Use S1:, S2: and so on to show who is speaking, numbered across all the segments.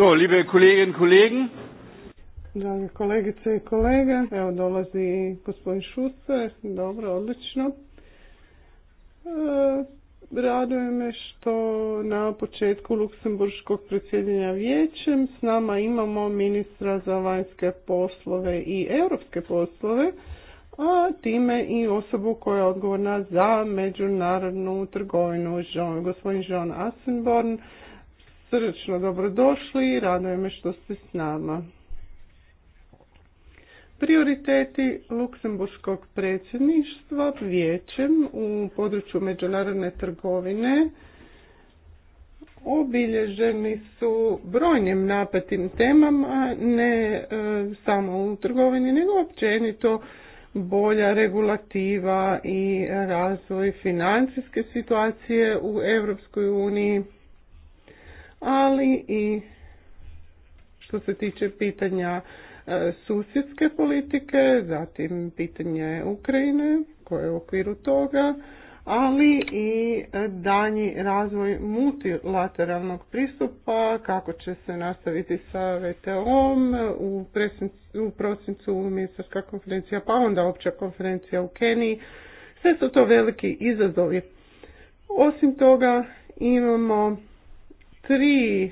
S1: So, liebe Kolleginnen und Kollegen.
S2: Drage kolegice i kolege, evo dolazi gospodin Šuster, dobro, odlično. E, raduje me što na početku luksemburškog predsjedanja vijećem s nama imamo ministra za vanjske poslove i europske poslove, a time i osobu koja je odgovorna za međunarodnu trgovinu, gospodin John Asenborn, srčno dobrodošli i raduje me što ste s nama. Prioriteti Luksemburskog predsjedništva vijećem u području međunarodne trgovine obilježeni su brojnim napetim temama, ne e, samo u trgovini, nego općenito bolja regulativa i razvoj financijske situacije u Europskoj uniji ali i što se tiče pitanja e, susjedske politike, zatim pitanje Ukrajine koje je u okviru toga, ali i danji razvoj multilateralnog pristupa, kako će se nastaviti sa VTO-om u, u prosincu ministarska konferencija, pa onda opća konferencija u Keniji. Sve su to veliki izazovi. Osim toga imamo tri e,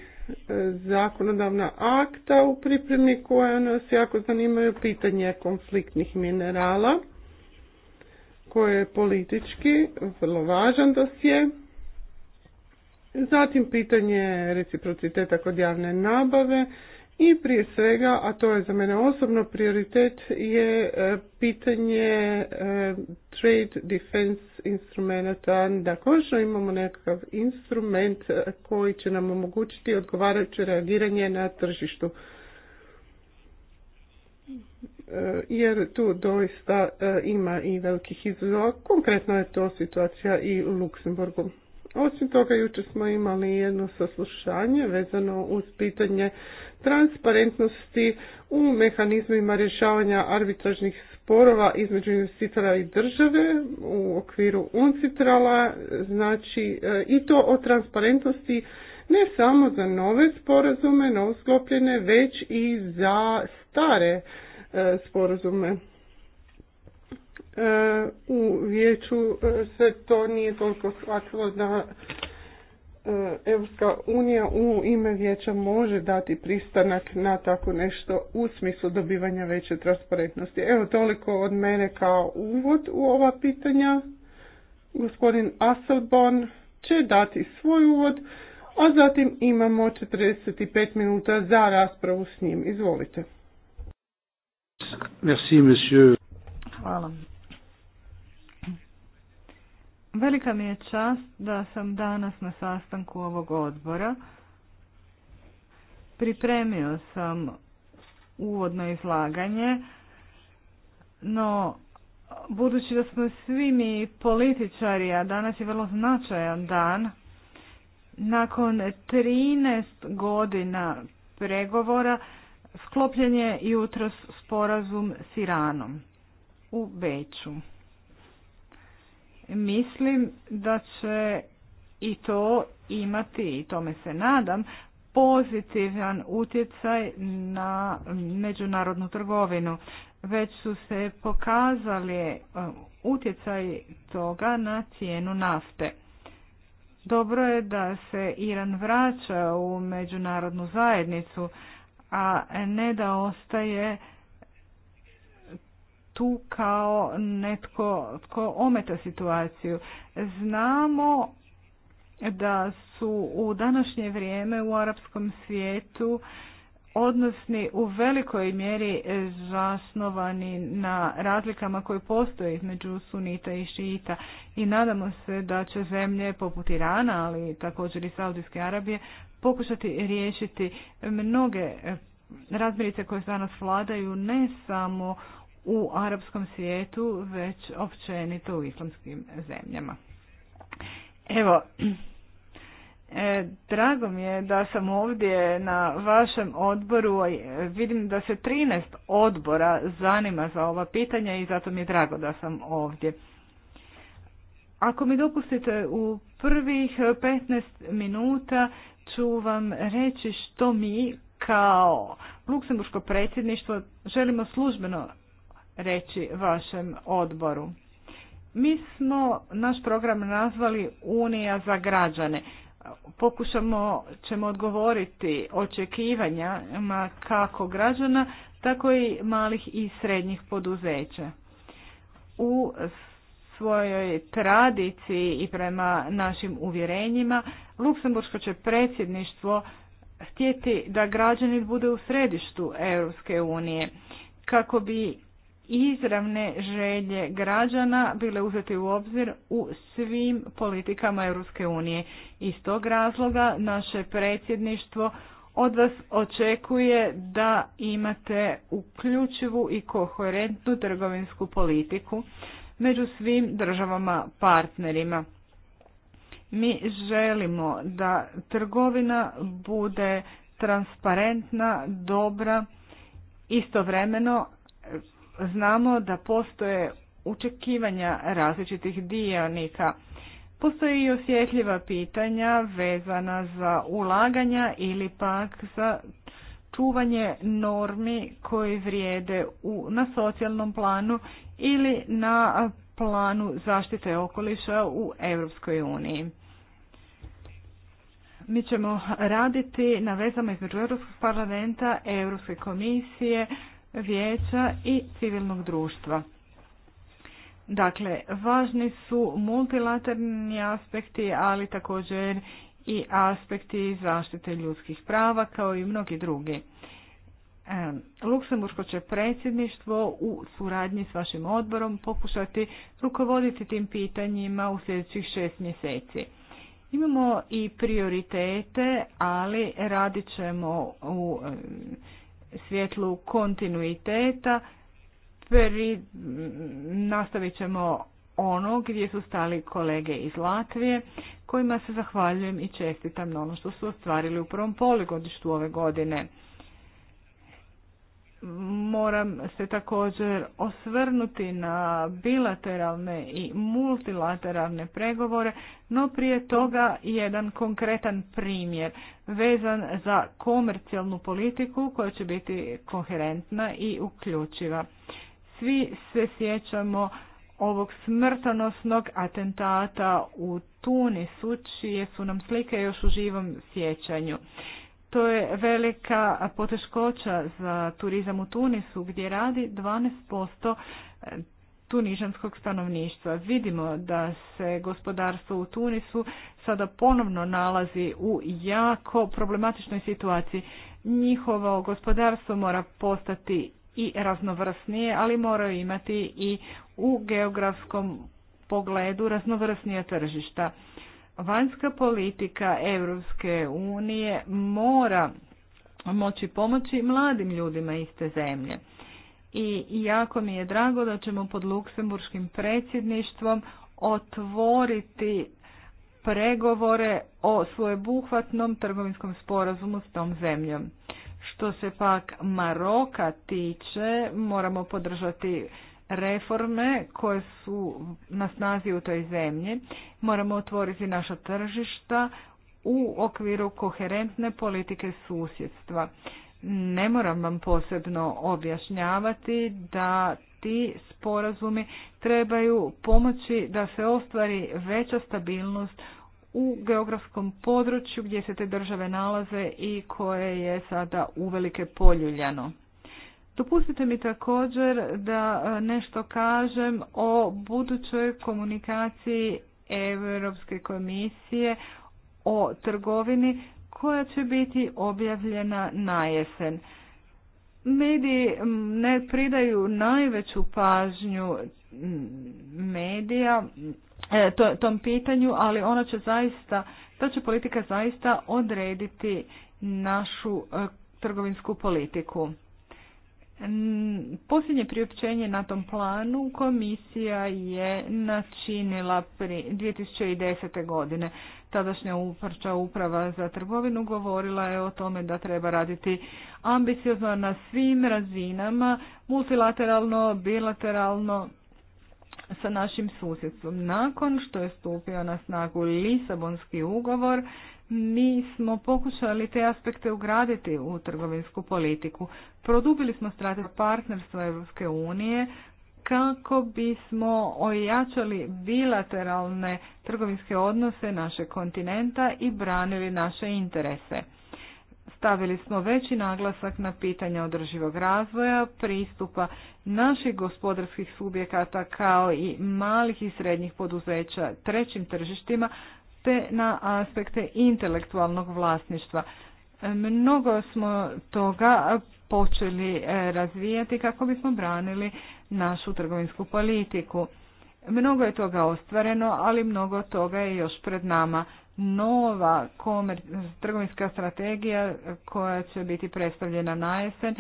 S2: zakonodavna akta u pripremi koja nas jako zanimaju pitanje konfliktnih minerala koje je politički vrlo važan dosje. Zatim pitanje reciprociteta kod javne nabave, i prije svega, a to je za mene osobno prioritet, je e, pitanje e, trade defense instrumenta. Da imamo nekakav instrument e, koji će nam omogućiti odgovarajuće reagiranje na tržištu. Jer tu doista ima i velikih izazova. Konkretno je to situacija i u Luksemburgu. Osim toga, jučer smo imali jedno saslušanje vezano uz pitanje transparentnosti u mehanizmima rješavanja arbitražnih sporova između investitora i države u okviru UNCITRALA, znači e, i to o transparentnosti ne samo za nove sporazume, novosklopljene, već i za stare e, sporazume. E, u vijeću se to nije toliko shvatilo da Evropska unija u ime vijeća može dati pristanak na tako nešto u smislu dobivanja veće transparentnosti. Evo toliko od mene kao uvod u ova pitanja. Gospodin Asselborn će dati svoj uvod, a zatim imamo 45 minuta za raspravu s njim. Izvolite.
S1: Merci, monsieur. Hvala
S3: Velika mi je čast da sam danas na sastanku ovog odbora. Pripremio sam uvodno izlaganje, no budući da smo svi mi političari, a danas je vrlo značajan dan, nakon 13 godina pregovora sklopljen je jutros sporazum s Iranom u Beću. Mislim da će i to imati, i tome se nadam, pozitivan utjecaj na međunarodnu trgovinu. Već su se pokazali e, utjecaj toga na cijenu nafte. Dobro je da se Iran vraća u međunarodnu zajednicu, a ne da ostaje tu kao netko tko ometa situaciju. Znamo da su u današnje vrijeme u arapskom svijetu odnosni u velikoj mjeri zasnovani na razlikama koje postoje između sunita i šita i nadamo se da će zemlje poput Irana, ali također i Saudijske Arabije, pokušati riješiti mnoge razmirice koje danas vladaju ne samo u arapskom svijetu, već općenito u islamskim zemljama. Evo, e, Drago mi je da sam ovdje na vašem odboru. E, vidim da se 13 odbora zanima za ova pitanja i zato mi je drago da sam ovdje. Ako mi dopustite, u prvih 15 minuta ću vam reći što mi kao Luksemburško predsjedništvo želimo službeno reći vašem odboru. Mi smo naš program nazvali Unija za građane. Pokušamo ćemo odgovoriti očekivanjama kako građana, tako i malih i srednjih poduzeća. U svojoj tradiciji i prema našim uvjerenjima, Luksemburško će predsjedništvo htjeti da građani bude u središtu Europske unije kako bi izravne želje građana bile uzeti u obzir u svim politikama Europske unije. Iz tog razloga naše predsjedništvo od vas očekuje da imate uključivu i koherentnu trgovinsku politiku među svim državama partnerima. Mi želimo da trgovina bude transparentna, dobra, istovremeno znamo da postoje očekivanja različitih dionika. Postoje i osjetljiva pitanja vezana za ulaganja ili pak za čuvanje normi koje vrijede u, na socijalnom planu ili na planu zaštite okoliša u Europskoj uniji. Mi ćemo raditi na vezama između Europskog parlamenta, Europske komisije, vijeća i civilnog društva. Dakle, važni su multilaterni aspekti, ali također i aspekti zaštite ljudskih prava kao i mnogi drugi. E, Luksemburško će predsjedništvo u suradnji s vašim odborom pokušati rukovoditi tim pitanjima u sljedećih šest mjeseci. Imamo i prioritete, ali radit ćemo u e, svjetlu kontinuiteta pri, nastavit ćemo ono gdje su stali kolege iz Latvije, kojima se zahvaljujem i čestitam na ono što su ostvarili u prvom poligodištu ove godine moram se također osvrnuti na bilateralne i multilateralne pregovore, no prije toga jedan konkretan primjer vezan za komercijalnu politiku koja će biti koherentna i uključiva. Svi se sjećamo ovog smrtonosnog atentata u Tunisu, čije su nam slike još u živom sjećanju. To je velika poteškoća za turizam u Tunisu gdje radi 12% e, tunižanskog stanovništva. Vidimo da se gospodarstvo u Tunisu sada ponovno nalazi u jako problematičnoj situaciji. Njihovo gospodarstvo mora postati i raznovrsnije, ali moraju imati i u geografskom pogledu raznovrsnija tržišta vanjska politika Europske unije mora moći pomoći mladim ljudima iste zemlje. I jako mi je drago da ćemo pod luksemburškim predsjedništvom otvoriti pregovore o svojebuhvatnom trgovinskom sporazumu s tom zemljom. Što se pak Maroka tiče, moramo podržati reforme koje su na snazi u toj zemlji. Moramo otvoriti naša tržišta u okviru koherentne politike susjedstva. Ne moram vam posebno objašnjavati da ti sporazumi trebaju pomoći da se ostvari veća stabilnost u geografskom području gdje se te države nalaze i koje je sada uvelike poljuljano. Dopustite mi također da e, nešto kažem o budućoj komunikaciji Europske komisije o trgovini koja će biti objavljena na jesen. Mediji ne pridaju najveću pažnju medija e, tom pitanju, ali ona će zaista, ta će politika zaista odrediti našu e, trgovinsku politiku. Posljednje priopćenje na tom planu komisija je načinila pri 2010. godine. Tadašnja uprča uprava za trgovinu govorila je o tome da treba raditi ambiciozno na svim razinama, multilateralno, bilateralno sa našim susjedstvom. Nakon što je stupio na snagu Lisabonski ugovor, mi smo pokušali te aspekte ugraditi u trgovinsku politiku. Produbili smo strategiju partnerstva Europske unije kako bismo ojačali bilateralne trgovinske odnose našeg kontinenta i branili naše interese. Stavili smo veći naglasak na pitanja održivog razvoja, pristupa naših gospodarskih subjekata kao i malih i srednjih poduzeća trećim tržištima, na aspekte intelektualnog vlasništva. Mnogo smo toga počeli e, razvijati kako bismo branili našu trgovinsku politiku. Mnogo je toga ostvareno, ali mnogo toga je još pred nama. Nova trgovinska strategija e, koja će biti predstavljena na jesen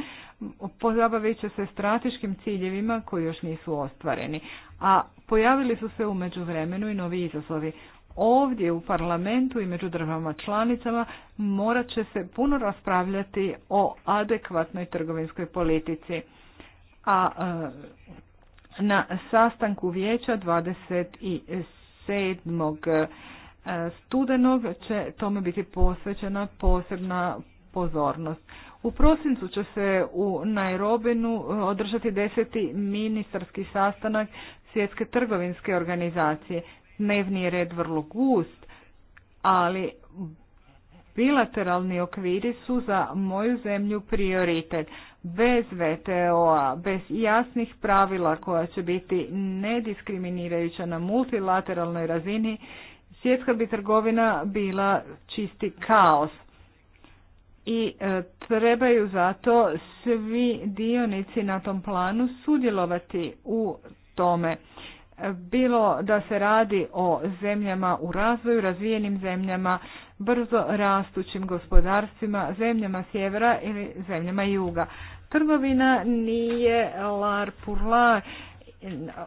S3: pozabavit će se strateškim ciljevima koji još nisu ostvareni. A pojavili su se u međuvremenu i novi izazovi ovdje u parlamentu i među državama članicama morat će se puno raspravljati o adekvatnoj trgovinskoj politici. A e, na sastanku vijeća 27. E, studenog će tome biti posvećena posebna pozornost. U prosincu će se u Nairobinu e, održati deseti ministarski sastanak Svjetske trgovinske organizacije dnevni red vrlo gust, ali bilateralni okviri su za moju zemlju prioritet. Bez VTO-a, bez jasnih pravila koja će biti nediskriminirajuća na multilateralnoj razini, svjetska bi trgovina bila čisti kaos. I e, trebaju zato svi dionici na tom planu sudjelovati u tome bilo da se radi o zemljama u razvoju, razvijenim zemljama, brzo rastućim gospodarstvima, zemljama sjevera ili zemljama juga. Trgovina nije lar purlar. lar,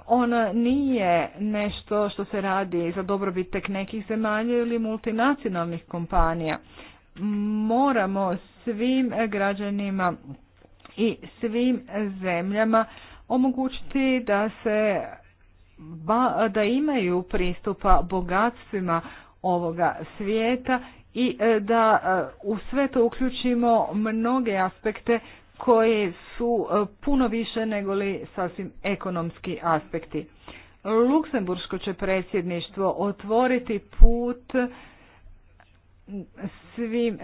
S3: ona nije nešto što se radi za dobrobit tek nekih zemalja ili multinacionalnih kompanija. Moramo svim građanima i svim zemljama omogućiti da se da imaju pristupa bogatstvima ovoga svijeta i e, da e, u sve to uključimo mnoge aspekte koje su e, puno više nego li sasvim ekonomski aspekti. Luksemburško će predsjedništvo otvoriti put svim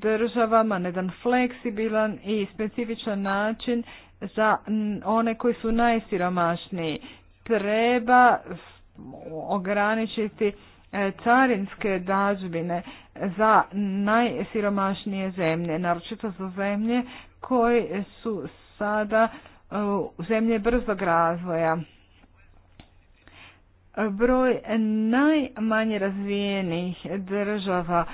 S3: državama na jedan fleksibilan i specifičan način za one koji su najsiromašniji treba ograničiti e, carinske dažbine za najsiromašnije zemlje, naročito za zemlje koje su sada e, zemlje brzog razvoja. Broj najmanje razvijenih država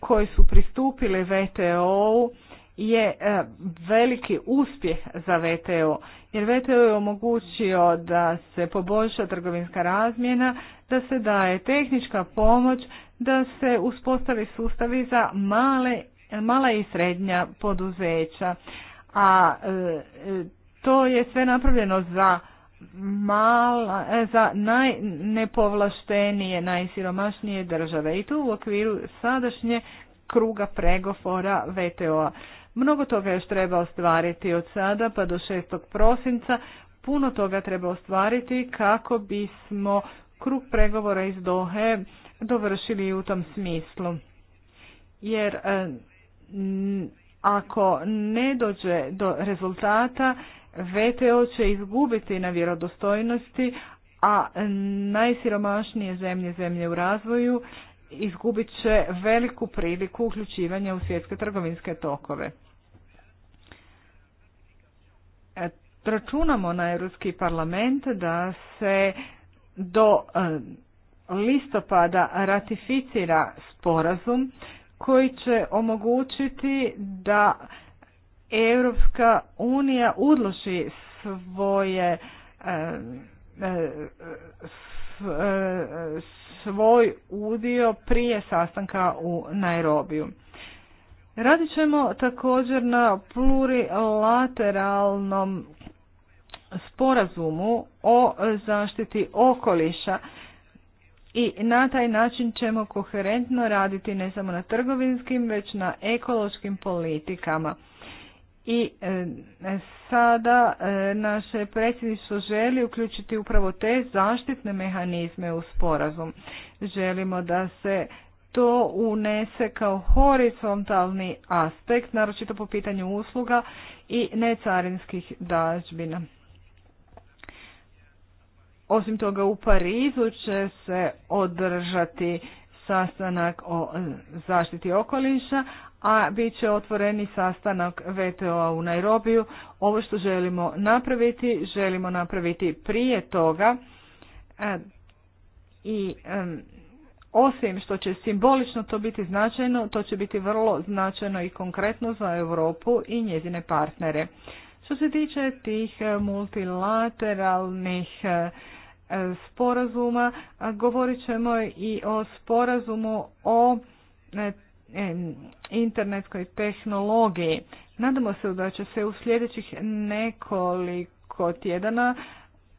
S3: koje su pristupile VTO-u je e, veliki uspjeh za VTO, jer VTO je omogućio da se poboljša trgovinska razmjena, da se daje tehnička pomoć, da se uspostavi sustavi za male, mala i srednja poduzeća. A e, e, to je sve napravljeno za mala, za najnepovlaštenije, najsiromašnije države i tu u okviru sadašnje kruga pregofora VTO-a. Mnogo toga još treba ostvariti od sada pa do 6. prosinca. Puno toga treba ostvariti kako bismo krug pregovora iz Dohe dovršili u tom smislu. Jer e, ako ne dođe do rezultata, VTO će izgubiti na vjerodostojnosti, a najsiromašnije zemlje, zemlje u razvoju, izgubit će veliku priliku uključivanja u svjetske trgovinske tokove. E, računamo na Europski parlament da se do e, listopada ratificira sporazum koji će omogućiti da Europska unija udloži svoje e, svoj udio prije sastanka u Nairobiju. Radit ćemo također na plurilateralnom sporazumu o zaštiti okoliša i na taj način ćemo koherentno raditi ne samo na trgovinskim, već na ekološkim politikama i e, sada e, naše predsjedništvo želi uključiti upravo te zaštitne mehanizme u sporazum. Želimo da se to unese kao horizontalni aspekt, naročito po pitanju usluga i necarinskih dažbina. Osim toga u Parizu će se održati sastanak o e, zaštiti okoliša, a bit će otvoreni sastanak VTO-a u Nairobiju. Ovo što želimo napraviti, želimo napraviti prije toga e, i e, osim što će simbolično to biti značajno, to će biti vrlo značajno i konkretno za Europu i njezine partnere. Što se tiče tih multilateralnih e, sporazuma, govorit ćemo i o sporazumu o internetskoj tehnologiji. Nadamo se da će se u sljedećih nekoliko tjedana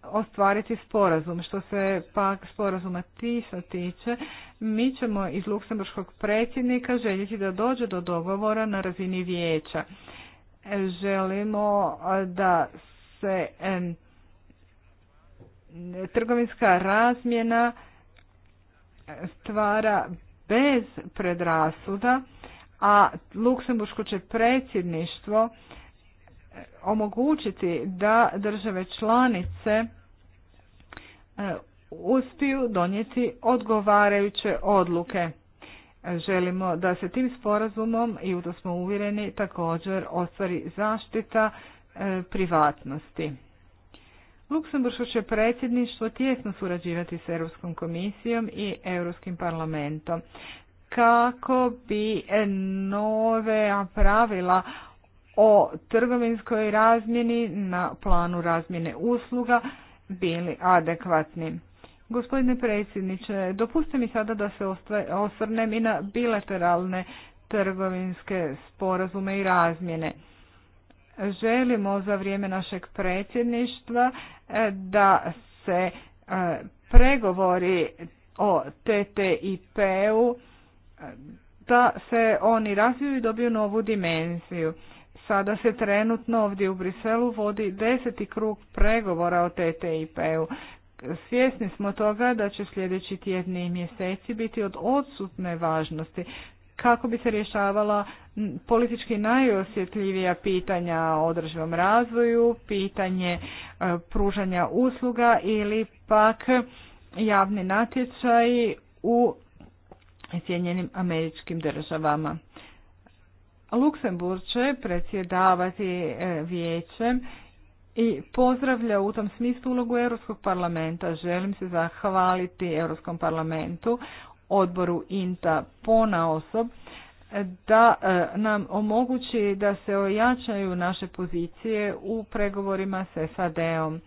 S3: ostvariti sporazum. Što se pak sporazuma TISA tiče, mi ćemo iz luksemburškog predsjednika željeti da dođe do dogovora na razini vijeća. Želimo da se trgovinska razmjena stvara bez predrasuda, a Luksemburško će predsjedništvo e, omogućiti da države članice e, uspiju donijeti odgovarajuće odluke. Želimo da se tim sporazumom, i u to smo uvjereni, također ostvari zaštita e, privatnosti. Luksemburško će predsjedništvo tijesno surađivati s Europskom komisijom i Europskim parlamentom kako bi nove pravila o trgovinskoj razmjeni na planu razmjene usluga bili adekvatni. Gospodine predsjedniče, dopustite mi sada da se osvrnem i na bilateralne trgovinske sporazume i razmjene želimo za vrijeme našeg predsjedništva e, da se e, pregovori o TTIP-u e, da se oni razviju i dobiju novu dimenziju. Sada se trenutno ovdje u Briselu vodi deseti krug pregovora o TTIP-u. Svjesni smo toga da će sljedeći tjedni i mjeseci biti od odsutne važnosti kako bi se rješavala politički najosjetljivija pitanja o održivom razvoju, pitanje e, pružanja usluga ili pak javni natječaj u Sjedinjenim američkim državama. Luksemburg će predsjedavati e, vijećem i pozdravlja u tom smislu ulogu Europskog parlamenta. Želim se zahvaliti Europskom parlamentu odboru INTA pona osob da e, nam omogući da se ojačaju naše pozicije u pregovorima s SAD-om.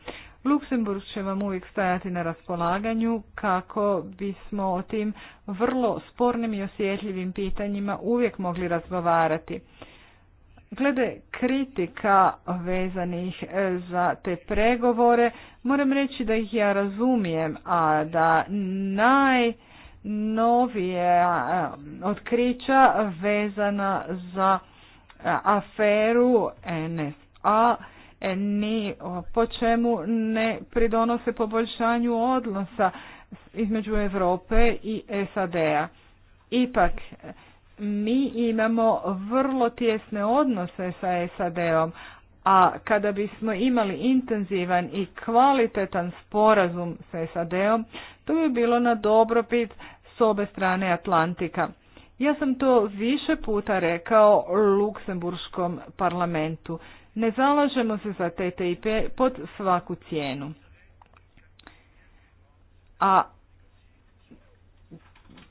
S3: Luksemburg će vam uvijek stajati na raspolaganju kako bismo o tim vrlo spornim i osjetljivim pitanjima uvijek mogli razgovarati. Glede kritika vezanih e, za te pregovore, moram reći da ih ja razumijem, a da naj novije otkrića vezana za e, aferu NSA e, ni po čemu ne pridonose poboljšanju odnosa između Europe i SAD-a. Ipak, mi imamo vrlo tjesne odnose sa SAD-om, a kada bismo imali intenzivan i kvalitetan sporazum sa SAD-om, to bi bilo na dobrobit s obe strane Atlantika. Ja sam to više puta rekao Luksemburškom parlamentu. Ne zalažemo se za TTIP pod svaku cijenu. A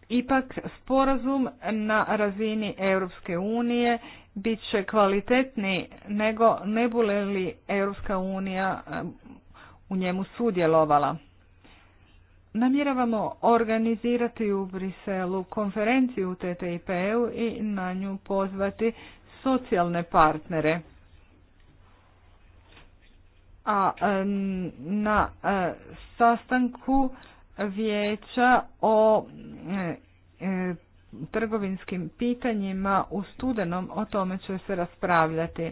S3: ipak sporazum na razini Europske unije bit će kvalitetniji nego ne bude li Europska unija u njemu sudjelovala. Namjeravamo organizirati u Briselu konferenciju u TTIP-u i na nju pozvati socijalne partnere. A na e, sastanku vijeća o e, e, trgovinskim pitanjima u studenom o tome će se raspravljati.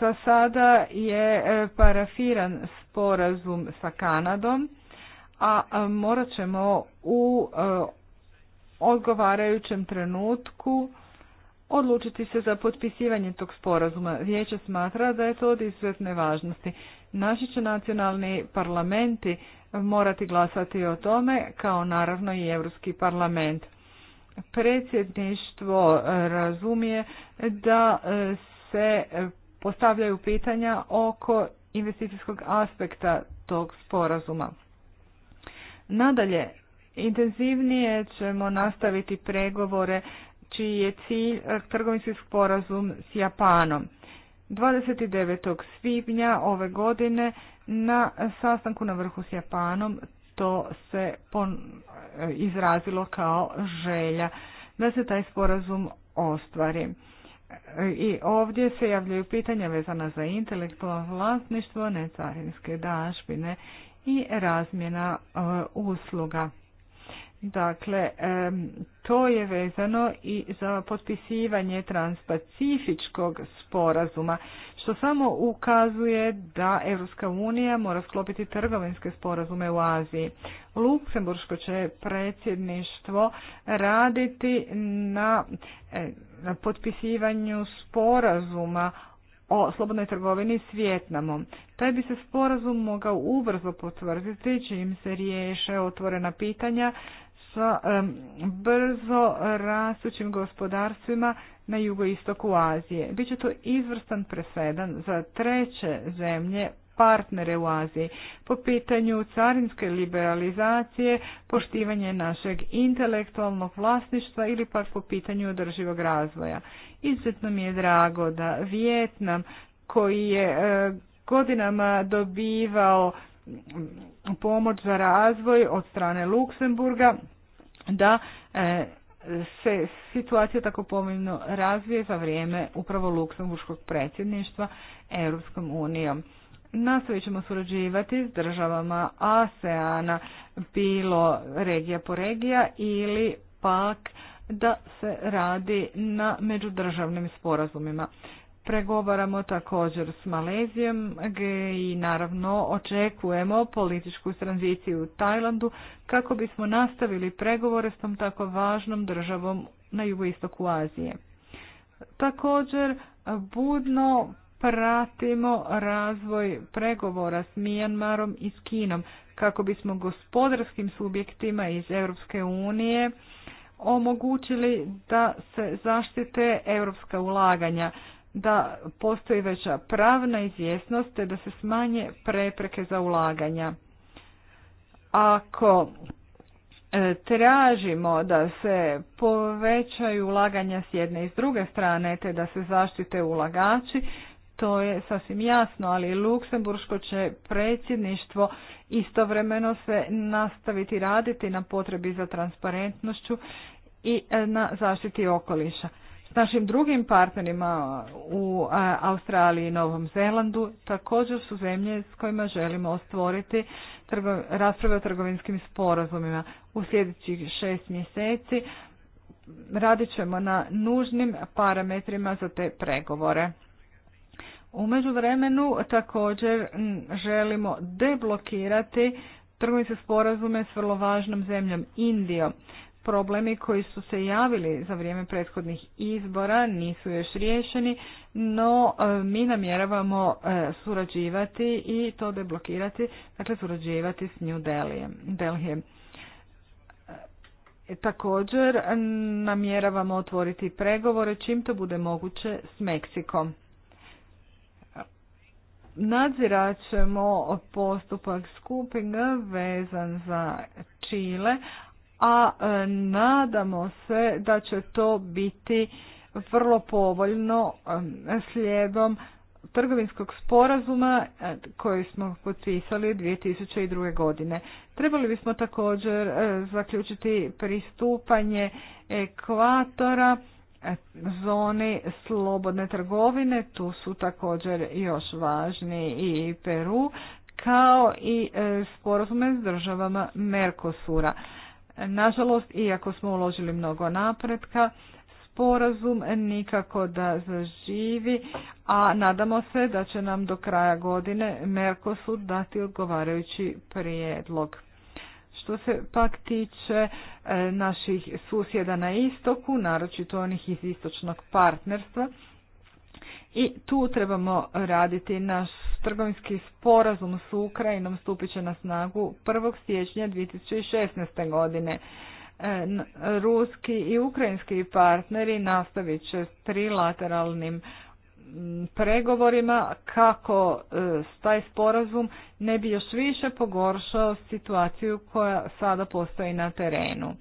S3: Za sada je e, parafiran sporazum sa Kanadom, a e, morat ćemo u e, odgovarajućem trenutku odlučiti se za potpisivanje tog sporazuma. Vijeće smatra da je to od izuzetne važnosti. Naši će nacionalni parlamenti morati glasati o tome, kao naravno i Europski parlament. Predsjedništvo razumije da se e, postavljaju pitanja oko investicijskog aspekta tog sporazuma. Nadalje, intenzivnije ćemo nastaviti pregovore čiji je cilj e, trgovinski sporazum s Japanom. 29. svibnja ove godine na sastanku na vrhu s Japanom to se e, izrazilo kao želja da se taj sporazum ostvari. I ovdje se javljaju pitanja vezana za intelektualno vlasništvo, necarinske dažbine i razmjena e, usluga. Dakle, e, to je vezano i za potpisivanje transpacifičkog sporazuma što samo ukazuje da Europska unija mora sklopiti trgovinske sporazume u Aziji. Luksemburško će predsjedništvo raditi na e, potpisivanju sporazuma o slobodnoj trgovini s Vjetnamom. Taj bi se sporazum mogao ubrzo potvrditi čim se riješe otvorena pitanja sa brzo rastućim gospodarstvima na jugoistoku Azije. Biće to izvrstan presedan za treće zemlje partnere u Aziji po pitanju carinske liberalizacije, poštivanje našeg intelektualnog vlasništva ili pak po pitanju održivog razvoja. Izuzetno mi je drago da Vjetnam koji je e, godinama dobivao pomoć za razvoj od strane Luksemburga da e, se situacija tako povoljno razvije za vrijeme upravo luksemburškog predsjedništva Europskom unijom. Nastavit ćemo surađivati s državama ASEANA, bilo regija po regija ili pak da se radi na međudržavnim sporazumima. Pregovaramo također s Malezijom i naravno očekujemo političku tranziciju u Tajlandu kako bismo nastavili pregovore s tom tako važnom državom na jugoistoku Azije. Također budno pratimo razvoj pregovora s Mijanmarom i s Kinom kako bismo gospodarskim subjektima iz Europske unije omogućili da se zaštite europska ulaganja da postoji veća pravna izvjesnost te da se smanje prepreke za ulaganja. Ako e, tražimo da se povećaju ulaganja s jedne i s druge strane te da se zaštite ulagači, to je sasvim jasno, ali Luksemburško će predsjedništvo istovremeno se nastaviti raditi na potrebi za transparentnošću i e, na zaštiti okoliša našim drugim partnerima u Australiji i Novom Zelandu također su zemlje s kojima želimo ostvoriti rasprave o trgovinskim sporazumima. U sljedećih šest mjeseci radit ćemo na nužnim parametrima za te pregovore. U međuvremenu također želimo deblokirati trgovinske sporazume s vrlo važnom zemljom Indijom problemi koji su se javili za vrijeme prethodnih izbora nisu još riješeni, no e, mi namjeravamo e, surađivati i to deblokirati, dakle surađivati s New Delhijem. E, također namjeravamo otvoriti pregovore čim to bude moguće s Meksikom. Nadzirat ćemo postupak skupinga vezan za Čile, a e, nadamo se da će to biti vrlo povoljno e, slijedom trgovinskog sporazuma e, koji smo potpisali 2002. godine. Trebali bismo također zaključiti pristupanje ekvatora zoni slobodne trgovine, tu su također još važni i Peru, kao i sporazume s državama Mercosura. Nažalost, iako smo uložili mnogo napretka, sporazum nikako da zaživi, a nadamo se da će nam do kraja godine Merkosud dati odgovarajući prijedlog. Što se pak tiče e, naših susjeda na istoku, naročito onih iz istočnog partnerstva, i tu trebamo raditi. Naš trgovinski sporazum s Ukrajinom stupit će na snagu 1. siječnja 2016. godine. E, ruski i ukrajinski partneri nastavit će s trilateralnim pregovorima kako e, taj sporazum ne bi još više pogoršao situaciju koja sada postoji na terenu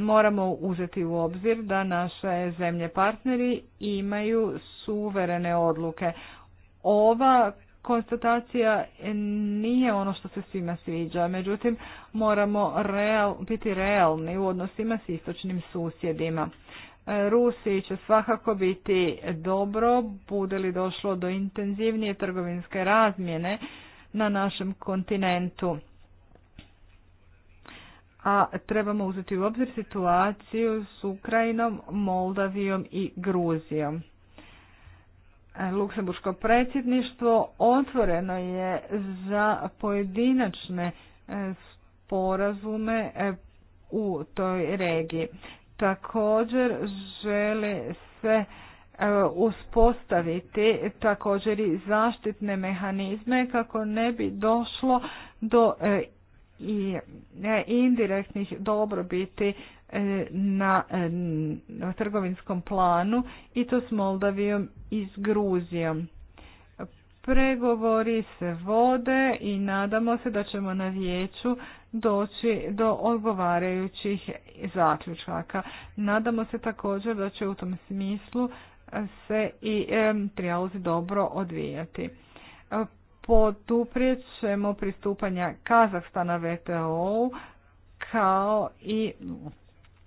S3: moramo uzeti u obzir da naše zemlje partneri imaju suverene odluke. Ova konstatacija nije ono što se svima sviđa, međutim moramo real, biti realni u odnosima s istočnim susjedima. Rusiji će svakako biti dobro, bude li došlo do intenzivnije trgovinske razmjene na našem kontinentu a trebamo uzeti u obzir situaciju s Ukrajinom, Moldavijom i Gruzijom. E, Luksemburško predsjedništvo otvoreno je za pojedinačne e, sporazume e, u toj regiji. Također žele se uspostaviti također i zaštitne mehanizme kako ne bi došlo do i indirektnih dobrobiti e, e, na trgovinskom planu i to s Moldavijom i s Gruzijom. Pregovori se vode i nadamo se da ćemo na vijeću doći do odgovarajućih zaključaka. Nadamo se također da će u tom smislu se i trijalozi dobro odvijati poduprijet ćemo pristupanja Kazahstana VTO-u kao i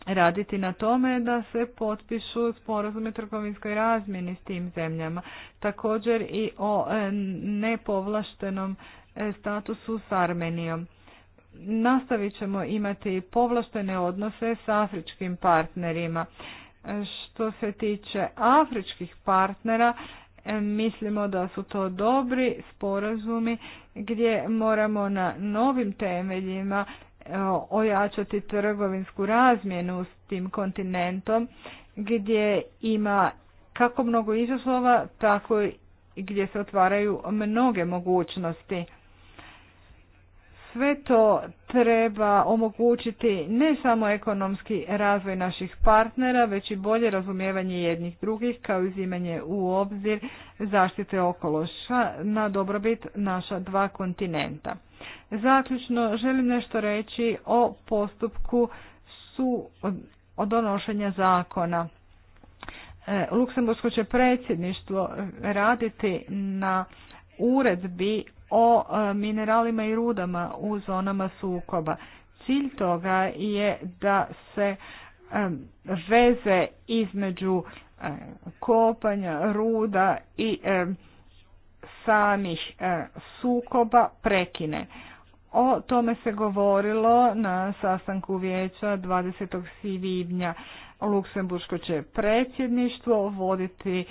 S3: raditi na tome da se potpišu sporazume trgovinskoj razmjeni s tim zemljama. Također i o e, nepovlaštenom e, statusu s Armenijom. Nastavit ćemo imati povlaštene odnose s afričkim partnerima. E, što se tiče afričkih partnera, mislimo da su to dobri sporazumi gdje moramo na novim temeljima e, ojačati trgovinsku razmjenu s tim kontinentom gdje ima kako mnogo izoslova tako i gdje se otvaraju mnoge mogućnosti. Sve to treba omogućiti ne samo ekonomski razvoj naših partnera, već i bolje razumijevanje jednih drugih kao izimanje u obzir zaštite okološa na dobrobit naša dva kontinenta. Zaključno želim nešto reći o postupku su od donošenja zakona. E, Luksembursko će predsjedništvo raditi na uredbi o e, mineralima i rudama u zonama sukoba. Cilj toga je da se e, veze između e, kopanja ruda i samih sukoba prekine. O tome se govorilo na sastanku vijeća 20. svibnja. Luksemburško će predsjedništvo voditi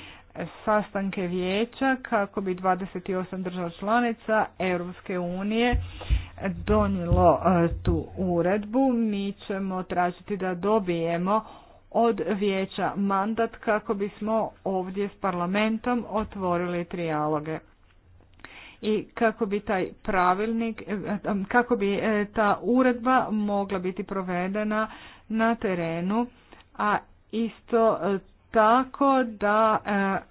S3: sastanke vijeća kako bi 28 država članica Europske unije donijelo e, tu uredbu. Mi ćemo tražiti da dobijemo od vijeća mandat kako bismo ovdje s parlamentom otvorili trijaloge i kako bi taj pravilnik, e, e, kako bi ta uredba mogla biti provedena na terenu, a isto tako da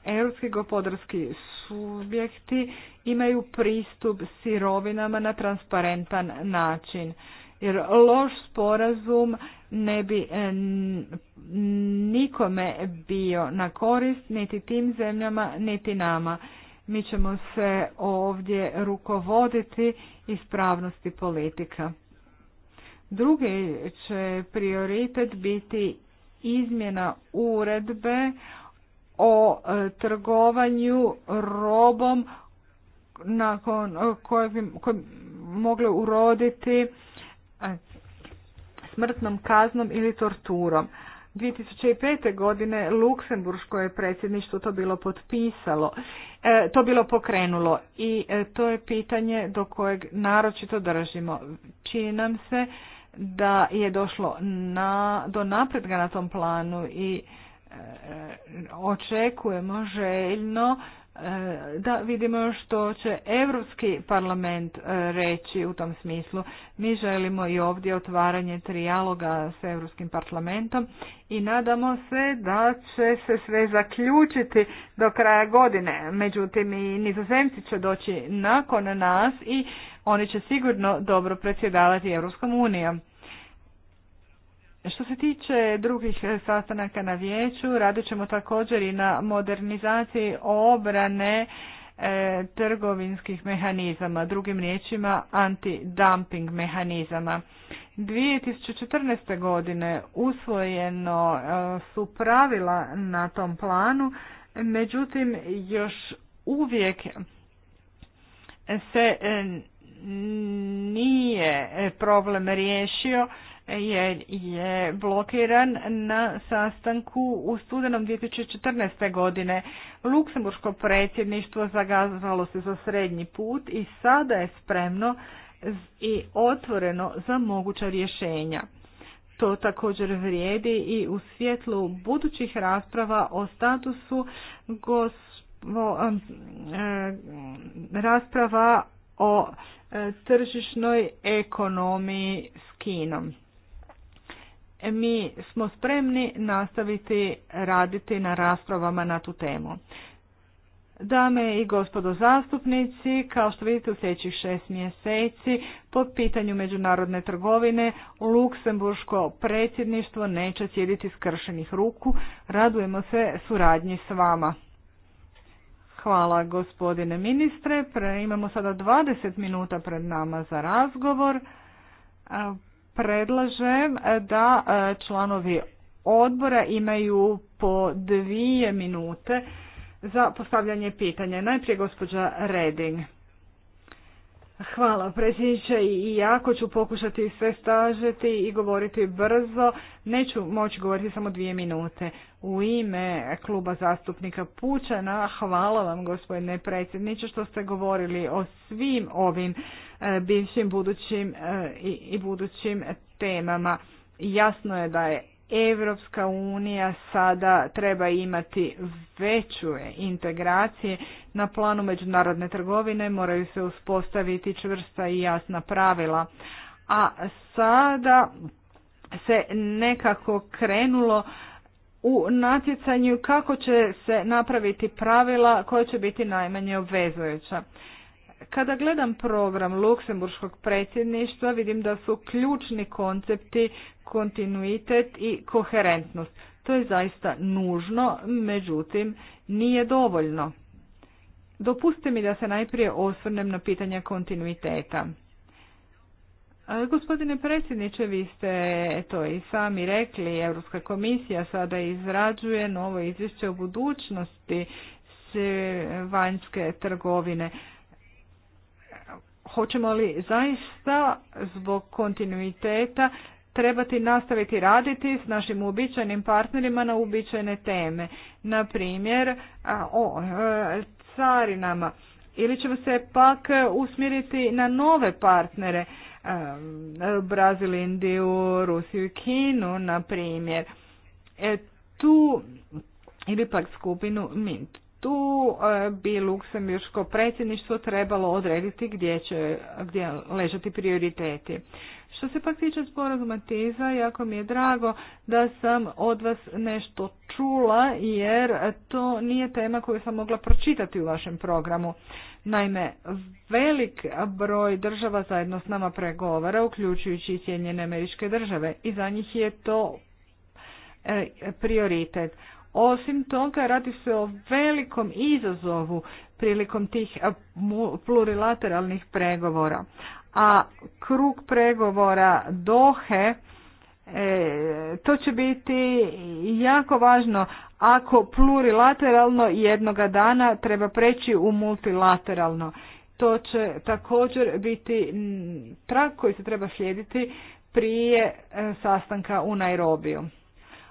S3: e, europski gospodarski subjekti imaju pristup sirovinama na transparentan način. Jer loš sporazum ne bi e, nikome bio na korist, niti tim zemljama, niti nama. Mi ćemo se ovdje rukovoditi ispravnosti politika. Drugi će prioritet biti izmjena uredbe o e, trgovanju robom nakon e, koje bi mogle uroditi e, smrtnom kaznom ili torturom. 2005. godine Luksemburško je predsjedništvo to bilo potpisalo, to bilo pokrenulo i to je pitanje do kojeg naročito držimo. Čini nam se da je došlo na, do napredga na tom planu i e, očekujemo željno e, da vidimo što će Europski parlament e, reći u tom smislu. Mi želimo i ovdje otvaranje trijaloga s Europskim parlamentom i nadamo se da će se sve zaključiti do kraja godine. Međutim, i nizozemci će doći nakon nas i oni će sigurno dobro predsjedavati Europskom unijom. Što se tiče drugih e, sastanaka na vijeću, radit ćemo također i na modernizaciji obrane e, trgovinskih mehanizama, drugim riječima anti-dumping mehanizama. 2014. godine usvojeno e, su pravila na tom planu, međutim još uvijek se nije problem riješio jer je blokiran na sastanku u studenom 2014. godine. Luksemburško predsjedništvo zagazalo se za srednji put i sada je spremno i otvoreno za moguća rješenja. To također vrijedi i u svjetlu budućih rasprava o statusu e, rasprava o e, tržišnoj ekonomiji s Kinom. E, mi smo spremni nastaviti raditi na raspravama na tu temu. Dame i gospodo zastupnici, kao što vidite u sljedećih šest mjeseci, po pitanju međunarodne trgovine, Luksemburško predsjedništvo neće sjediti skršenih ruku. Radujemo se suradnji s vama. Hvala gospodine ministre. Pre, imamo sada 20 minuta pred nama za razgovor. E, predlažem e, da e, članovi odbora imaju po dvije minute za postavljanje pitanja. Najprije gospođa Reding. Hvala predsjedniče i jako ću pokušati sve stažeti i govoriti brzo. Neću moći govoriti samo dvije minute. U ime kluba zastupnika Pučana hvala vam gospodine predsjedniče što ste govorili o svim ovim e, bivšim budućim e, i budućim temama. Jasno je da je Evropska unija sada treba imati veću integracije na planu međunarodne trgovine, moraju se uspostaviti čvrsta i jasna pravila. A sada se nekako krenulo u natjecanju kako će se napraviti pravila koja će biti najmanje obvezujuća. Kada gledam program Luksemburškog predsjedništva vidim da su ključni koncepti kontinuitet i koherentnost. To je zaista nužno, međutim nije dovoljno. Dopustite mi da se najprije osvrnem na pitanje kontinuiteta. E, gospodine predsjedniče, vi ste to i sami rekli, Europska komisija sada izrađuje novo izvješće o budućnosti s vanjske trgovine. Hoćemo li zaista zbog kontinuiteta trebati nastaviti raditi s našim uobičajenim partnerima na uobičajene teme, na primjer o e, carinama. Ili ćemo se pak usmjeriti na nove partnere, e, Brazil, Indiju, Rusiju i Kinu, na primjer. E, tu ili pak skupinu MINT tu e, bi luksemburško predsjedništvo trebalo odrediti gdje će gdje ležati prioriteti. Što se pak tiče sporazuma jako mi je drago da sam od vas nešto čula jer to nije tema koju sam mogla pročitati u vašem programu. Naime, velik broj država zajedno s nama pregovara, uključujući i Sjedinjene američke države i za njih je to e, prioritet. Osim toga, radi se o velikom izazovu prilikom tih plurilateralnih pregovora. A krug pregovora Dohe, e, to će biti jako važno ako plurilateralno jednoga dana treba preći u multilateralno. To će također biti trak koji se treba slijediti prije e, sastanka u Nairobiju.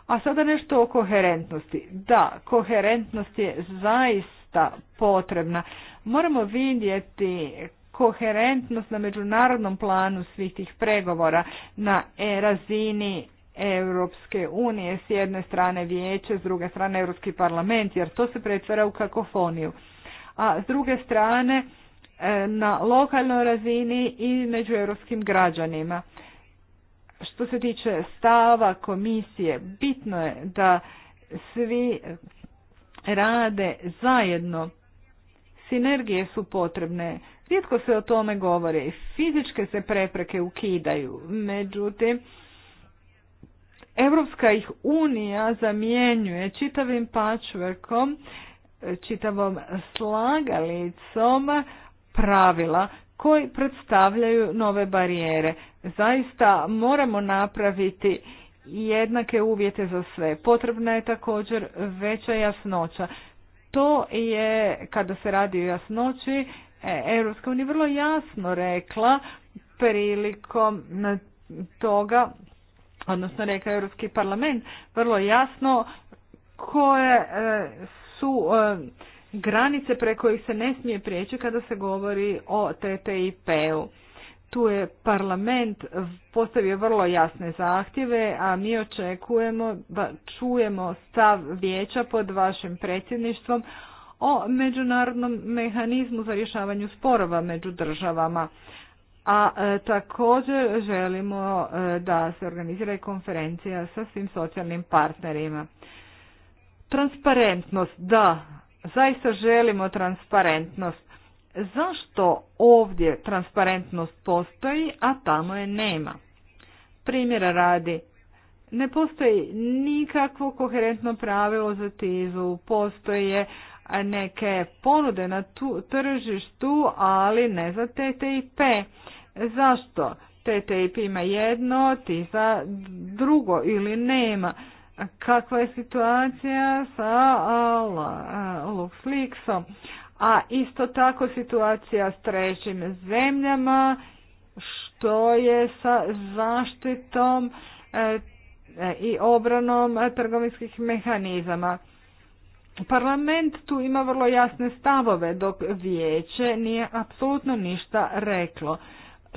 S3: A sada nešto o koherentnosti. Da, koherentnost je zaista potrebna. Moramo vidjeti koherentnost na međunarodnom planu svih tih pregovora na e razini Europske unije, s jedne strane vijeće, s druge strane Europski parlament, jer to se pretvara u kakofoniju. A s druge strane e, na lokalnoj razini i među europskim građanima. Što se tiče stava komisije, bitno je da svi rade zajedno. Sinergije su potrebne. Rijetko se o tome govori. Fizičke se prepreke ukidaju. Međutim, Evropska ih unija zamjenjuje čitavim patchworkom, čitavom slagalicom pravila koji predstavljaju nove barijere zaista moramo napraviti jednake uvjete za sve. Potrebna je također veća jasnoća. To je, kada se radi o jasnoći, e, Europska unija vrlo jasno rekla prilikom toga, odnosno reka Europski parlament, vrlo jasno koje e, su e, granice preko kojih se ne smije prijeći kada se govori o TTIP-u tu je parlament postavio vrlo jasne zahtjeve, a mi očekujemo da čujemo stav vijeća pod vašim predsjedništvom o međunarodnom mehanizmu za rješavanju sporova među državama. A e, također želimo e, da se organizira i konferencija sa svim socijalnim partnerima. Transparentnost, da, zaista želimo transparentnost zašto ovdje transparentnost postoji, a tamo je nema. Primjera radi, ne postoji nikakvo koherentno pravilo za tizu, postoje neke ponude na tu, tržištu, ali ne za TTIP. Zašto? TTIP ima jedno, za drugo ili nema. Kakva je situacija sa LuxLeaksom? a isto tako situacija s trećim zemljama, što je sa zaštitom e, e, i obranom trgovinskih mehanizama. Parlament tu ima vrlo jasne stavove dok vijeće nije apsolutno ništa reklo.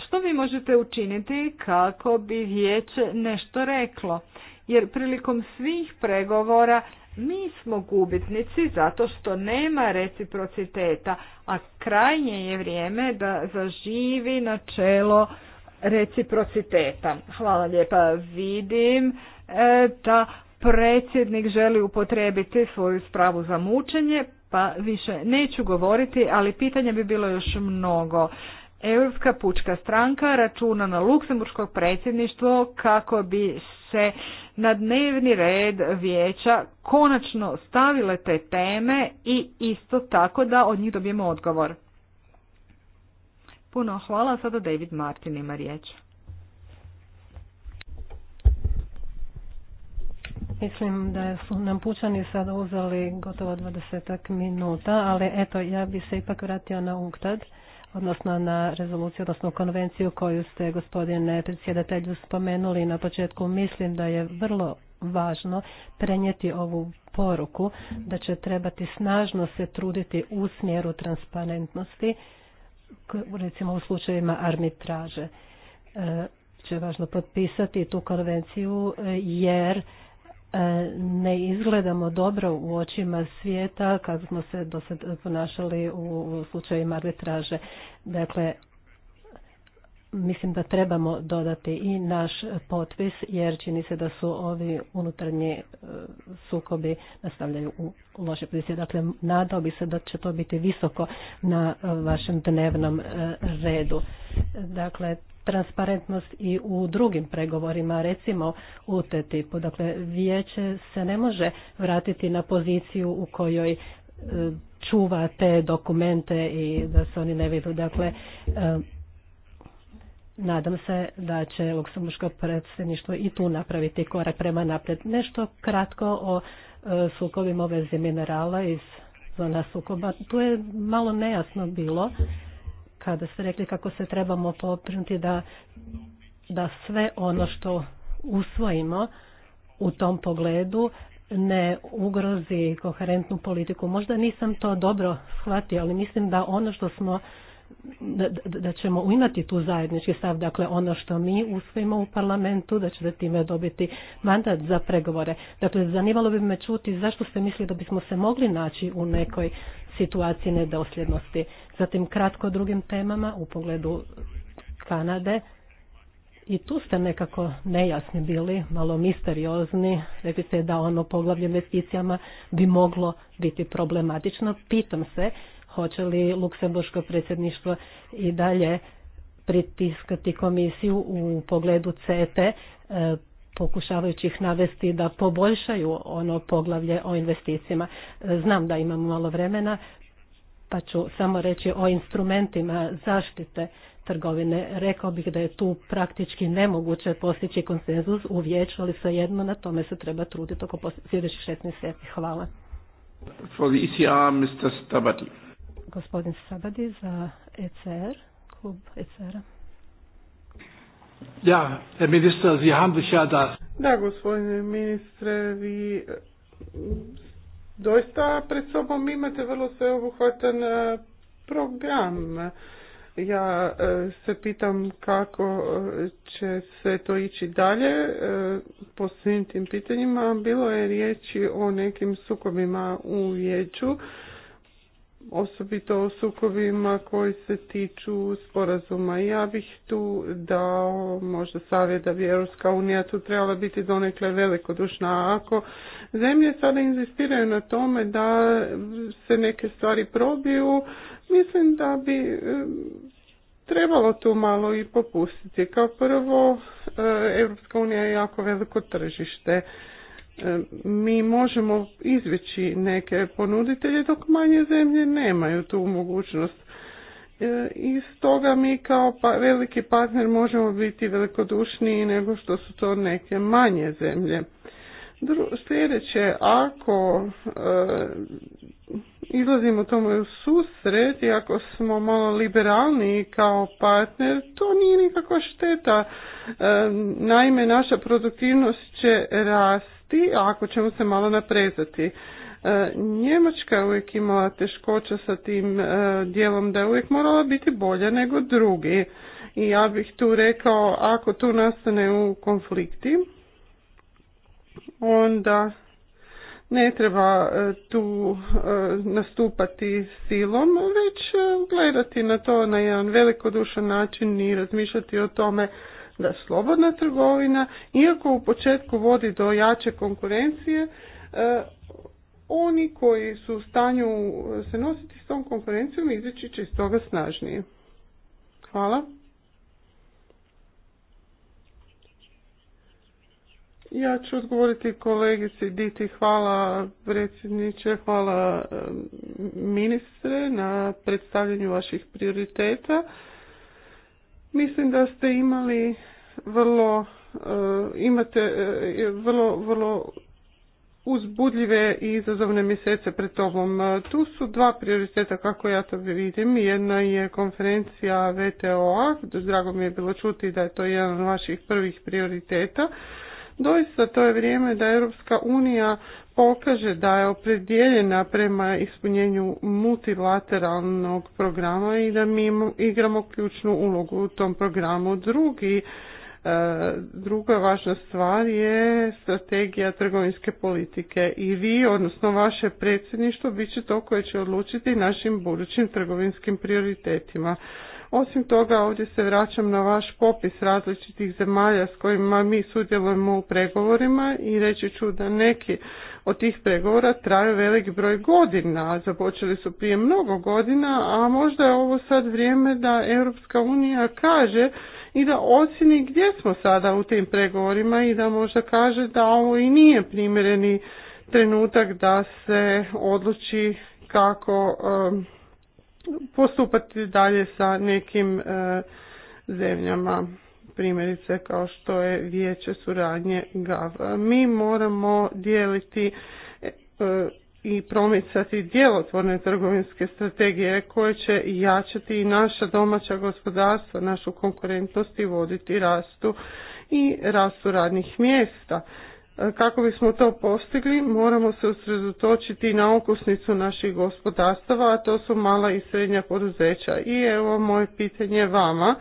S3: Što vi možete učiniti kako bi vijeće nešto reklo? Jer prilikom svih pregovora mi smo gubitnici zato što nema reciprociteta, a krajnje je vrijeme da zaživi načelo reciprociteta. Hvala lijepa. Vidim e, da predsjednik želi upotrebiti svoju spravu za mučenje, pa više neću govoriti, ali pitanja bi bilo još mnogo. Europska pučka stranka računa na luksemburško predsjedništvo kako bi se na dnevni red vijeća konačno stavile te teme i isto tako da od njih dobijemo odgovor.
S4: Puno hvala, sada David Martin ima riječ. Mislim da su nam pučani sad uzeli gotovo dvadesetak minuta, ali eto, ja bi se ipak vratio na UNCTAD odnosno na rezoluciju, odnosno konvenciju koju ste gospodine predsjedatelju spomenuli na početku. Mislim da je vrlo važno prenijeti ovu poruku da će trebati snažno se truditi u smjeru transparentnosti, recimo u slučajevima arbitraže. E, će važno potpisati tu konvenciju e, jer E, ne izgledamo dobro u očima svijeta kad smo se do ponašali u slučajima arbitraže. Dakle, mislim da trebamo dodati i naš potpis jer čini se da su ovi unutarnji e, sukobi nastavljaju u loše pozicije. Dakle, nadao bi se da će to biti visoko na e, vašem dnevnom redu. Dakle, transparentnost i u drugim pregovorima, recimo u ttip Dakle, vijeće se ne može vratiti na poziciju u kojoj e, čuva te dokumente i da se oni ne vidu. Dakle, e, nadam se da će Luksemburško predsjedništvo i tu napraviti korak prema naprijed. Nešto kratko o e, sukobima u vezi minerala iz zona sukoba. Tu je malo nejasno bilo kada ste rekli kako se trebamo poprinuti da, da sve ono što usvojimo u tom pogledu ne ugrozi koherentnu politiku. Možda nisam to dobro shvatio, ali mislim da ono što smo da, da ćemo imati tu zajednički stav, dakle ono što mi usvojimo u parlamentu, da ćete time dobiti mandat za pregovore. Dakle, zanimalo bi me čuti zašto ste mislili da bismo se mogli naći u nekoj situaciji nedosljednosti. Zatim kratko drugim temama u pogledu Kanade. I tu ste nekako nejasni bili, malo misteriozni. Rekli ste da ono poglavlje investicijama bi moglo biti problematično. Pitam se hoće li Luksemburško predsjedništvo i dalje pritiskati komisiju u pogledu CETE e, pokušavajući ih navesti da poboljšaju ono poglavlje o investicijama. Znam da imamo malo vremena, pa ću samo reći o instrumentima zaštite trgovine. Rekao bih da je tu praktički nemoguće postići konsenzus u vijeću, ali svejedno na tome se treba truditi oko sljedećih šest mjeseci. Hvala.
S1: For e Mr.
S4: Gospodin Sabadi za
S2: ECR, klub ECR-a.
S1: Ja, Herr Minister, Sie haben sich ja
S2: Da, gospodine ministre, vi doista pred sobom imate vrlo sveobuhvatan e, program. Ja e, se pitam kako e, će se to ići dalje po svim tim pitanjima. Bilo je riječi o nekim sukobima u vijeću osobito o sukovima koji se tiču sporazuma. Ja bih tu dao možda savjet da bi Europska unija tu trebala biti donekle velikodušna. A ako zemlje sada inzistiraju na tome da se neke stvari probiju, mislim da bi e, trebalo tu malo i popustiti. Kao prvo, e, Europska unija je jako veliko tržište E, mi možemo izveći neke ponuditelje dok manje zemlje nemaju tu mogućnost. E, I stoga mi kao pa, veliki partner možemo biti velikodušniji nego što su to neke manje zemlje. Sljedeće, ako e, izlazimo tomu u susret i ako smo malo liberalniji kao partner, to nije nikakva šteta. Naime, naša produktivnost će rasti i ako ćemo se malo naprezati. E, Njemačka je uvijek imala teškoća sa tim e, dijelom da je uvijek morala biti bolja nego drugi. I ja bih tu rekao, ako tu nastane u konflikti, onda ne treba e, tu nastupati silom, već gledati na to na jedan velikodušan način i razmišljati o tome da slobodna trgovina, iako u početku vodi do jače konkurencije, e, oni koji su u stanju se nositi s tom konkurencijom izaći će iz toga snažnije. Hvala. Ja ću odgovoriti kolegici Diti. Hvala predsjedniče, hvala e, ministre na predstavljanju vaših prioriteta. Mislim da ste imali vrlo eh, imate eh, vrlo, vrlo uzbudljive i izazovne mjesece pred tobom. Eh, tu su dva prioriteta kako ja to vidim. Jedna je konferencija VTO-a, drago mi je bilo čuti da je to jedan od vaših prvih prioriteta. Doista to je vrijeme da Europska unija pokaže da je opredjeljena prema ispunjenju multilateralnog programa i da mi igramo ključnu ulogu u tom programu. Drugi e, Druga važna stvar je strategija trgovinske politike i vi, odnosno vaše predsjedništvo, bit će to koje će odlučiti našim budućim trgovinskim prioritetima. Osim toga, ovdje se vraćam na vaš popis različitih zemalja s kojima mi sudjelujemo u pregovorima i reći ću da neki od tih pregovora traju velik broj godina, započeli su prije mnogo godina, a možda je ovo sad vrijeme da Europska unija kaže i da ocjeni gdje smo sada u tim pregovorima i da možda kaže da ovo i nije primjereni trenutak da se odluči kako postupati dalje sa nekim zemljama primjerice kao što je vijeće suradnje GAV. Mi moramo dijeliti e, i promicati djelotvorne trgovinske strategije koje će jačati i naša domaća gospodarstva, našu konkurentnost i voditi rastu i rastu radnih mjesta. E, kako bismo to postigli, moramo se usredotočiti na okusnicu naših gospodarstava, a to su mala i srednja poduzeća. I evo moje pitanje vama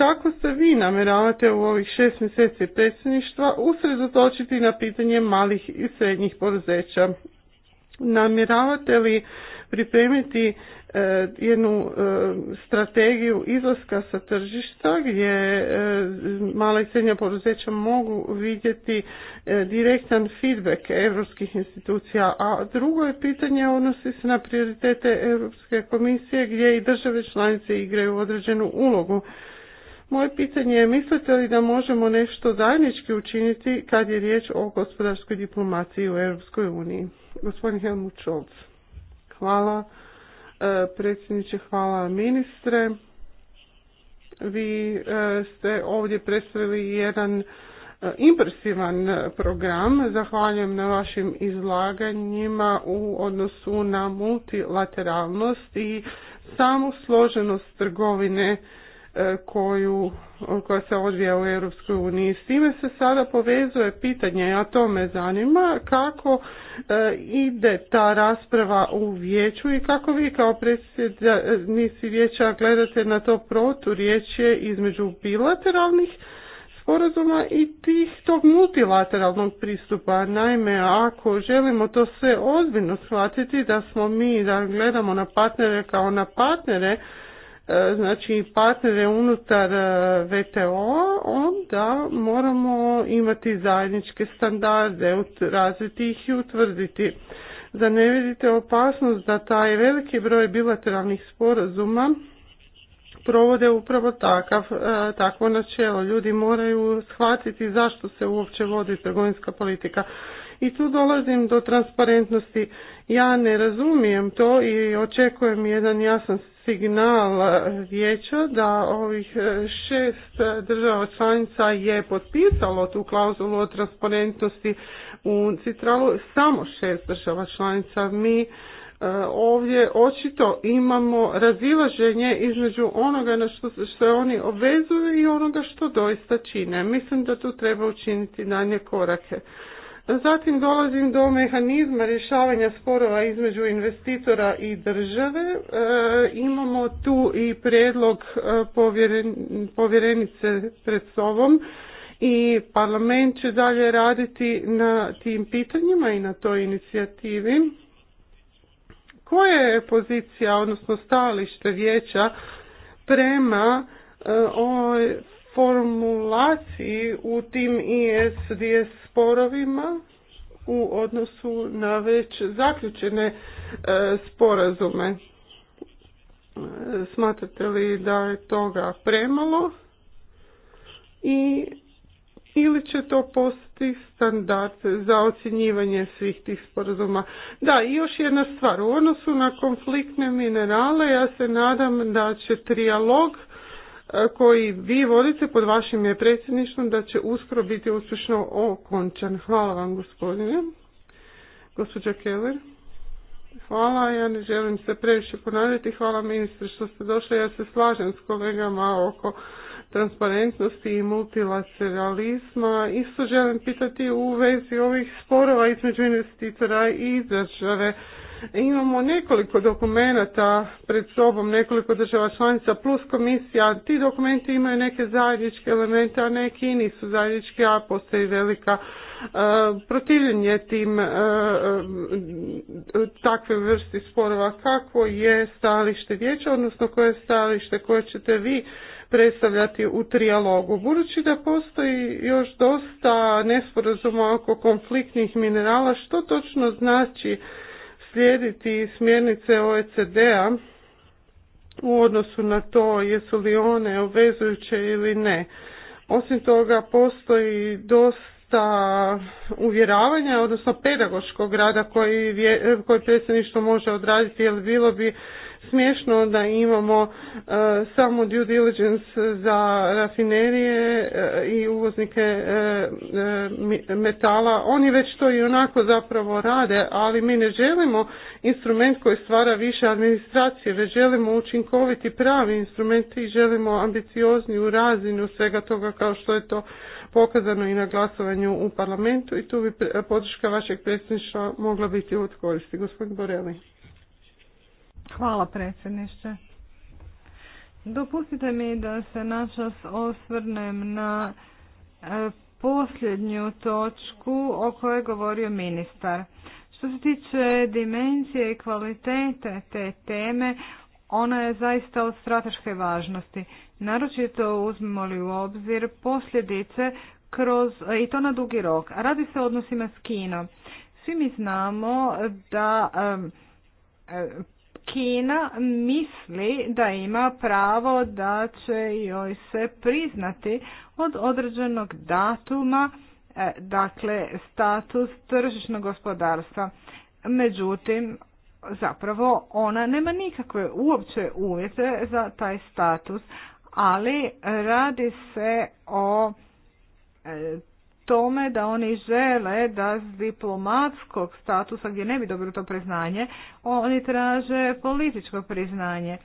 S2: kako se vi namjeravate u ovih šest mjeseci predsjedništva usredotočiti na pitanje malih i srednjih poduzeća? Namjeravate li pripremiti e, jednu e, strategiju izlaska sa tržišta gdje e, mala i srednja poduzeća mogu vidjeti direktan feedback europskih institucija, a drugo je pitanje odnosi se na prioritete Europske komisije gdje i države članice igraju određenu ulogu. Moje pitanje je mislite li da možemo nešto zajednički učiniti kad je riječ o gospodarskoj diplomaciji u Europskoj uniji? Gospodin Helmut Scholz. Hvala e, predsjedniče, hvala ministre. Vi e, ste ovdje predstavili jedan e, impresivan program. Zahvaljujem na vašim izlaganjima u odnosu na multilateralnost i samu složenost trgovine E, koju, koja se odvija u Europskoj uniji. S time se sada povezuje pitanje, a to me zanima, kako e, ide ta rasprava u vijeću i kako vi kao predsjednici vijeća gledate na to riječi između bilateralnih sporazuma i tih tog multilateralnog pristupa. Naime, ako želimo to sve ozbiljno shvatiti da smo mi, da gledamo na partnere kao na partnere, E, znači partnere unutar e, VTO, onda moramo imati zajedničke standarde, razviti ih i utvrditi. Da ne vidite opasnost da taj veliki broj bilateralnih sporazuma provode upravo takav, e, takvo načelo. Ljudi moraju shvatiti zašto se uopće vodi trgovinska politika. I tu dolazim do transparentnosti. Ja ne razumijem to i očekujem jedan jasan signal e, vijeća da ovih e, šest e, država članica je potpisalo tu klauzulu o transparentnosti u Citralu, samo šest država članica. Mi ovdje očito imamo razilaženje između onoga na što se oni obvezuju i onoga što doista čine. Mislim da tu treba učiniti danje korake. Zatim dolazim do mehanizma rješavanja sporova između investitora i države. E, imamo tu i prijedlog e, povjerenice pred sobom i parlament će dalje raditi na tim pitanjima i na toj inicijativi. Koja je pozicija, odnosno stalište vijeća prema e, ovoj? formulaciji u tim ISDS sporovima u odnosu na već zaključene e, sporazume. E, smatrate li da je toga premalo i ili će to postati standard za ocjenjivanje svih tih sporazuma. Da, i još jedna stvar, u odnosu na konfliktne minerale ja se nadam da će trijalog E, koji vi vodite pod vašim je predsjedništvom da će uskoro biti uspješno okončan. Hvala vam gospodine. Gospođa Keller. Hvala, ja ne želim se previše ponavljati. Hvala ministre što ste došli. Ja se slažem s kolegama oko transparentnosti i multilateralizma. Isto želim pitati u vezi ovih sporova između investitora i države. Imamo nekoliko dokumenata pred sobom, nekoliko država članica plus komisija. Ti dokumenti imaju neke zajedničke elemente, a neki nisu zajednički, a postoji velika e, protivljenje tim e, e, takve vrsti sporova. Kako je stalište vijeća, odnosno koje je stalište koje ćete vi predstavljati u trijalogu. Budući da postoji još dosta nesporazuma oko konfliktnih minerala, što točno znači slijediti smjernice OECD-a u odnosu na to jesu li one obvezujuće ili ne. Osim toga postoji dosta uvjeravanja, odnosno pedagoškog rada koji, koji predsjedništvo može odraditi, jer bilo bi smiješno da imamo e, samo due diligence za rafinerije e, i uvoznike e, metala. Oni već to i onako zapravo rade, ali mi ne želimo instrument koji stvara više administracije, već želimo učinkoviti pravi instrument i želimo ambiciozniju razinu svega toga kao što je to pokazano i na glasovanju u parlamentu i tu bi podrška vašeg predsjedništva mogla biti od koristi. Gospodin Borelli. Hvala
S3: predsjedniče. Dopustite mi da se načas osvrnem na e, posljednju točku o kojoj je govorio ministar. Što se tiče dimenzije i kvalitete te teme, ona je zaista od strateške važnosti. Naročito uzmemo li u obzir posljedice kroz, i to na dugi rok. Radi se o odnosima s Kinom. Svi mi znamo da Kina misli da ima pravo da će joj se priznati od određenog datuma, e, dakle status tržišnog gospodarstva. Međutim, zapravo ona nema nikakve uopće uvjete za taj status, ali radi se o e, tome da oni žele da s diplomatskog statusa gdje ne bi dobili to priznanje, oni traže političko priznanje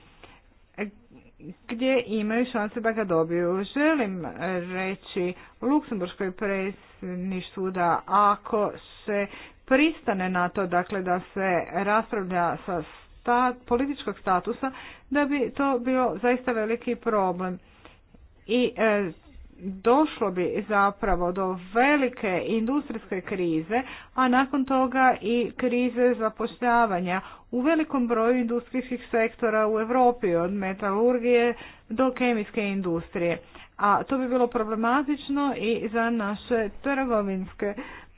S3: gdje imaju šanse da ga dobiju. Želim reći Luksemburskoj predsjedništvu da ako se pristane na to, dakle da se raspravlja sa političkog statusa, da bi to bio zaista veliki problem. I e, došlo bi zapravo do velike industrijske krize, a nakon toga i krize zapošljavanja u velikom broju industrijskih sektora u Europi od metalurgije do kemijske industrije. A to bi bilo problematično i za naše trgovinske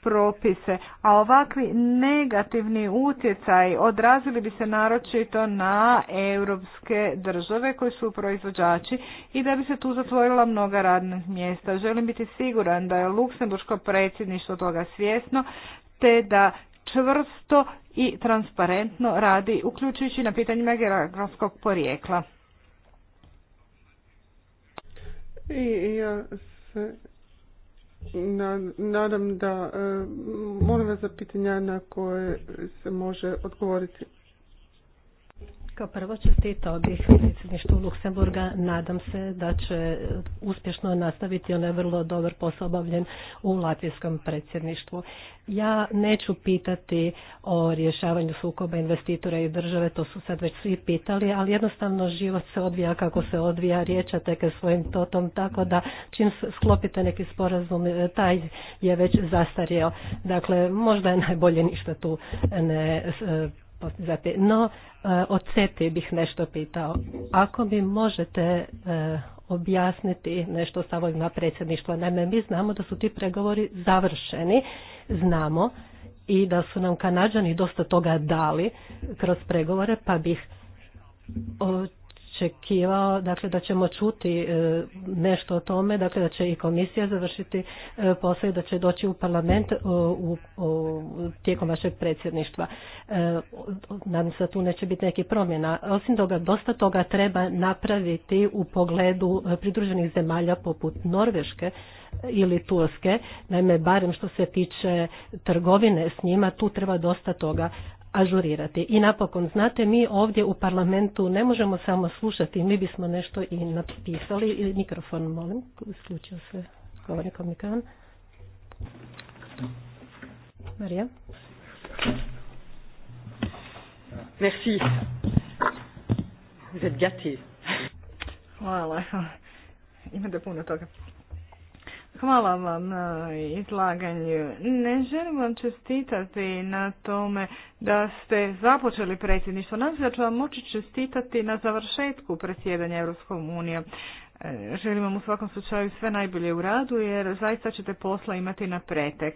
S3: propise, a ovakvi negativni utjecaj odrazili bi se naročito na europske države koji su proizvođači i da bi se tu zatvorila mnoga radnih mjesta. Želim biti siguran da je Luksemburško predsjedništvo toga svjesno te da čvrsto i transparentno radi, uključujući na pitanjima geografskog porijekla.
S2: I ja se nadam da e, molim vas za pitanja na koje se može odgovoriti.
S4: Kao prvo čestitao bih predsjedništvu Luksemburga. Nadam se da će uspješno nastaviti onaj vrlo dobar posao obavljen u latvijskom predsjedništvu. Ja neću pitati o rješavanju sukoba investitora i države, to su sad već svi pitali, ali jednostavno život se odvija kako se odvija, riječa teke svojim totom, tako da čim sklopite neki sporazum, taj je već zastario. Dakle, možda je najbolje ništa tu ne postizati. No, e, o CETI bih nešto pitao. Ako mi možete e, objasniti nešto na predsjedništva. Naime, mi znamo da su ti pregovori završeni, znamo i da su nam Kanađani dosta toga dali kroz pregovore, pa bih očekivao dakle, da ćemo čuti e, nešto o tome, dakle, da će i komisija završiti e, posao i da će doći u parlament e, u, tijekom vašeg predsjedništva. Nadam se da tu neće biti neki promjena. Osim toga, dosta toga treba napraviti u pogledu pridruženih zemalja poput Norveške ili Turske. Naime, barem što se tiče trgovine s njima, tu treba dosta toga ažurirati. I napokon, znate, mi ovdje u parlamentu ne možemo samo slušati, mi bismo nešto i napisali. Mikrofon, molim, isključio se govornikom Mikan. Marija. Merci. Vous êtes
S3: Hvala. Ima da puno toga. Hvala vam na izlaganju. Ne želim vam čestitati na tome da ste započeli predsjedništvo. Nadam se da ću vam moći čestitati na završetku predsjedanja Europskom unijom. E, želim vam u svakom slučaju sve najbolje u radu jer zaista ćete posla imati na pretek.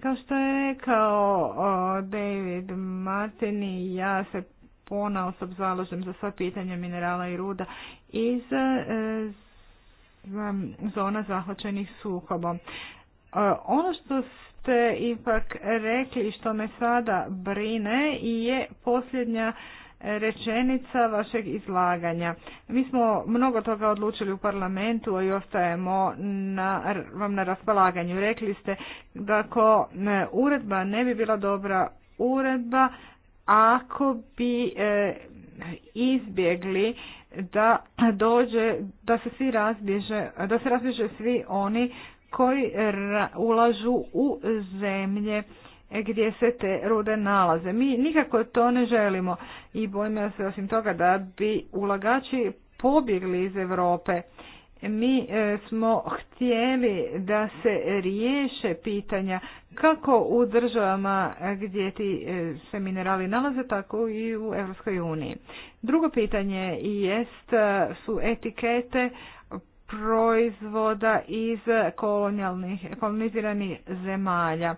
S3: Kao što je rekao David Martin i ja se ponaosob zalažem za sva pitanja minerala i ruda iz e, Um, zona zahvaćenih sukobom. E, ono što ste ipak rekli i što me sada brine je posljednja rečenica vašeg izlaganja. Mi smo mnogo toga odlučili u parlamentu i ostajemo na, vam na raspolaganju. Rekli ste da ako e, uredba ne bi bila dobra uredba, ako bi e, izbjegli da dođe, da se svi razbježe, da se razbježe svi oni koji ulažu u zemlje gdje se te rude nalaze. Mi nikako to ne želimo i bojimo se osim toga da bi ulagači pobjegli iz Europe mi e, smo htjeli da se riješe pitanja kako u državama gdje ti e, se minerali nalaze, tako i u Europskoj uniji. Drugo pitanje jest e, su etikete proizvoda iz koloniziranih zemalja.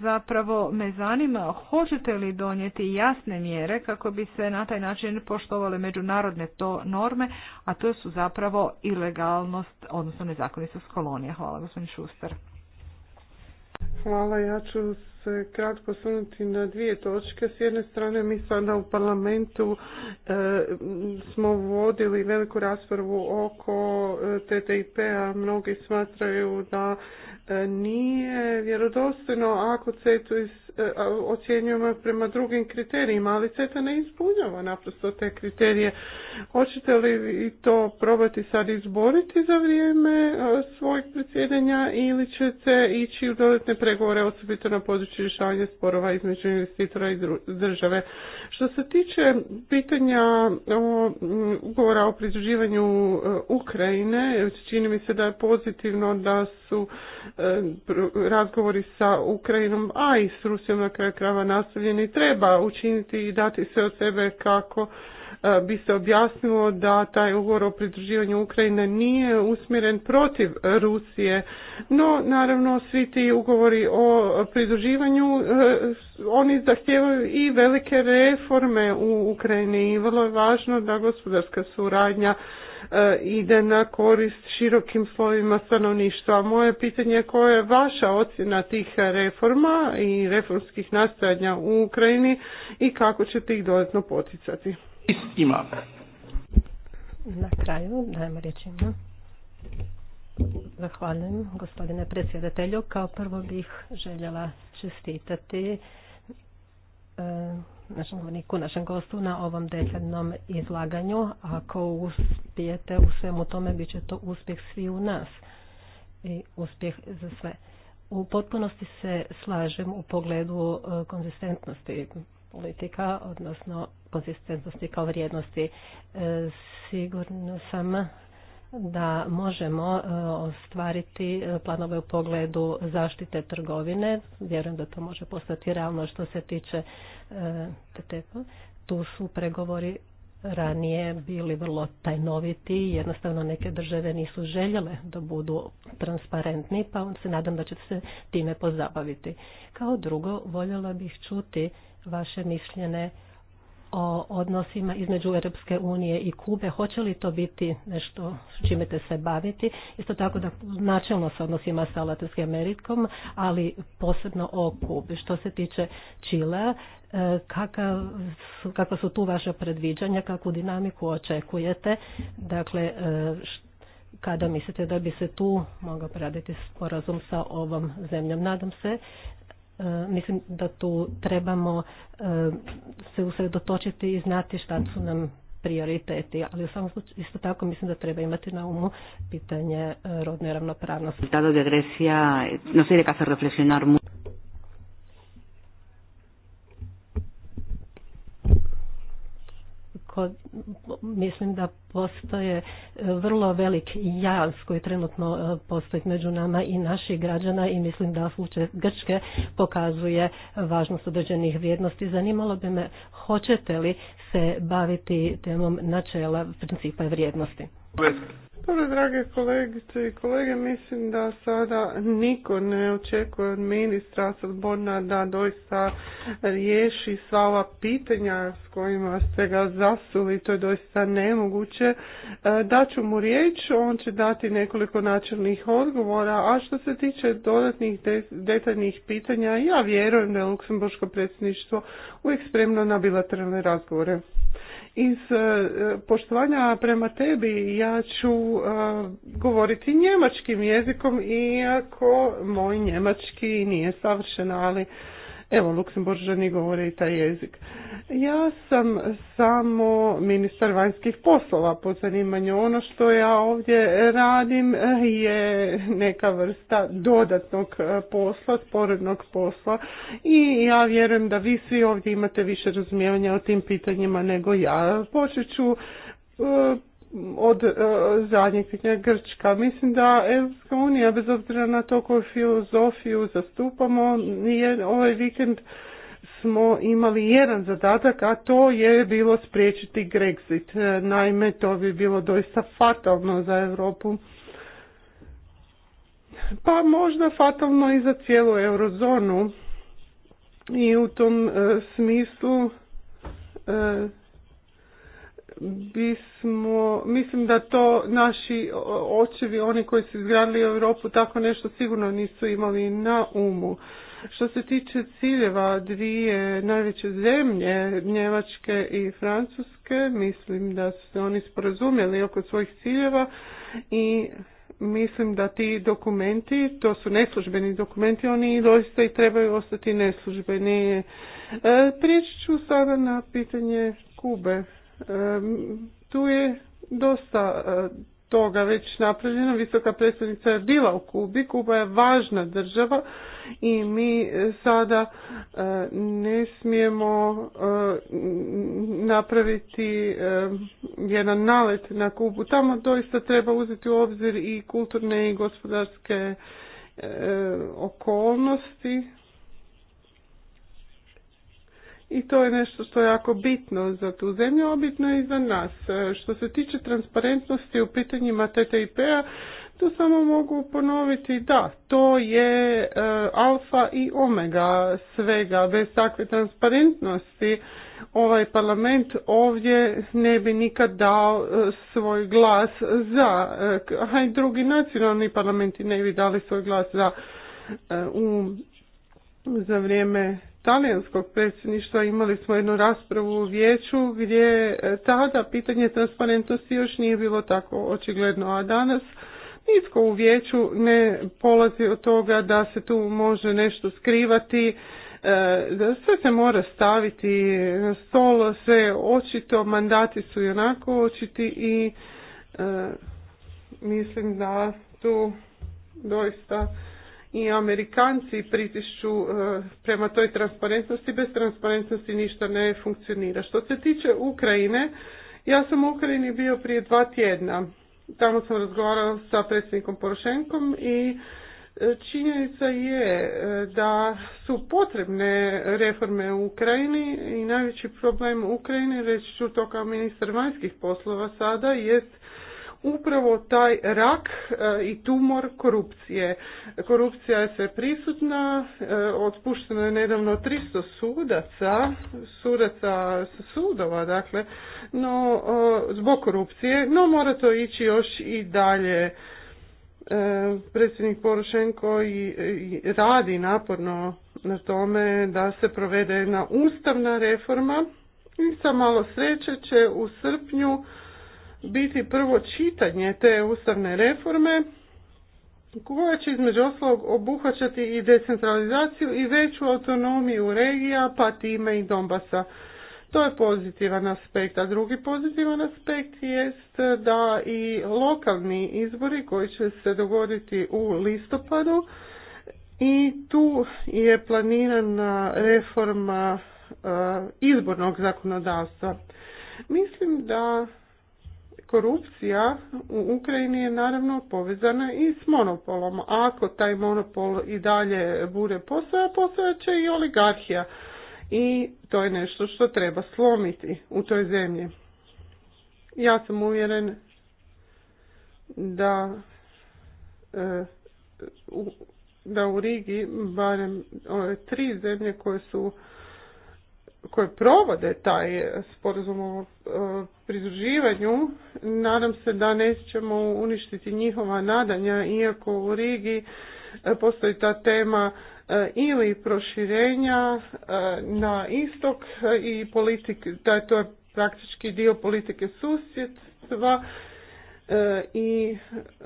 S3: Zapravo me zanima hoćete li donijeti jasne mjere kako bi se na taj način poštovale međunarodne to norme, a to su zapravo ilegalnost, odnosno nezakonitost kolonija. Hvala, gospodin Šuster.
S2: Hvala, ja ću se kratko sunuti na dvije točke. S jedne strane mi sada u parlamentu e, smo vodili veliku raspravu oko e, TTIP-a. Mnogi smatraju da e, nije vjerodostojno ako CETU ocjenjujemo prema drugim kriterijima, ali CETA ne ispunjava naprosto te kriterije. Hoćete li i to probati sad izboriti za vrijeme svojeg predsjedanja ili ćete ići u dodatne pregovore? pregovore, osobito na području rješavanja sporova između investitora i države. Što se tiče pitanja o, mm, ugovora o pridruživanju e, Ukrajine, čini mi se da je pozitivno da su e, razgovori sa Ukrajinom, a i s Rusijom na kraju krava nastavljeni, treba učiniti i dati sve od sebe kako E, bi se objasnilo da taj ugovor o pridruživanju Ukrajine nije usmjeren protiv Rusije, no naravno svi ti ugovori o pridruživanju e, oni zahtijevaju i velike reforme u Ukrajini i vrlo je važno da gospodarska suradnja e, ide na korist širokim slovima stanovništva. Moje pitanje je koja je vaša ocjena tih reforma i reformskih nastojanja u Ukrajini i kako ćete ih dodatno poticati? Na kraju
S4: dajemo Zahvaljujem gospodine predsjedatelju. Kao prvo bih željela čestitati e, našem govorniku, našem gostu na ovom detaljnom izlaganju. Ako uspijete u svemu tome, bit će to uspjeh svi u nas i uspjeh za sve. U potpunosti se slažem u pogledu e, konzistentnosti politika, odnosno konzistentnosti kao vrijednosti. E, sigurno sam da možemo e, ostvariti planove u pogledu zaštite trgovine. Vjerujem da to može postati realno što se tiče e, ttip p-a. Tu su pregovori
S5: ranije
S4: bili vrlo tajnoviti i jednostavno neke države nisu željele da budu transparentni, pa se nadam da će se time pozabaviti. Kao drugo, voljela bih čuti vaše mišljene o odnosima između Europske unije i Kube. Hoće li to biti nešto s čime te se baviti? Isto tako da načelno se odnosima sa Latinskom Amerikom, ali posebno o Kubi. Što se tiče Čile, e, kakva su, su tu vaša predviđanja, kakvu dinamiku očekujete? Dakle, e, kada mislite da bi se tu mogao praditi sporazum sa ovom zemljom. Nadam se E, mislim da tu trebamo e, se usredotočiti i znati šta su nam prioriteti, ali u isto tako mislim da treba imati na umu pitanje e, rodne ravnopravnosti. de reflexionar mislim da postoje e, vrlo velik jaz koji trenutno e, postoji među nama i naših građana i mislim da slučaj Grčke pokazuje važnost određenih vrijednosti. Zanimalo bi me hoćete li se baviti temom načela principa vrijednosti.
S2: Dobro, drage kolegice i kolege, mislim da sada niko ne očekuje od ministra Sadborna da doista riješi sva ova pitanja s kojima ste ga zasuli, to je doista nemoguće. E, Daću mu riječ, on će dati nekoliko načelnih odgovora, a što se tiče dodatnih detaljnih pitanja, ja vjerujem da je Luksemburško predsjedništvo uvijek spremno na bilateralne razgovore iz e, poštovanja prema tebi ja ću e, govoriti njemačkim jezikom iako moj njemački nije savršen, ali Evo, luksemburžani govore i taj jezik. Ja sam samo ministar vanjskih poslova po zanimanju. Ono što ja ovdje radim je neka vrsta dodatnog e, posla, sporednog posla i ja vjerujem da vi svi ovdje imate više razumijevanja o tim pitanjima nego ja. Počet ću e, od e, zadnjeg pitanja Grčka. Mislim da Evropska unija, bez obzira na to koju filozofiju zastupamo, nije ovaj vikend smo imali jedan zadatak, a to je bilo spriječiti Grexit. E, naime, to bi bilo doista fatalno za Europu. Pa možda fatalno i za cijelu eurozonu. I u tom e, smislu bismo, mislim da to naši očevi, oni koji su izgradili Europu, tako nešto sigurno nisu imali na umu. Što se tiče ciljeva dvije najveće zemlje, Njemačke i Francuske, mislim da su se oni sporazumjeli oko svojih ciljeva i mislim da ti dokumenti, to su neslužbeni dokumenti, oni doista i trebaju ostati neslužbeni. E, Prije ću sada na pitanje Kube tu je dosta e, toga već napravljeno. Visoka predstavnica je bila u Kubi. Kuba je važna država i mi sada e, ne smijemo e, napraviti jedan nalet na Kubu. Tamo doista treba uzeti u obzir i kulturne i gospodarske okolnosti i to je nešto što je jako bitno za tu zemlju, a bitno je i za nas. E, što se tiče transparentnosti u pitanjima TTIP-a, tu samo mogu ponoviti da, to je e, alfa i omega svega. Bez takve transparentnosti ovaj parlament ovdje ne bi nikad dao e, svoj glas za, e, i drugi nacionalni parlamenti ne bi dali svoj glas za za vrijeme talijanskog predsjedništva imali smo jednu raspravu u vijeću gdje e, tada pitanje transparentnosti još nije bilo tako očigledno, a danas nitko u vijeću ne polazi od toga da se tu može nešto skrivati, e, da sve se mora staviti na stol, sve očito, mandati su i onako očiti i e, mislim da tu doista i Amerikanci pritišću e, prema toj transparentnosti. Bez transparentnosti ništa ne funkcionira. Što se tiče Ukrajine, ja sam u Ukrajini bio prije dva tjedna. Tamo sam razgovarao sa predsjednikom Porošenkom i e, činjenica je e, da su potrebne reforme u Ukrajini i najveći problem Ukrajine, reći ću to kao ministar vanjskih poslova sada, jest upravo taj rak e, i tumor korupcije. Korupcija je sve prisutna, e, otpušteno je nedavno 300 sudaca, sudaca sudova, dakle, no e, zbog korupcije, no mora to ići još i dalje. Predsjednik Porošenko i radi naporno na tome da se provede jedna ustavna reforma i sa malo sreće će u srpnju biti prvo čitanje te ustavne reforme koja će između ostalog obuhvaćati i decentralizaciju i veću autonomiju regija pa time i Donbasa. To je pozitivan aspekt, a drugi pozitivan aspekt jest da i lokalni izbori koji će se dogoditi u listopadu i tu je planirana reforma e, izbornog zakonodavstva. Mislim da korupcija u Ukrajini je naravno povezana i s monopolom. ako taj monopol i dalje bude postoja, će i oligarhija. I to je nešto što treba slomiti u toj zemlji. Ja sam uvjeren da e, da u Rigi barem ove tri zemlje koje su koje provode taj sporazum o e, pridruživanju, nadam se da nećemo uništiti njihova nadanja, iako u Rigi e, postoji ta tema e, ili proširenja na istok i politik, da to je praktički dio politike susjedstva E, i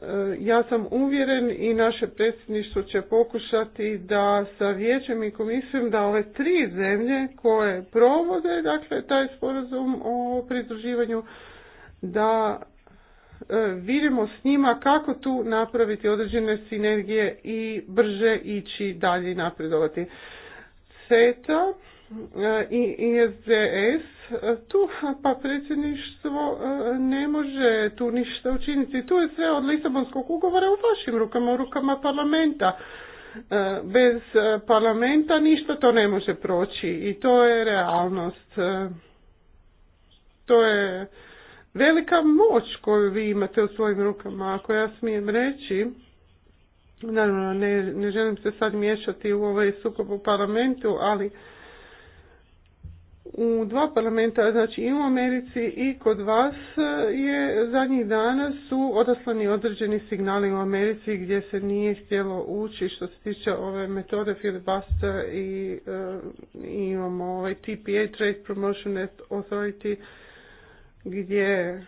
S2: e, ja sam uvjeren i naše predsjedništvo će pokušati da sa vijećem i komisijom da ove tri zemlje koje provode dakle taj sporazum o pridruživanju da e, vidimo s njima kako tu napraviti određene sinergije i brže ići dalje i napredovati. Seta i ISDS, tu pa predsjedništvo e, ne može tu ništa učiniti. Tu je sve od Lisabonskog ugovora u vašim rukama, u rukama parlamenta. E, bez e, parlamenta ništa to ne može proći i to je realnost. To je velika moć koju vi imate u svojim rukama, ako ja smijem reći. Naravno, ne, ne želim se sad miješati u ovaj sukob u parlamentu, ali u dva parlamenta, znači i u Americi i kod vas je zadnjih dana su odaslani određeni signali u Americi gdje se nije htjelo ući što se tiče ove metode filibuster i, e, imamo ovaj TPA Trade Promotion Authority gdje e,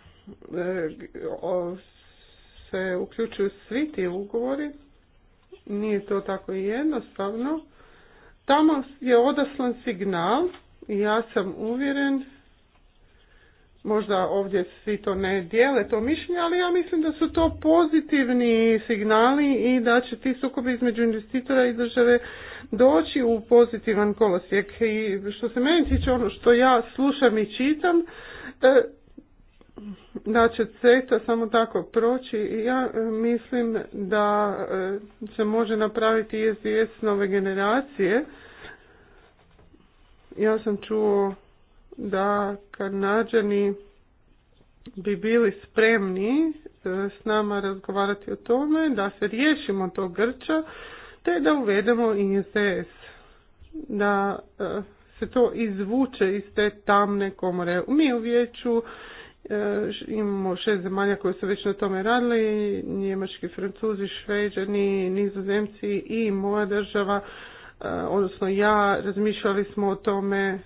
S2: se uključuju svi ti ugovori. Nije to tako jednostavno. Tamo je odaslan signal ja sam uvjeren, možda ovdje svi to ne dijele to mišljenje, ali ja mislim da su to pozitivni signali i da će ti sukobi između investitora i države doći u pozitivan kolosijek. I što se meni tiče ono što ja slušam i čitam, e, da će CETA samo tako proći i ja e, mislim da e, se može napraviti SDS nove generacije ja sam čuo da Karnađani bi bili spremni e, s nama razgovarati o tome, da se riješimo tog Grča, te da uvedemo INSS. da e, se to izvuče iz te tamne komore. Mi u vijeću e, imamo šest zemalja koje su već na tome radili, njemački, francuzi, šveđani, nizozemci i moja država Eh, odnosno ja razmišljali smo o tome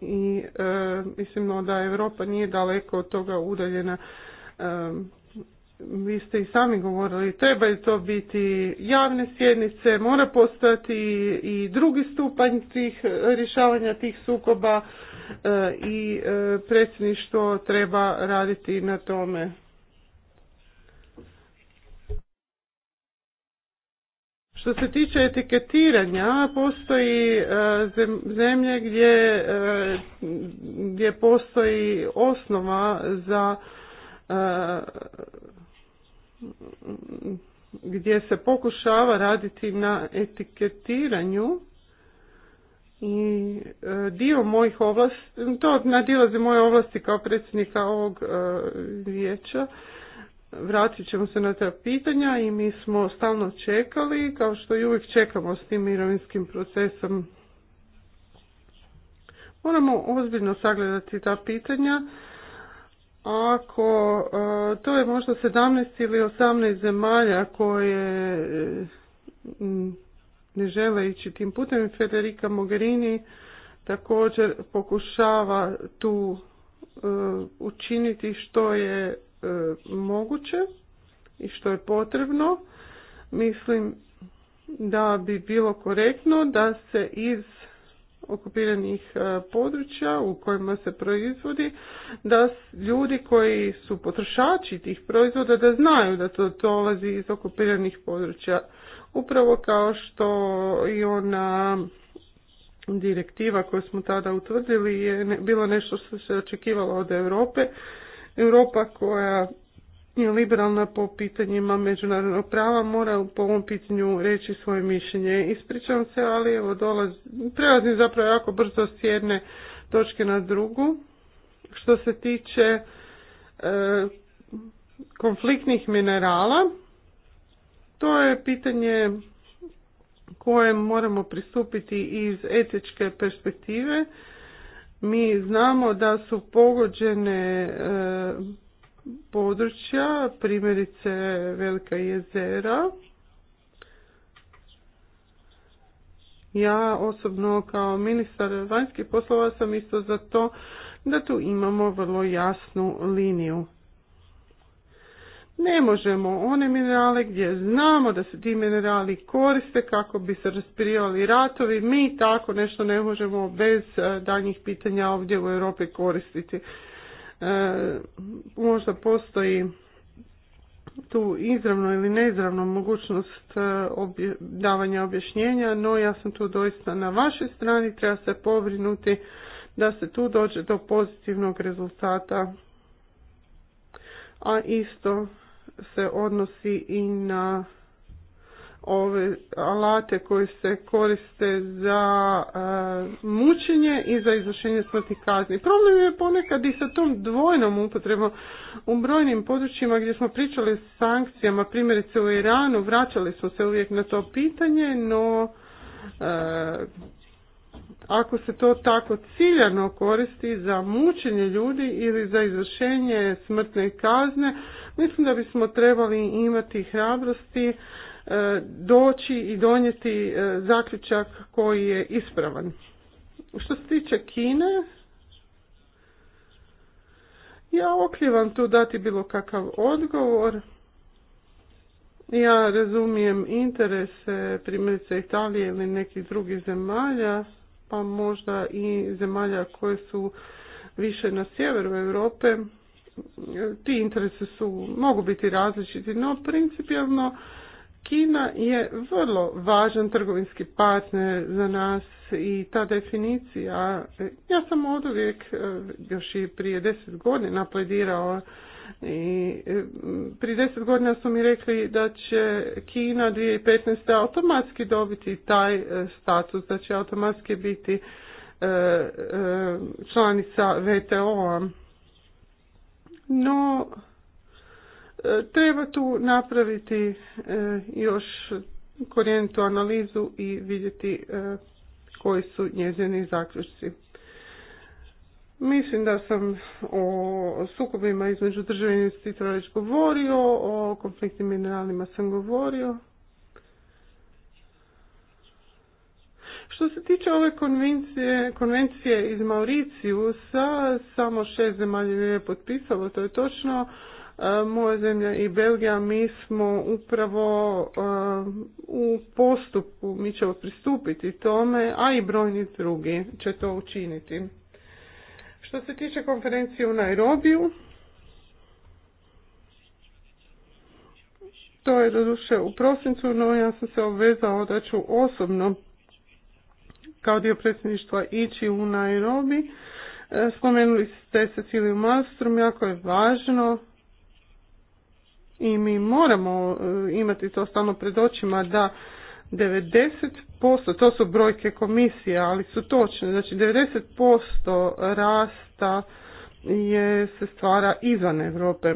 S2: i e, mislimo da Europa nije daleko od toga udaljena. E, vi ste i sami govorili, li to biti javne sjednice, mora postati i drugi stupanj tih rješavanja tih sukoba i predsjedništvo treba raditi na tome. Što se tiče etiketiranja, postoji e, zemlje gdje, e, gdje postoji osnova za e, gdje se pokušava raditi na etiketiranju i dio mojih ovlasti, to nadilazi moje ovlasti kao predsjednika ovog vijeća, vratit ćemo se na ta pitanja i mi smo stalno čekali, kao što i uvijek čekamo s tim mirovinskim procesom. Moramo ozbiljno sagledati ta pitanja. Ako e, to je možda 17 ili 18 zemalja koje e, ne žele ići tim putem, Federica Mogherini također pokušava tu e, učiniti što je E, moguće i što je potrebno. Mislim da bi bilo korektno da se iz okupiranih e, područja u kojima se proizvodi, da ljudi koji su potrošači tih proizvoda da znaju da to dolazi iz okupiranih područja. Upravo kao što i ona direktiva koju smo tada utvrdili je bilo nešto što se očekivalo od Europe Europa koja je liberalna po pitanjima međunarodnog prava mora po ovom pitanju reći svoje mišljenje. Ispričavam se, ali evo dolaz, prelazim zapravo jako brzo s jedne točke na drugu. Što se tiče e, konfliktnih minerala, to je pitanje koje moramo pristupiti iz etičke perspektive mi znamo da su pogođene e, područja, primjerice Velika jezera. Ja osobno kao ministar vanjskih poslova sam isto za to da tu imamo vrlo jasnu liniju. Ne možemo one minerale gdje znamo da se ti minerali koriste kako bi se raspirivali ratovi, mi tako nešto ne možemo bez e, danjih pitanja ovdje u Europi koristiti. E, možda postoji tu izravno ili neizravno mogućnost e, davanja objašnjenja, no ja sam tu doista na vašoj strani, treba se pobrinuti da se tu dođe do pozitivnog rezultata. A isto se odnosi i na ove alate koji se koriste za e, mučenje i za izvršenje smrtnih kazni. Problem je ponekad i sa tom dvojnom upotrebom u brojnim područjima gdje smo pričali s sankcijama, primjerice u Iranu, vraćali smo se uvijek na to pitanje, no e, ako se to tako ciljano koristi za mučenje ljudi ili za izvršenje smrtne kazne, Mislim da bismo trebali imati hrabrosti e, doći i donijeti e, zaključak koji je ispravan. Što se tiče Kine, ja okljivam tu dati bilo kakav odgovor. Ja razumijem interese primjerice Italije ili nekih drugih zemalja, pa možda i zemalja koje su više na sjeveru Europe, ti interesi su, mogu biti različiti, no principijelno Kina je vrlo važan trgovinski partner za nas i ta definicija, ja sam od uvijek, e, još i prije deset godina pledirao i e, prije deset godina su mi rekli da će Kina 2015. automatski dobiti taj e, status, da će automatski biti članica VTO-a no e, treba tu napraviti e, još korijenitu analizu i vidjeti e, koji su njezini zaključci. Mislim da sam o sukobima između državnih i već govorio, o konfliktnim mineralima sam govorio. Što se tiče ove konvencije, konvencije iz Mauricijusa, samo šest zemalja je potpisalo, to je točno. E, moja zemlja i Belgija, mi smo upravo e, u postupku, mi ćemo pristupiti tome, a i brojni drugi će to učiniti. Što se tiče konferencije u Nairobiju, to je doduše u prosincu, no ja sam se obvezao da ću osobno kao dio predsjedništva ići u Nairobi. E, spomenuli ste Ceciliju Malstrom, jako je važno i mi moramo e, imati to stalno pred očima da 90%, to su brojke komisije, ali su točne, znači 90% rasta je, se stvara izvan Europe.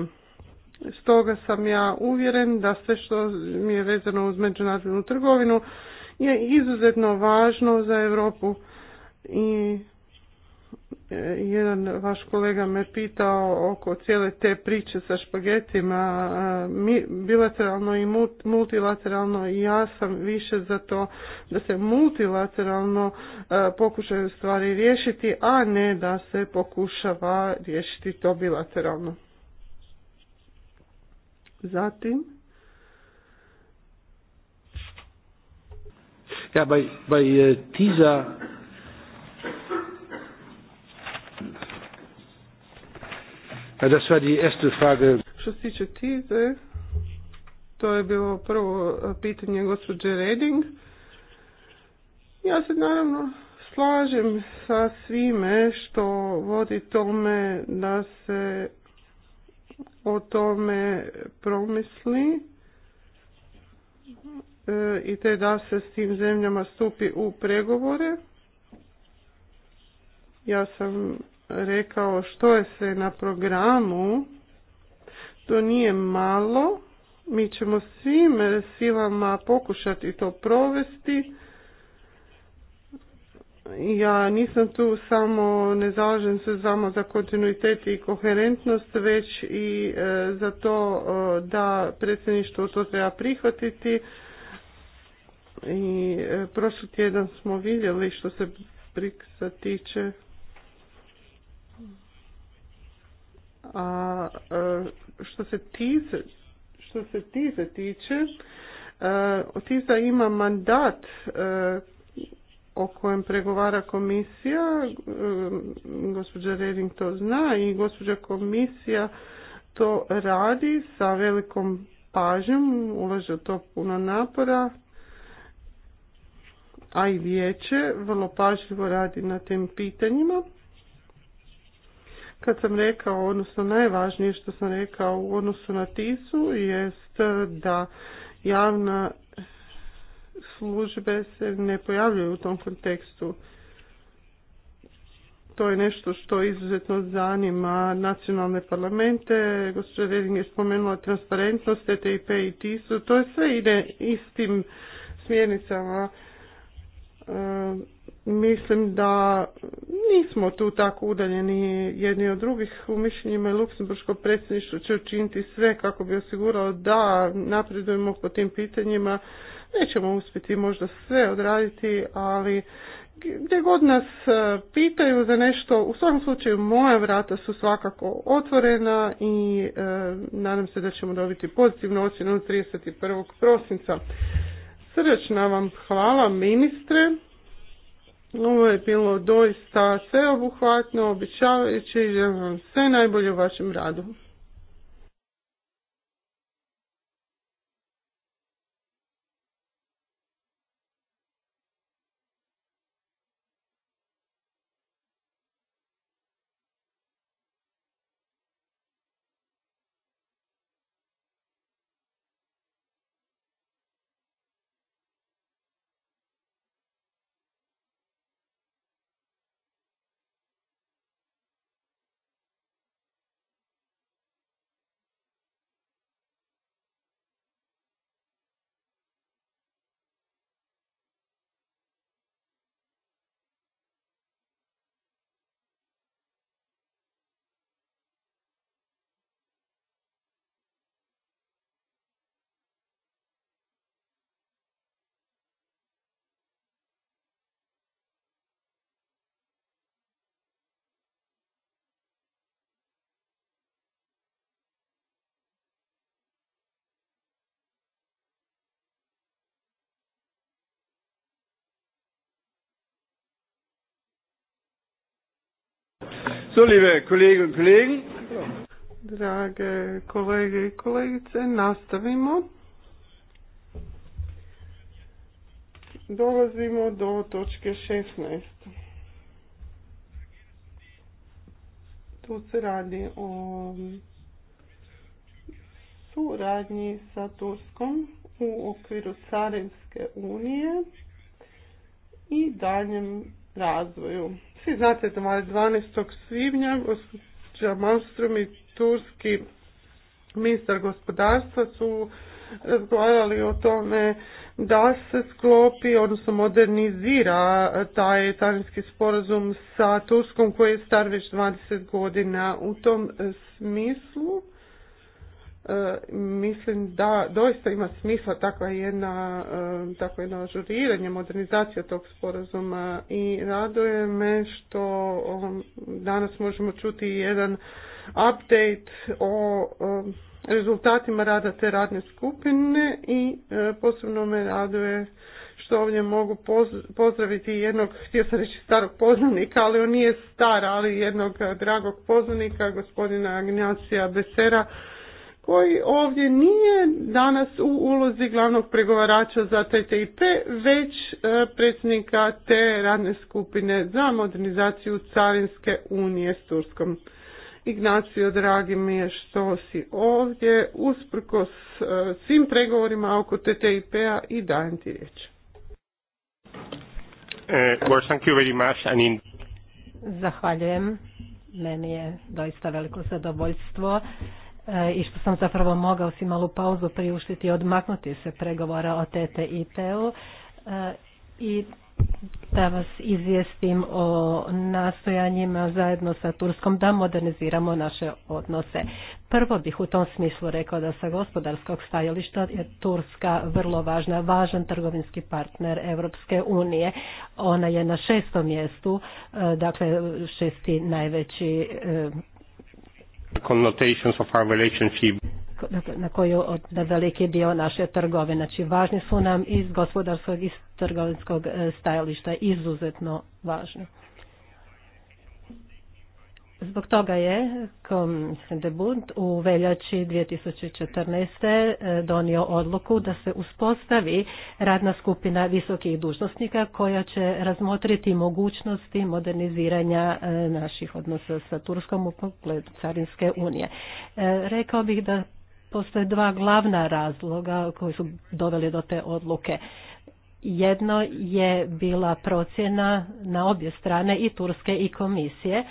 S2: Stoga sam ja uvjeren da sve što mi je vezano uz međunarodnu trgovinu je izuzetno važno za Europu i e, jedan vaš kolega me pitao oko cijele te priče sa špagetima, e, bilateralno i multilateralno i ja sam više za to da se multilateralno e, pokušaju stvari riješiti, a ne da se pokušava riješiti to bilateralno. Zatim,
S1: Ja, bei, bei dieser ja, das war die erste Frage.
S2: Što se tiče tize, to je bilo prvo e, pitanje gospođe Reding. Ja se naravno slažem sa svime što vodi tome da se o tome promisli E, i te da se s tim zemljama stupi u pregovore. Ja sam rekao što je sve na programu. To nije malo. Mi ćemo svim silama pokušati to provesti. Ja nisam tu samo, ne zalažem se samo za kontinuitet i koherentnost, već i e, za to e, da predsjedništvo to treba prihvatiti i e, prošli tjedan smo vidjeli što se priksa tiče. A e, što se tize, što se tiče, e, Tiza ima mandat o kojem pregovara komisija, gospođa Reding to zna i gospođa komisija to radi sa velikom pažnjom, ulaže to puno napora, a i vijeće vrlo pažljivo radi na tim pitanjima. Kad sam rekao, odnosno najvažnije što sam rekao u odnosu na TISU jest da javna službe se ne pojavljaju u tom kontekstu. To je nešto što izuzetno zanima nacionalne parlamente. Gospođa Reding je spomenula transparentnost, TTIP i TISU. To je sve ide istim smjernicama E, mislim da nismo tu tako udaljeni jedni od drugih. U mišljenjima Luksemburško predsjedništvo će učiniti sve kako bi osiguralo da napredujemo po tim pitanjima. Nećemo uspjeti možda sve odraditi, ali gdje god nas e, pitaju za nešto, u svakom slučaju moja vrata su svakako otvorena i e, nadam se da ćemo dobiti pozitivnu ocjenu 31. prosinca. Srdečna vam hvala ministre. Ovo je bilo doista sveobuhvatno, običavajući i želim vam sve najbolje u vašem radu.
S1: So, liebe Kolleginnen
S2: und Drage kolege i kolegice, nastavimo. Dolazimo do točke 16. Tu se radi o suradnji sa Turskom u okviru Carinske unije i daljem razvoju. Svi znate da 12. svibnja gospođa Malmström i turski ministar gospodarstva su razgovarali o tome da se sklopi, odnosno modernizira taj tarinski sporazum sa Turskom koji je star već 20 godina. U tom smislu E, mislim da doista ima smisla takva jedna, e, takva jedna ažuriranje, modernizacija tog sporazuma i raduje me što danas možemo čuti jedan update o e, rezultatima rada te radne skupine i posebno me raduje što ovdje mogu pozdraviti jednog, htio sam reći starog poznanika, ali on nije star, ali jednog dragog poznanika, gospodina Agnacija Besera, koji ovdje nije danas u ulozi glavnog pregovarača za TTIP, već e, predsjednika te radne skupine za modernizaciju Carinske unije s Turskom. Ignacio, dragi mi je što si ovdje, usprkos e, svim pregovorima oko TTIP-a i dajem ti riječ.
S6: E,
S2: Zahvaljujem.
S4: Meni je doista veliko zadovoljstvo E, i što sam zapravo mogao si malu pauzu priuštiti i odmaknuti se pregovora o TTIP-u e, i da vas izvijestim o nastojanjima zajedno sa Turskom da moderniziramo naše odnose. Prvo bih u tom smislu rekao da sa gospodarskog stajališta je Turska vrlo važna, važan trgovinski partner Europske unije. Ona je na šestom mjestu, e, dakle šesti najveći Dakle, na koju od veliki dio naše trgove. Znači, važni su nam iz gospodarskog i trgovinskog e, stajališta, izuzetno važni. Zbog toga je kom de Bund u veljači 2014. E, donio odluku da se uspostavi radna skupina visokih dužnosnika koja će razmotriti mogućnosti moderniziranja e, naših odnosa sa Turskom u pogledu Carinske unije. E, rekao bih da postoje dva glavna razloga koji su doveli do te odluke. Jedno je bila procjena na obje strane i Turske i komisije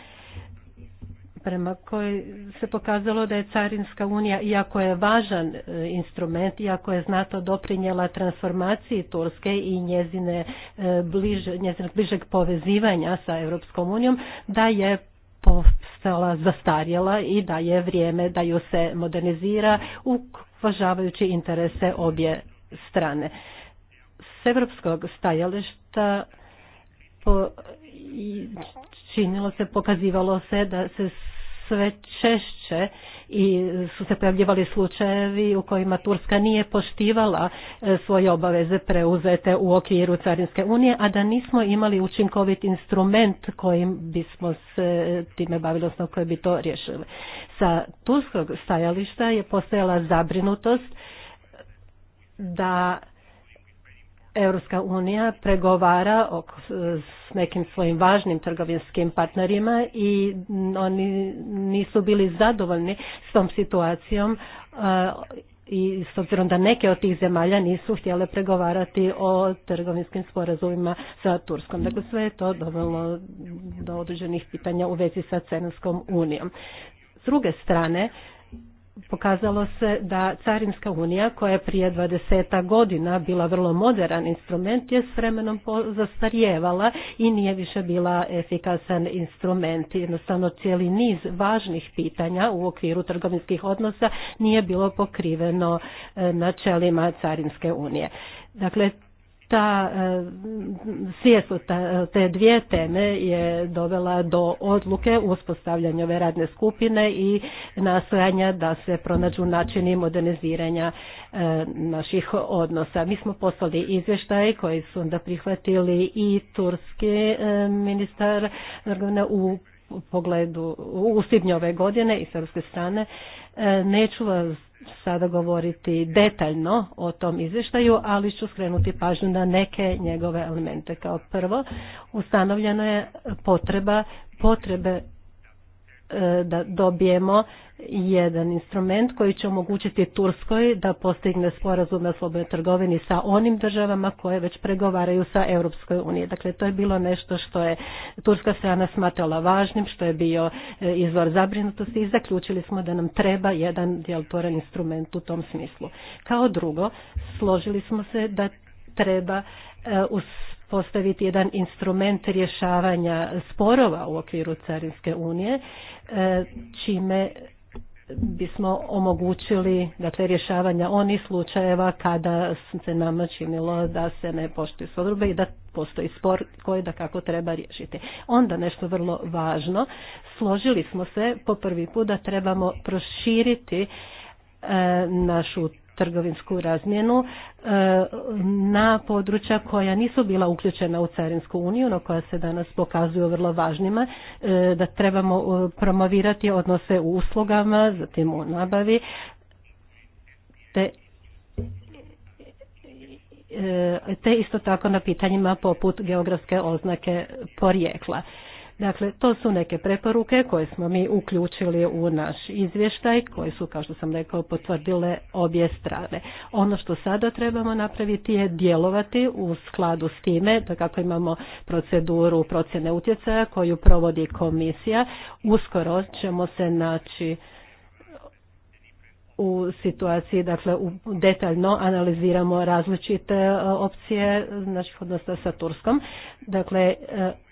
S4: prema kojoj se pokazalo da je Carinska unija, iako je važan e, instrument, iako je znato doprinjela transformaciji Turske i njezine e, bliže, njezinog bližeg povezivanja sa Europskom unijom, da je postala zastarjela i da je vrijeme da ju se modernizira uvažavajući interese obje strane. S europskog stajališta po, i činilo se, pokazivalo se da se sve češće i su se pojavljivali slučajevi u kojima Turska nije poštivala e, svoje obaveze preuzete u okviru Carinske unije, a da nismo imali učinkovit instrument kojim bismo se time bavili, odnosno koje bi to riješili. Sa turskog stajališta je postojala zabrinutost da Europska unija pregovara s nekim svojim važnim trgovinskim partnerima i oni nisu bili zadovoljni s tom situacijom i s obzirom da neke od tih zemalja nisu htjele pregovarati o trgovinskim sporazumima sa Turskom. Dakle, sve je to dovelo do određenih pitanja u vezi sa Cenovskom unijom. S druge strane, pokazalo se da Carinska unija koja je prije 20 godina bila vrlo moderan instrument je s vremenom zastarjevala i nije više bila efikasan instrument. Jednostavno cijeli niz važnih pitanja u okviru trgovinskih odnosa nije bilo pokriveno e, načelima Carinske unije. Dakle, ta e, svijest te dvije teme je dovela do odluke uspostavljanja ove radne skupine i nastojanja da se pronađu načini moderniziranja e, naših odnosa. Mi smo poslali izvještaj koji su onda prihvatili i turski e, ministar u pogledu u svibnju ove godine i srpske strane. Neću vas sada govoriti detaljno o tom izvještaju, ali ću skrenuti pažnju na neke njegove elemente. Kao prvo, ustanovljena je potreba potrebe E, da dobijemo jedan instrument koji će omogućiti Turskoj da postigne sporazum na slobodnoj trgovini sa onim državama koje već pregovaraju sa Europskoj uniji. Dakle, to je bilo nešto što je turska strana smatrala važnim, što je bio e, izvor zabrinutosti i zaključili smo da nam treba jedan djelotvoran instrument u tom smislu. Kao drugo, složili smo se da treba e, postaviti jedan instrument rješavanja sporova u okviru Carinske unije, e, čime bismo omogućili dakle, rješavanja onih slučajeva kada se nama činilo da se ne poštuju sodrube i da postoji spor koji da kako treba riješiti. Onda nešto vrlo važno, složili smo se po prvi put da trebamo proširiti e, našu trgovinsku razmjenu e, na područja koja nisu bila uključena u Carinsku uniju, no koja se danas pokazuju vrlo važnima, e, da trebamo e, promovirati odnose u uslugama, zatim u nabavi, te te isto tako na pitanjima poput geografske oznake porijekla. Dakle, to su neke preporuke koje smo mi uključili u naš izvještaj, koje su, kao što sam rekao, potvrdile obje strane. Ono što sada trebamo napraviti je djelovati u skladu s time, da kako imamo proceduru procjene utjecaja koju provodi komisija, uskoro ćemo se naći u situaciji, dakle detaljno analiziramo različite e, opcije znači odnosno sa Turskom. Dakle, e,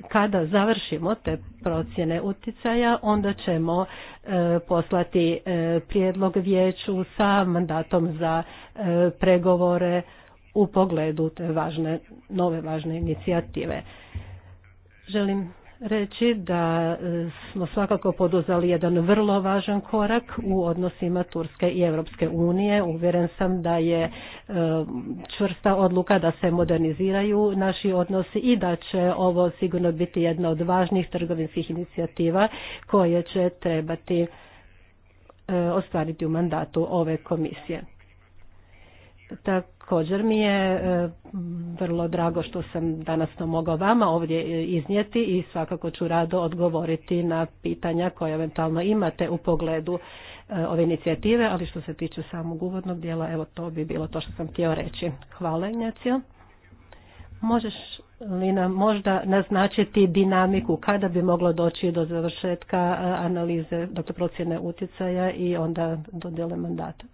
S4: kada završimo te procjene utjecaja, onda ćemo e, poslati prijedlog vijeću sa mandatom za pregovore u pogledu te važne, nove važne inicijative. Želim reći da e, smo svakako poduzeli jedan vrlo važan korak u odnosima Turske i Europske unije. Uvjeren sam da je e, čvrsta odluka da se moderniziraju naši odnosi i da će ovo sigurno biti jedna od važnih trgovinskih inicijativa koje će trebati e, ostvariti u mandatu ove komisije. Tako Također mi je e, vrlo drago što sam danas to mogao vama ovdje e, iznijeti i svakako ću rado odgovoriti na pitanja koja eventualno imate u pogledu e, ove inicijative, ali što se tiče samog uvodnog dijela, evo to bi bilo to što sam htio reći. Hvala Ignacio. Možeš li nam možda naznačiti dinamiku kada bi moglo doći do završetka analize, dakle procjene utjecaja i onda dodjele mandata?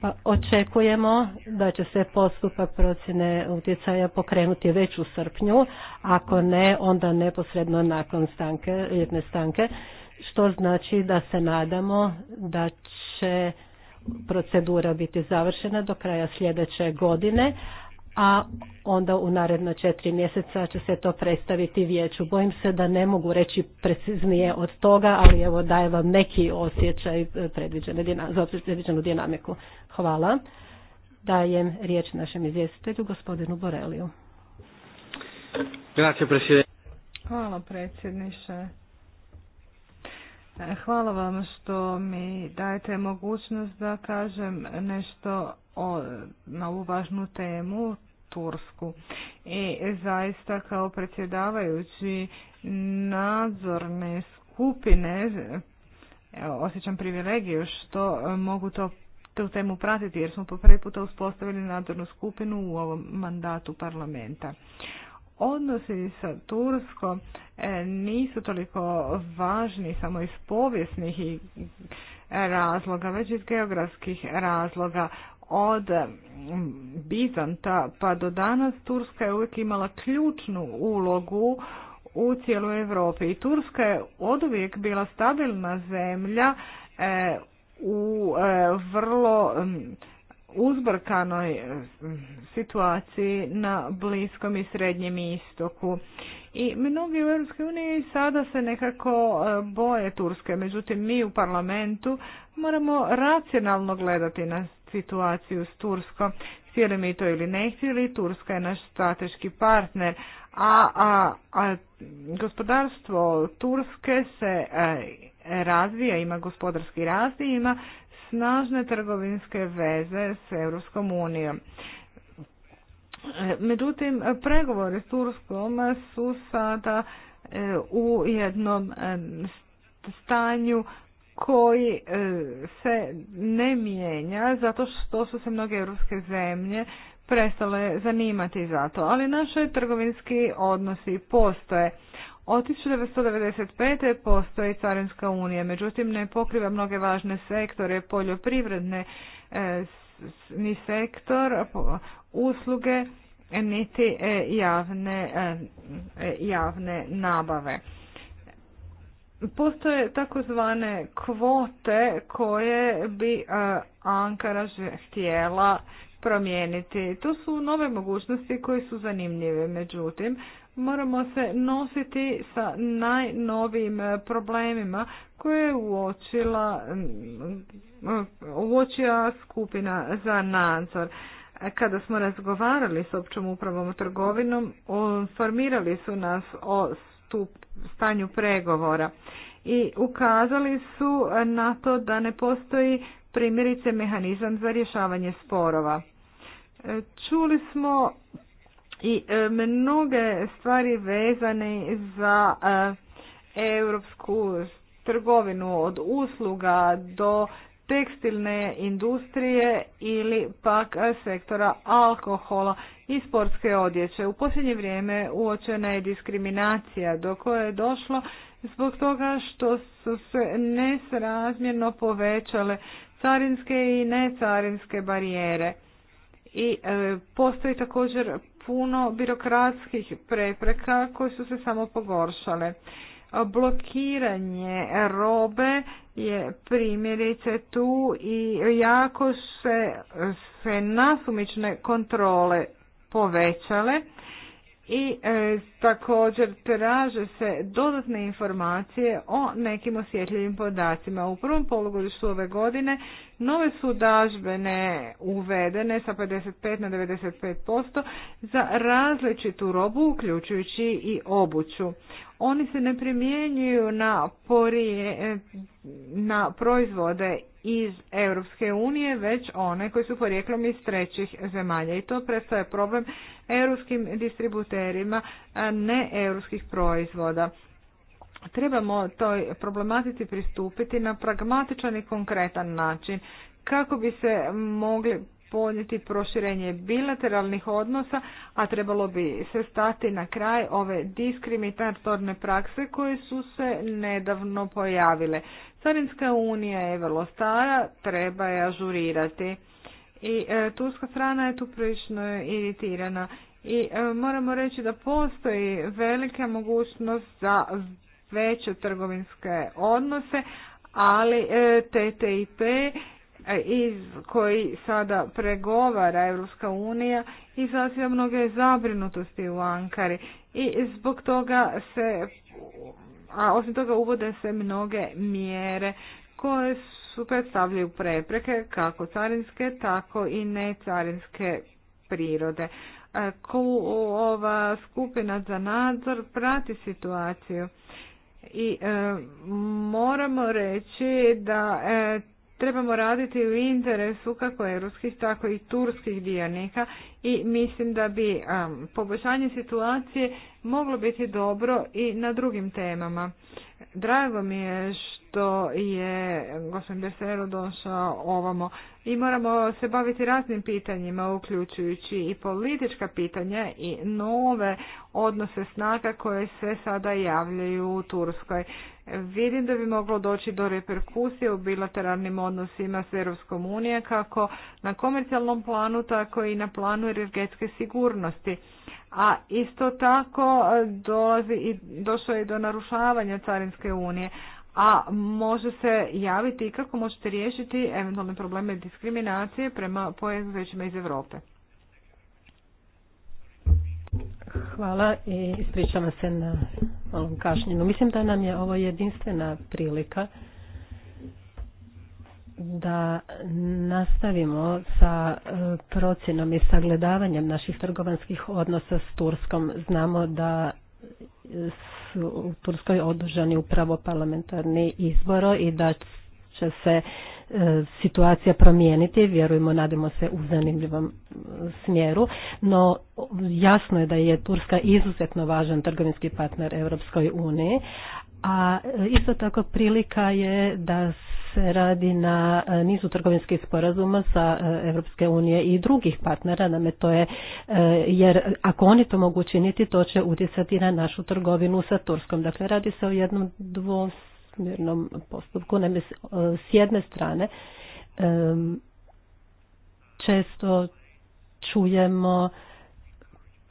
S4: Pa očekujemo da će se postupak procjene utjecaja pokrenuti već u srpnju, ako ne, onda neposredno nakon stanke, jedne stanke, što znači da se nadamo da će procedura biti završena do kraja sljedeće godine, a onda u naredno četiri mjeseca će se to predstaviti vijeću. Bojim se da ne mogu reći preciznije od toga, ali evo daje vam neki osjećaj e, za predviđenu dinamiku. Hvala. Dajem riječ našem izvjestitelju, gospodinu Boreliju. Hvala predsjedniče.
S3: E, hvala vam što mi dajete mogućnost da kažem nešto o, na ovu važnu temu. Tursku. I zaista kao predsjedavajući nadzorne skupine osjećam privilegiju što e, mogu to tu temu pratiti jer smo po prvi puta uspostavili nadzornu skupinu u ovom mandatu parlamenta. Odnosi sa Turskom e, nisu toliko važni samo iz povijesnih i razloga, već iz geografskih razloga od mm, Bizanta pa do danas Turska je uvijek imala ključnu ulogu u cijeloj Europi i Turska je uvijek bila stabilna zemlja e, u e, vrlo mm, uzbrkanoj mm, situaciji na Bliskom i Srednjem istoku. I mnogi u EU sada se nekako e, boje Turske, međutim mi u parlamentu moramo racionalno gledati na situaciju s Turskom. Htjeli mi to ili ne htjeli, Turska je naš strateški partner, a, a, gospodarstvo Turske se e, razvija, ima gospodarski rast ima snažne trgovinske veze s Europskom unijom. E, međutim, pregovori s Turskom su sada e, u jednom stanju koji e, se ne mijenja zato što su se mnoge europske zemlje prestale zanimati za to, ali naši trgovinski odnosi postoje. Od 1995. postoji Carinska unija, međutim ne pokriva mnoge važne sektore, poljoprivredne e, ni sektor, usluge, niti e, javne, javne nabave. Postoje takozvane kvote koje bi e, Ankara htjela promijeniti. To su nove mogućnosti koje su zanimljive. Međutim, moramo se nositi sa najnovijim e, problemima koje je uočila uočila skupina za nadzor. E, kada smo razgovarali s općom upravom trgovinom, formirali su nas o tu stanju pregovora i ukazali su na to da ne postoji primjerice mehanizam za rješavanje sporova. E, čuli smo i e, mnoge stvari vezane za e, europsku trgovinu od usluga do tekstilne industrije ili pak sektora alkohola i sportske odjeće. U posljednje vrijeme uočena je diskriminacija do koje je došlo zbog toga što su se nesrazmjerno povećale carinske i necarinske barijere. I e, postoji također puno birokratskih prepreka koje su se samo pogoršale. Blokiranje robe je primjerice tu i jako se, se nasumične kontrole povećale i e, također traže se dodatne informacije o nekim osjetljivim podacima. U prvom polugodištu ove godine nove su dažbene uvedene sa 55 na 95% za različitu robu uključujući i obuću. Oni se ne primjenjuju na, na proizvode iz Europske unije, već one koji su porijeklom iz trećih zemalja. I to predstavlja problem europskim distributerima ne europskih proizvoda. Trebamo toj problematici pristupiti na pragmatičan i konkretan način kako bi se mogli podnijeti proširenje bilateralnih odnosa, a trebalo bi se stati na kraj ove diskriminatorne prakse koje su se nedavno pojavile. Carinska unija je vrlo stara, treba je ažurirati. I e, turska strana je tu prilično iritirana. I e, moramo reći da postoji velika mogućnost za veće trgovinske odnose, ali e, TTIP iz koji sada pregovara Europska unija izaziva mnoge zabrinutosti u Ankari i zbog toga se a osim toga uvode se mnoge mjere koje su predstavljaju prepreke kako carinske tako i necarinske prirode. Ko, ova skupina za nadzor prati situaciju i e, moramo reći da e, trebamo raditi u interesu kako europskih tako i turskih dionika i mislim da bi poboljšanje situacije moglo biti dobro i na drugim temama. Drago mi je što je gospodin Bersero došao ovamo. I moramo se baviti raznim pitanjima, uključujući i politička pitanja i nove odnose snaga koje se sada javljaju u Turskoj. Vidim da bi moglo doći do reperkusije u bilateralnim odnosima s Europskom unije kako na komercijalnom planu, tako i na planu energetske sigurnosti. A isto tako dolazi i došlo je do narušavanja Carinske unije a može se javiti i kako možete riješiti eventualne probleme diskriminacije prema pojezvećima iz Europe.
S4: Hvala i ispričavam se na malom kašnjenju. Mislim da nam je ovo jedinstvena prilika da nastavimo sa e, procjenom i sagledavanjem naših trgovanskih odnosa s Turskom. Znamo da su u Turskoj održani upravo parlamentarni izboro i da će se e, situacija promijeniti, vjerujemo, nadamo se u zanimljivom smjeru, no jasno je da je Turska izuzetno važan trgovinski partner Europskoj uniji, a e, isto tako prilika je da se radi na e, nizu trgovinskih sporazuma sa Europske unije i drugih partnera, nam to je, e, jer ako oni to mogu činiti, to će utjecati na našu trgovinu sa Turskom. Dakle, radi se o jednom dvosmjernom postupku. Naime, s e, jedne strane, često čujemo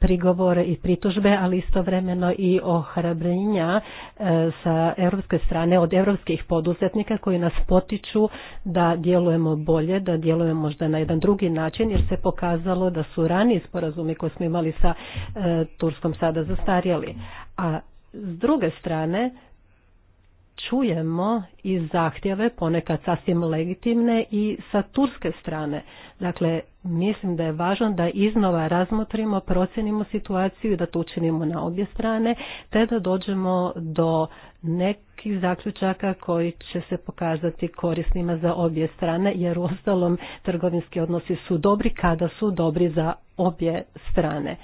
S4: prigovore i pritužbe, ali istovremeno i ohrabrenja e, sa europske strane od europskih poduzetnika koji nas potiču da djelujemo bolje, da djelujemo možda na jedan drugi način jer se pokazalo da su rani sporazumi koje smo imali sa e, Turskom sada zastarjeli. A s druge strane, čujemo i zahtjeve ponekad sasvim legitimne i sa turske strane. Dakle, mislim da je važno da iznova razmotrimo, procenimo situaciju i da to učinimo na obje strane, te da dođemo do nekih zaključaka koji će se pokazati korisnima za obje strane, jer u ostalom trgovinski odnosi su dobri kada su dobri za obje strane.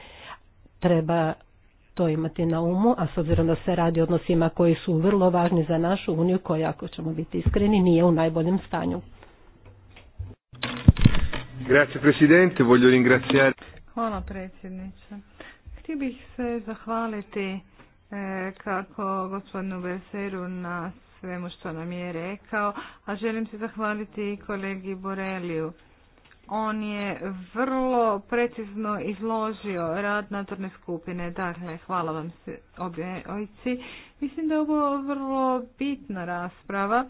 S4: Treba to imati na umu, a s obzirom da se radi o odnosima koji su vrlo važni za našu uniju, koja, ako ćemo biti iskreni, nije u najboljem stanju.
S1: Grazie presidente, voglio ringraziare.
S4: Hvala predsjedniče. Htio bih se zahvaliti
S3: e, kako gospodinu Beseru na svemu što nam je rekao, a želim se zahvaliti i kolegi Boreliju. On je vrlo precizno izložio rad nadzorne skupine. Dakle, hvala vam se obje ojci. Mislim da je ovo vrlo bitna rasprava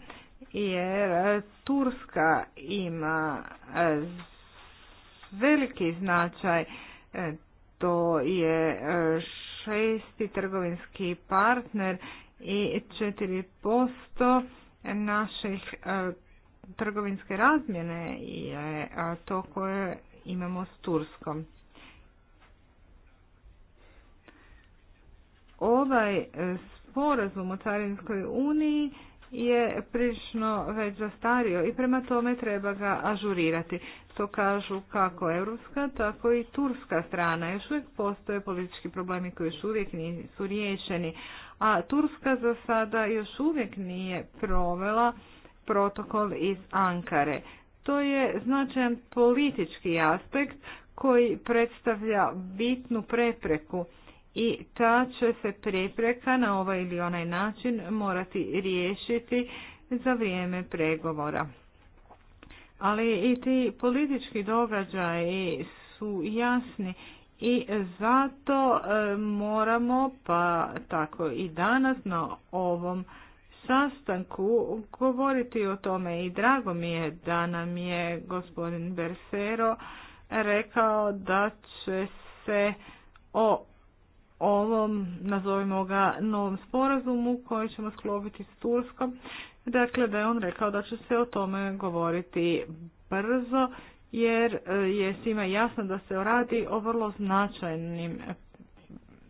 S3: jer Turska ima eh, veliki značaj. E, to je e, šesti trgovinski partner i 4% naših e, trgovinske razmjene je to koje imamo s Turskom. Ovaj sporazum o Carinskoj uniji je prilično već zastario i prema tome treba ga ažurirati. To kažu kako europska, tako i turska strana. Još uvijek postoje politički problemi koji još uvijek nisu riješeni, a Turska za sada još uvijek nije provela protokol iz Ankare. To je značajan politički aspekt koji predstavlja bitnu prepreku i ta će se prepreka na ovaj ili onaj način morati riješiti za vrijeme pregovora. Ali i ti politički događaji su jasni i zato e, moramo, pa tako i danas na ovom sastanku govoriti o tome i drago mi je da nam je gospodin Bersero rekao da će se o ovom, nazovimo ga, novom sporazumu koji ćemo sklopiti s Turskom. Dakle, da je on rekao da će se o tome govoriti brzo, jer e, je svima jasno da se radi o vrlo značajnim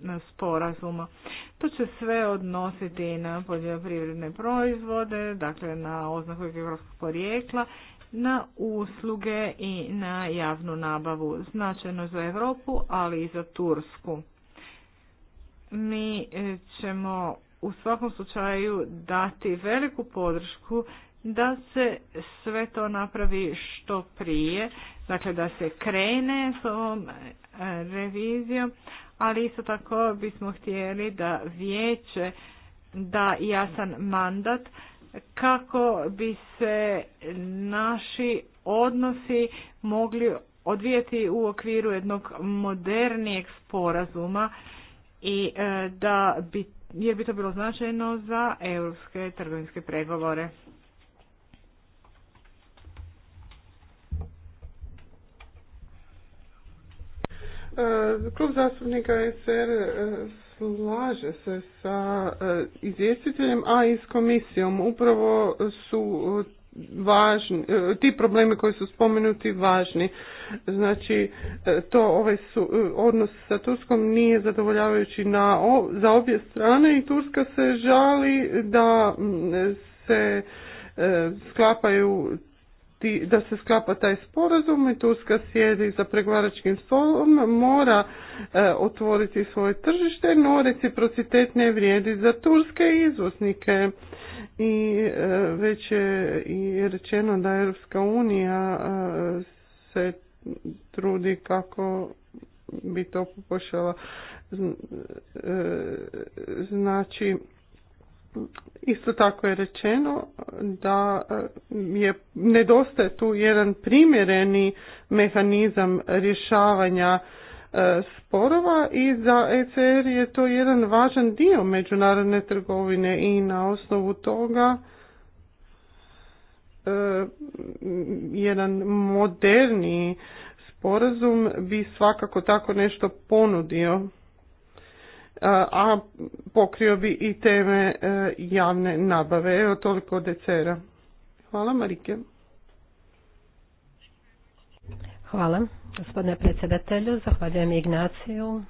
S3: e, sporazuma. To će sve odnositi na poljoprivredne proizvode, dakle na oznaku geografskog porijekla, na usluge i na javnu nabavu, značajno za Europu, ali i za Tursku mi e, ćemo u svakom slučaju dati veliku podršku da se sve to napravi što prije, dakle da se krene s ovom e, revizijom, ali isto tako bismo htjeli da vijeće da jasan mandat kako bi se naši odnosi mogli odvijeti u okviru jednog modernijeg sporazuma i e, da bi, jer bi to bilo značajno za europske trgovinske pregovore.
S2: E, Klub zastupnika SR e, slaže se sa izvjestiteljem, a i s komisijom. Upravo su važni, e, ti problemi koji su spomenuti važni. Znači, e, to ovaj su, e, odnos sa Turskom nije zadovoljavajući na, za obje strane i Turska se žali da se sklapaju ti, da se sklapa taj sporazum i Turska sjedi za pregovaračkim stolom, mora e, otvoriti svoje tržište, no reciprocitet ne vrijedi za turske izvoznike. I e, već je i rečeno da Europska unija e, se trudi kako bi to pokušala znači Isto tako je rečeno da e, je, nedostaje tu jedan primjereni mehanizam rješavanja e, sporova i za ECR je to jedan važan dio međunarodne trgovine i na osnovu toga e, jedan moderni sporazum bi svakako tako nešto ponudio a pokrio bi i teme e, javne nabave. Evo toliko od ECR-a. Hvala Marike.
S4: Hvala gospodine predsjedatelju, zahvaljujem Ignaciju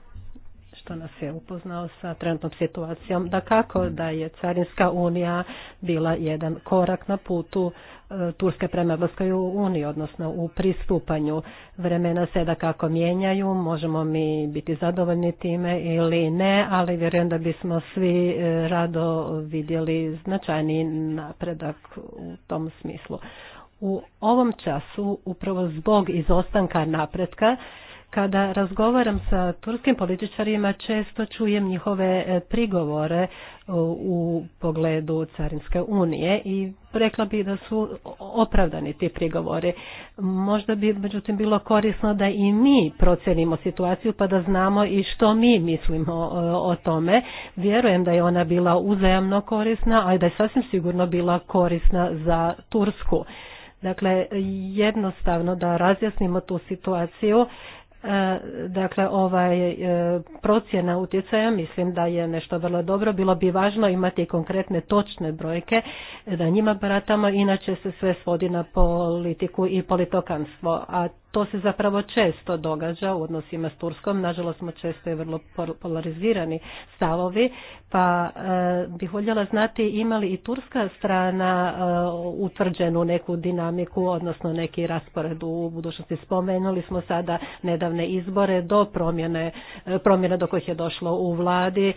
S4: što nas je upoznao sa trenutnom situacijom. Da kako da je Carinska unija bila jedan korak na putu E, turske prema Evropskoj uniji, odnosno u pristupanju vremena se da kako mijenjaju, možemo mi biti zadovoljni time ili ne, ali vjerujem da bismo svi e, rado vidjeli značajni napredak u tom smislu. U ovom času, upravo zbog izostanka napretka, kada razgovaram sa turskim političarima često čujem njihove e, prigovore e, u pogledu Carinske unije i rekla bi da su opravdani ti prigovori. Možda bi međutim bilo korisno da i mi procenimo situaciju pa da znamo i što mi mislimo e, o tome. Vjerujem da je ona bila uzajamno korisna, a da je sasvim sigurno bila korisna za Tursku. Dakle, jednostavno da razjasnimo tu situaciju E, dakle, ovaj e, procjena utjecaja mislim da je nešto vrlo dobro. Bilo bi važno imati konkretne točne brojke da njima baratamo, inače se sve svodi na politiku i politokanstvo, a to se zapravo često događa u odnosima s Turskom. Nažalost smo često i vrlo polarizirani stavovi, pa e, bih voljela znati ima li i turska strana e, utvrđenu neku dinamiku, odnosno neki raspored u budućnosti. Spomenuli smo sada nedavne izbore do promjene, e, promjene do kojih je došlo u vladi.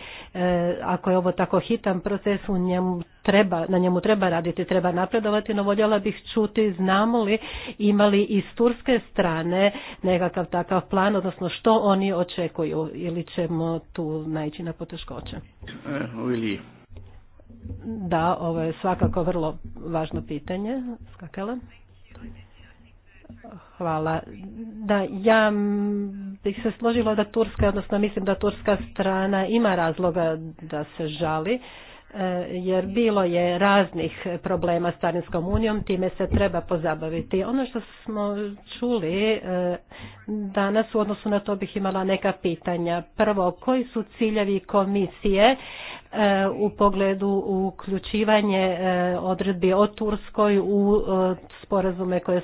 S4: Ako je ovo tako hitan proces, u njemu treba, na njemu treba raditi, treba napredovati, no voljela bih čuti znamo li imali i turske strane nekakav takav plan, odnosno što oni očekuju ili ćemo tu naići na poteškoće.
S6: Eh,
S4: da, ovo je svakako vrlo važno pitanje. skakela. Hvala. Da, ja bih se složila da Turska, odnosno mislim da Turska strana ima razloga da se žali. E, jer bilo je raznih problema s Carinskom unijom, time se treba pozabaviti. Ono što smo čuli e, danas u odnosu na to bih imala neka pitanja. Prvo, koji su ciljevi komisije e, u pogledu uključivanje odredbi o Turskoj u sporazume koje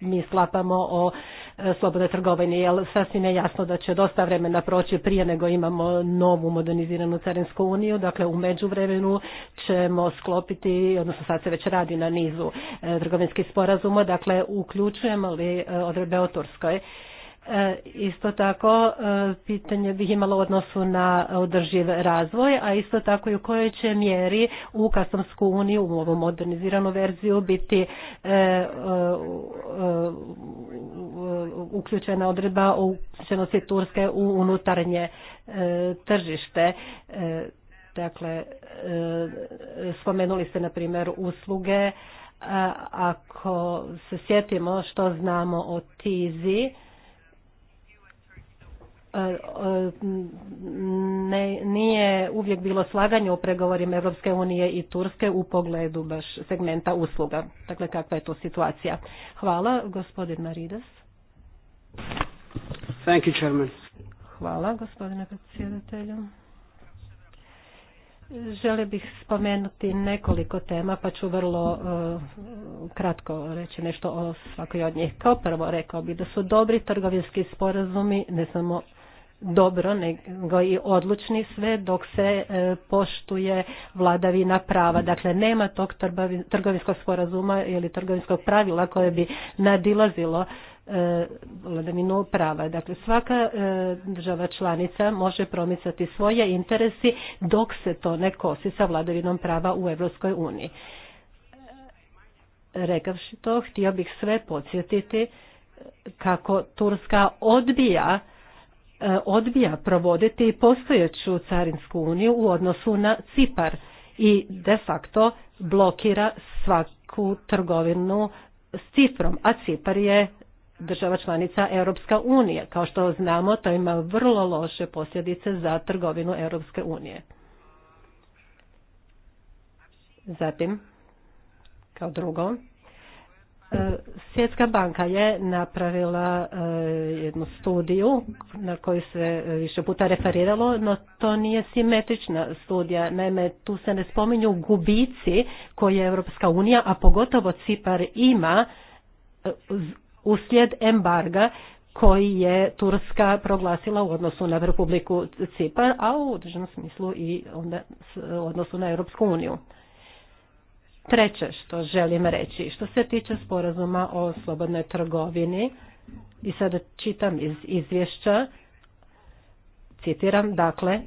S4: mi sklapamo o e, slobodnoj trgovini, jer sasvim je jasno da će dosta vremena proći prije nego imamo novu moderniziranu carinsku uniju, dakle u međuvremenu ćemo sklopiti, odnosno sad se već radi na nizu e, trgovinskih sporazuma, dakle uključujemo li e, odredbe o Turskoj E, isto tako e, pitanje bih imalo u odnosu na održiv razvoj, a isto tako i u kojoj će mjeri u Kastomsku uniju, u ovu moderniziranu verziju, biti e, uključena odredba o uključenosti Turske u unutarnje tržište. Dakle, spomenuli ste na primjer usluge, ako se sjetimo što znamo o Tizi, E, ne, nije uvijek bilo slaganje u pregovorima Europske unije i Turske u pogledu baš segmenta usluga. Dakle, kakva je to situacija? Hvala, gospodin Maridas.
S5: Thank you, chairman.
S4: Hvala, gospodine predsjedatelju. Žele bih spomenuti nekoliko tema, pa ću vrlo e, kratko reći nešto o svakoj od njih. Kao prvo rekao bih da su dobri trgovinski sporazumi ne samo dobro nego i odlučni sve dok se e, poštuje vladavina prava. Dakle, nema tog trgovinskog sporazuma ili trgovinskog pravila koje bi nadilazilo e, vladavinu prava. Dakle, svaka e, država članica može promicati svoje interesi dok se to ne kosi sa vladavinom prava u Europskoj uniji. Rekavši to, htio bih sve podsjetiti kako Turska odbija E, odbija provoditi postojeću carinsku uniju u odnosu na Cipar i de facto blokira svaku trgovinu s Ciprom, a Cipar je država članica Europska unije. Kao što znamo, to ima vrlo loše posljedice za trgovinu Europske unije. Zatim, kao drugo, Svjetska banka je napravila e, jednu studiju na koju se više puta referiralo, no to nije simetrična studija. Naime, tu se ne spominju gubici koje Europska unija, a pogotovo Cipar ima e, uslijed embarga koji je Turska proglasila u odnosu na Republiku Cipar, a u određenom smislu i onda u odnosu na Europsku uniju treće što želim reći. Što se tiče sporazuma o slobodnoj trgovini, i sada čitam iz izvješća, citiram, dakle,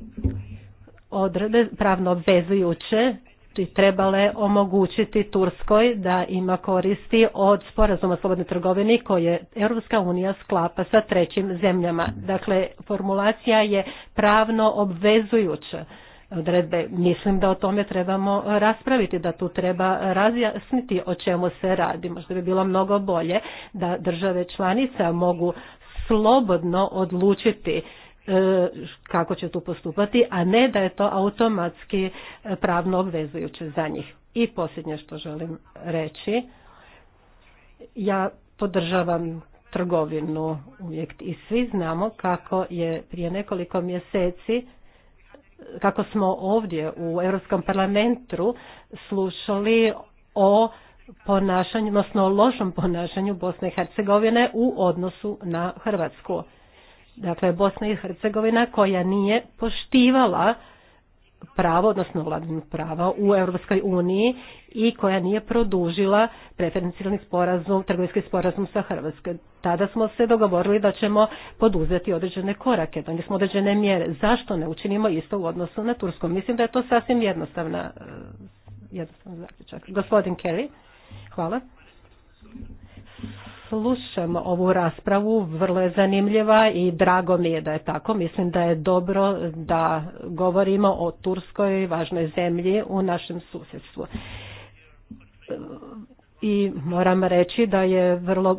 S4: odredbe pravno obvezujuće bi trebale omogućiti Turskoj da ima koristi od sporazuma slobodnoj trgovini koje Europska unija sklapa sa trećim zemljama. Dakle, formulacija je pravno obvezujuća odredbe. Mislim da o tome trebamo raspraviti, da tu treba razjasniti o čemu se radi. Možda bi bilo mnogo bolje da države članica mogu slobodno odlučiti e, kako će tu postupati, a ne da je to automatski pravno obvezujuće za njih. I posljednje što želim reći, ja podržavam trgovinu uvijek i svi znamo kako je prije nekoliko mjeseci kako smo ovdje u Europskom parlamentu slušali o ponašanju, odnosno o lošem ponašanju Bosne i Hercegovine u odnosu na Hrvatsku. Dakle, Bosna i Hercegovina koja nije poštivala pravo, odnosno vladinu prava u Europskoj uniji i koja nije produžila preferencijalni sporazum, trgovinski sporazum sa Hrvatske. Tada smo se dogovorili da ćemo poduzeti određene korake, da smo određene mjere. Zašto ne učinimo isto u odnosu na Tursku? Mislim da je to sasvim jednostavna, e, jednostavna zaključak. Gospodin Kelly, hvala slušam ovu raspravu, vrlo je zanimljiva i drago mi je da je tako. Mislim da je dobro da govorimo o Turskoj, važnoj zemlji u našem susjedstvu. I moram reći da je vrlo,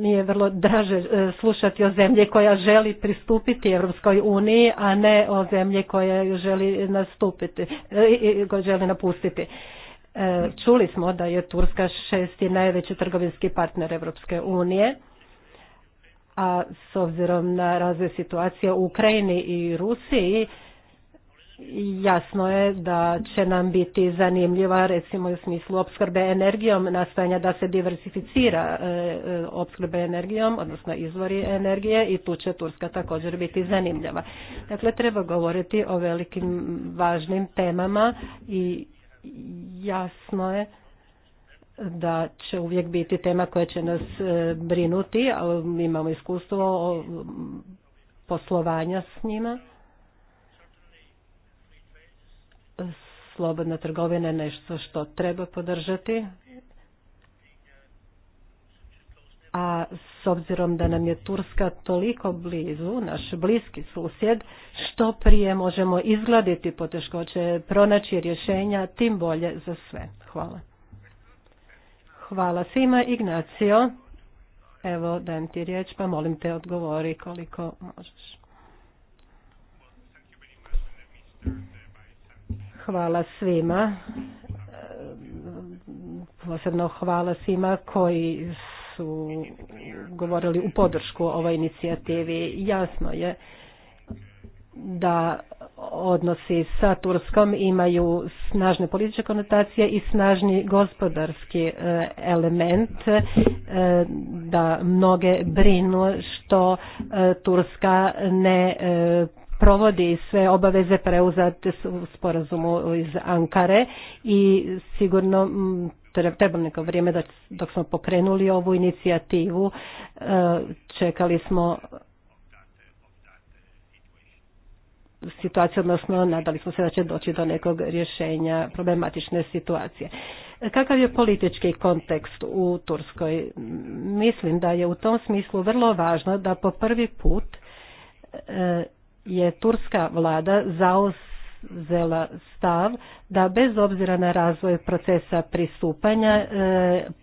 S4: mi je vrlo draže e, slušati o zemlji koja želi pristupiti Europskoj uniji, a ne o zemlji koja želi nastupiti, e, koja želi napustiti. E, čuli smo da je Turska šesti najveći trgovinski partner Europske unije, a s obzirom na razvoj situacije u Ukrajini i Rusiji, jasno je da će nam biti zanimljiva recimo u smislu opskrbe energijom, nastojanja da se diversificira e, e, opskrbe energijom, odnosno izvori energije i tu će Turska također biti zanimljiva. Dakle, treba govoriti o velikim važnim temama i jasno je da će uvijek biti tema koja će nas e, brinuti, ali mi imamo iskustvo poslovanja s njima. Slobodna trgovina je nešto što treba podržati, a s obzirom da nam je Turska toliko blizu, naš bliski susjed, što prije možemo izgladiti poteškoće, pronaći rješenja, tim bolje za sve. Hvala. Hvala svima. Ignacio, evo dajem ti riječ, pa molim te odgovori koliko možeš. Hvala svima. Posebno hvala svima koji su govorili u podršku ovoj inicijativi. Jasno je da odnosi sa Turskom imaju snažne političke konotacije i snažni gospodarski e, element e, da mnoge brinu što e, Turska ne provodi sve obaveze preuzete u sporazumu iz Ankare i sigurno mm, treba neko vrijeme da, dok smo pokrenuli ovu inicijativu e, čekali smo situaciju, odnosno nadali smo se da će doći do nekog rješenja problematične situacije. Kakav je politički kontekst u Turskoj? Mislim da je u tom smislu vrlo važno da po prvi put e, je turska vlada zela stav da bez obzira na razvoj procesa pristupanja e,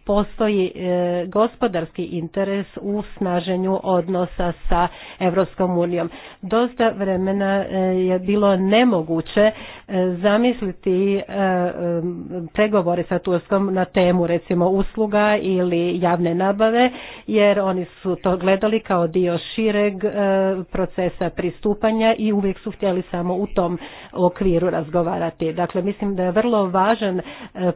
S4: postoji e, gospodarski interes u snaženju odnosa sa Europskom unijom. Dosta vremena e, je bilo nemoguće zamisliti pregovore sa Turskom na temu recimo usluga ili javne nabave jer oni su to gledali kao dio šireg procesa pristupanja i uvijek su htjeli samo u tom okviru razgovarati. Dakle, mi mislim da je vrlo važan e,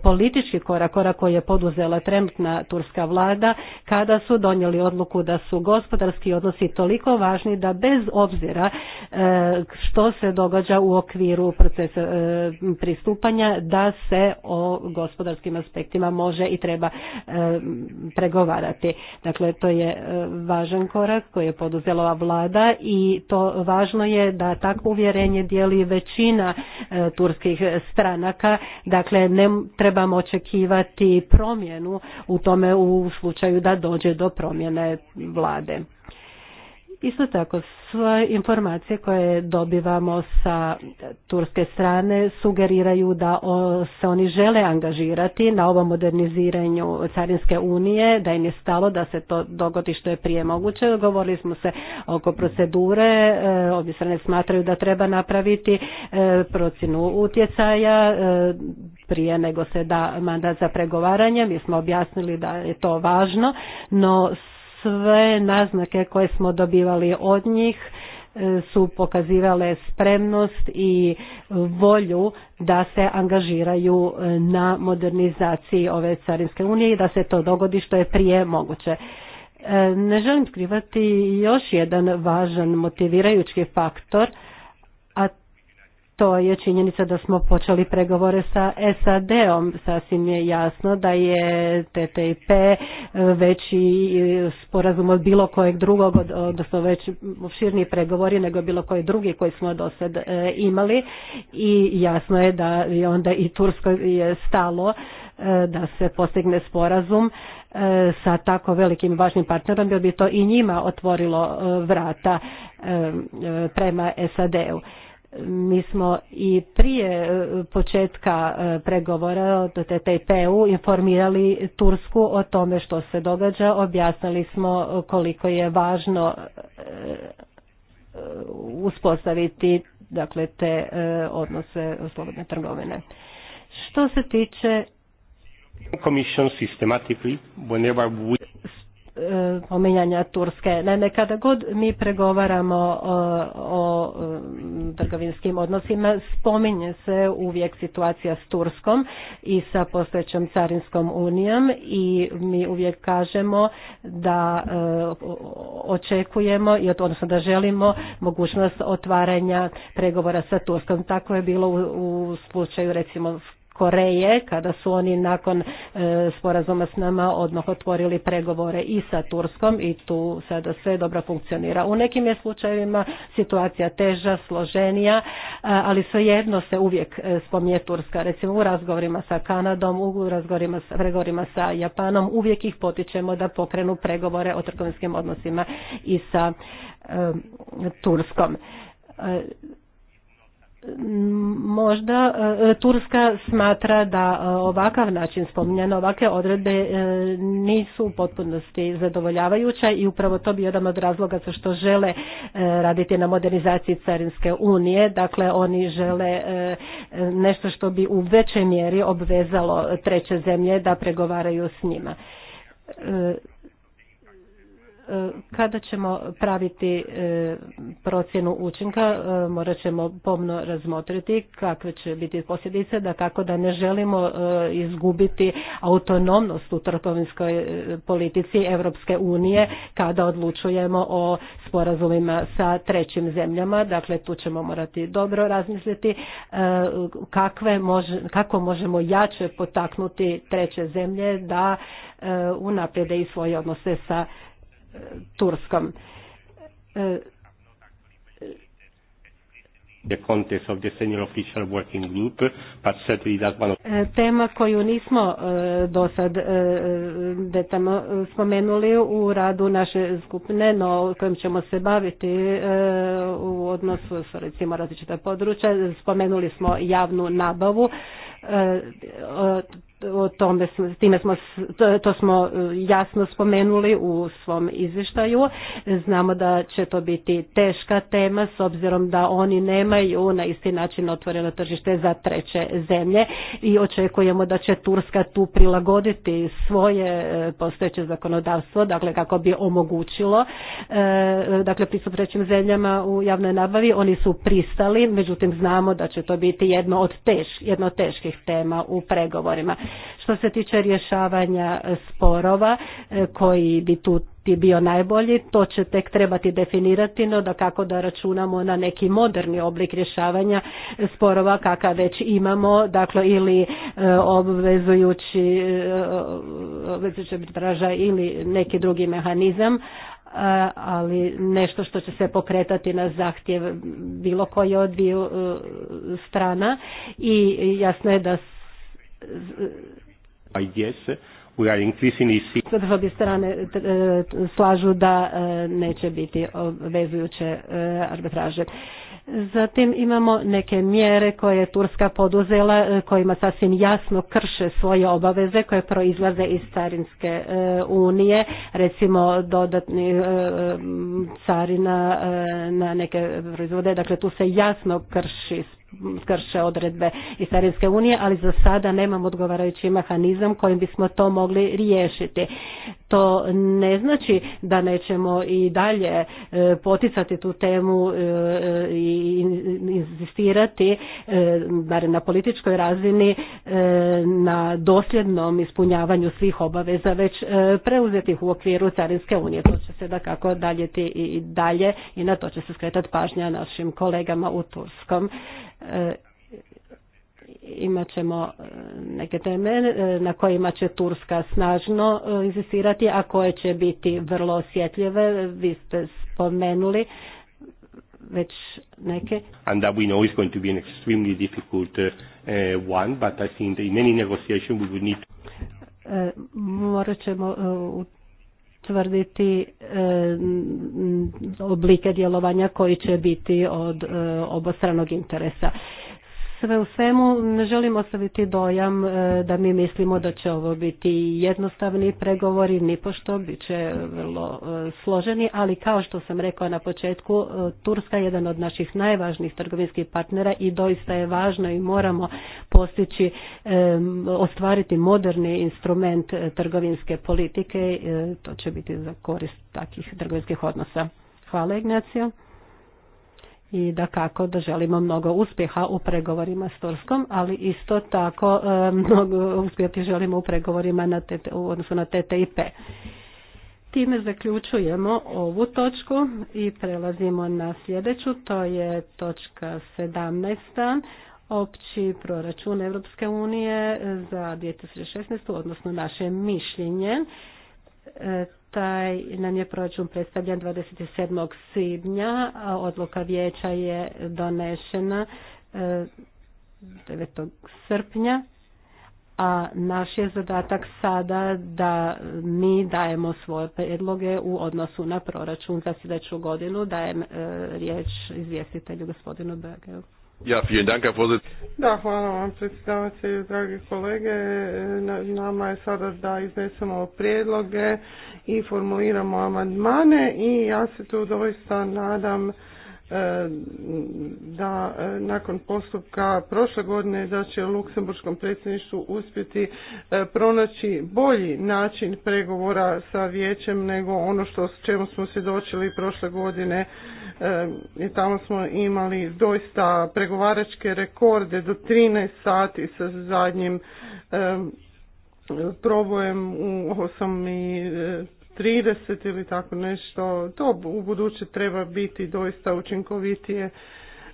S4: politički korak, korak koji je poduzela trenutna turska vlada kada su donijeli odluku da su gospodarski odnosi toliko važni da bez obzira e, što se događa u okviru procesa e, pristupanja da se o gospodarskim aspektima može i treba pregovarati. Dakle, to je važan korak koji je poduzela ova vlada i to važno je da takvo uvjerenje dijeli većina turskih strana banaka, dakle ne trebamo očekivati promjenu u tome u slučaju da dođe do promjene vlade. Isto tako, sve informacije koje dobivamo sa turske strane sugeriraju da se oni žele angažirati na ovom moderniziranju Carinske unije, da im je stalo da se to dogodi što je prije moguće. Govorili smo se oko procedure, e, obje strane smatraju da treba napraviti e, procjenu utjecaja e, prije nego se da mandat za pregovaranje. Mi smo objasnili da je to važno, no sve naznake koje smo dobivali od njih e, su pokazivale spremnost i volju da se angažiraju e, na modernizaciji ove carinske unije i da se to dogodi što je prije moguće. E, ne želim skrivati još jedan važan motivirajući faktor to je činjenica da smo počeli pregovore sa SAD-om. Sasvim je jasno da je TTIP e, veći e, sporazum od bilo kojeg drugog, odnosno već širniji pregovori nego bilo koji drugi koji smo do sad e, imali i jasno je da je onda i Tursko je stalo da se postigne sporazum sa tako velikim važnim partnerom jer bi to i njima otvorilo vrata prema SAD-u mi smo i prije e, početka e, pregovora o TTIP-u informirali Tursku o tome što se događa, objasnili smo koliko je važno e, uspostaviti dakle te odnose slobodne trgovine. Što se tiče E, pomenjanja Turske. Naime, kada god mi pregovaramo e, o, e, trgovinskim odnosima, spominje se uvijek situacija s Turskom i sa postojećom Carinskom unijom i mi uvijek kažemo da očekujemo i odnosno da želimo mogućnost otvaranja pregovora sa Turskom. Tako je bilo u slučaju recimo Koreje, kada su oni nakon e, sporazuma s nama odmah otvorili pregovore i sa Turskom i tu sada sve dobro funkcionira. U nekim je slučajevima situacija teža, složenija, e, ali svejedno se uvijek e, spominje Turska. Recimo u razgovorima sa Kanadom, u razgovorima sa, pregovorima sa Japanom, uvijek ih potičemo da pokrenu pregovore o trgovinskim odnosima i sa Turskom možda e, Turska smatra da e, ovakav način spominjanja ovakve odredbe e, nisu u potpunosti zadovoljavajuća i upravo to bi jedan od razloga za što žele raditi na modernizaciji Carinske unije. Dakle, oni žele nešto što bi u većoj mjeri obvezalo treće zemlje da pregovaraju s njima kada ćemo praviti e, procjenu učinka, e, morat ćemo pomno razmotriti kakve će biti posljedice, da kako da ne želimo e, izgubiti autonomnost u trgovinskoj politici Europske unije kada odlučujemo o sporazumima sa trećim zemljama. Dakle, tu ćemo morati dobro razmisliti kakve kako možemo jače potaknuti treće zemlje da unaprijede i svoje odnose sa Turskom. E, e, tema koju nismo e, do sad spomenuli u radu naše skupine, no kojem ćemo se baviti u odnosu s recimo različita područja. Spomenuli smo javnu nabavu o tome time smo, to smo e, jasno spomenuli u svom izvještaju. Znamo da će to biti teška tema s obzirom da oni nemaju na isti način otvoreno tržište za treće zemlje i očekujemo da će Turska tu prilagoditi svoje e, postojeće zakonodavstvo, dakle kako bi omogućilo e, dakle pristup trećim zemljama u javnoj nabavi. Oni su pristali, međutim znamo da će to biti jedno od teš, jedno od teških tema u pregovorima. Što se tiče rješavanja e, sporova e, koji bi tu ti bio najbolji, to će tek trebati definirati, no da kako da računamo na neki moderni oblik rješavanja sporova kakav već imamo, dakle ili e, obvezujući obvezujući traža ili neki drugi mehanizam, ali nešto što će se pokretati na zahtjev bilo koje od dviju strana i jasno je da s obje strane e, e, slažu da e, neće biti obvezujuće arbitraže. Zatim imamo neke mjere koje je Turska poduzela kojima sasvim jasno krše svoje obaveze koje proizlaze iz Carinske unije, recimo dodatni carina na neke proizvode, dakle tu se jasno krši krše odredbe iz Carinske unije, ali za sada nemam odgovarajući mehanizam kojim bismo to mogli riješiti. To ne znači da nećemo i dalje e, poticati tu temu e, e, i inzistirati, barem na političkoj razini, na dosljednom ispunjavanju svih obaveza već preuzetih u okviru Carinske unije. To će se da kako daljeti i dalje i na to će se skretati pažnja našim kolegama u Turskom E, imat ćemo e, neke teme e, na kojima će Turska snažno inzistirati, a koje će biti vrlo osjetljive, vi ste spomenuli već neke.
S6: And that we know is going to be an extremely difficult uh, one, but I think that in any negotiation we would need
S4: to... Morat ćemo u tvrditi e, oblike djelovanja koji će biti od e, obostranog interesa sve u svemu ne želim ostaviti dojam e, da mi mislimo da će ovo biti jednostavni pregovori, nipošto bit će vrlo e, složeni, ali kao što sam rekao na početku, e, Turska je jedan od naših najvažnijih trgovinskih partnera i doista je važno i moramo postići, ostvariti moderni instrument trgovinske politike, to će biti za korist takvih trgovinskih odnosa. Hvala Ignacio i da kako da želimo mnogo uspjeha u pregovorima s Turskom, ali isto tako e, mnogo uspjeti želimo u pregovorima na u odnosu na TTIP. Time zaključujemo ovu točku i prelazimo na sljedeću, to je točka 17. Opći proračun Europske unije za 2016. odnosno naše mišljenje. E, taj nam je proračun predstavljan 27. svibnja, a odluka vijeća je donešena 9. E, srpnja, a naš je zadatak sada da mi dajemo svoje predloge u odnosu na proračun za sljedeću godinu.
S2: Dajem e, riječ izvjestitelju gospodinu Bergeru. Ja, vielen Da, hvala vam predsjedavatelju, dragi kolege. nama je sada da iznesemo prijedloge i formuliramo amandmane i ja se tu doista nadam E, da e, nakon postupka prošle godine da će luksemburskom predsjedništvu uspjeti e, pronaći bolji način pregovora sa vijećem nego ono što s čemu smo svjedočili prošle godine i tamo smo imali doista pregovaračke rekorde do 13 sati sa zadnjim probojem u 8 i 30 ili tako nešto, to u buduće treba biti doista učinkovitije.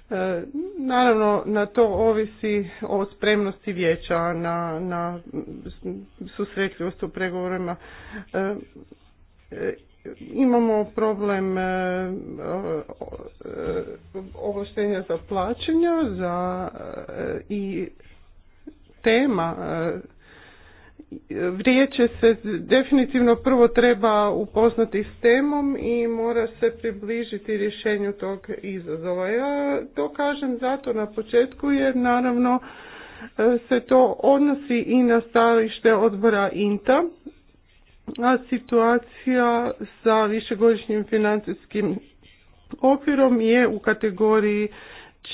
S2: E, naravno, na to ovisi o spremnosti vijeća na, na susretljivost u pregovorima. E, e, imamo problem ovlaštenja za plaćanja za i tema vrijeće se definitivno prvo treba upoznati s temom i mora se približiti rješenju tog izazova. Ja to kažem zato na početku jer naravno e, se to odnosi i na stajalište odbora INTA, a situacija sa višegodišnjim financijskim okvirom je u kategoriji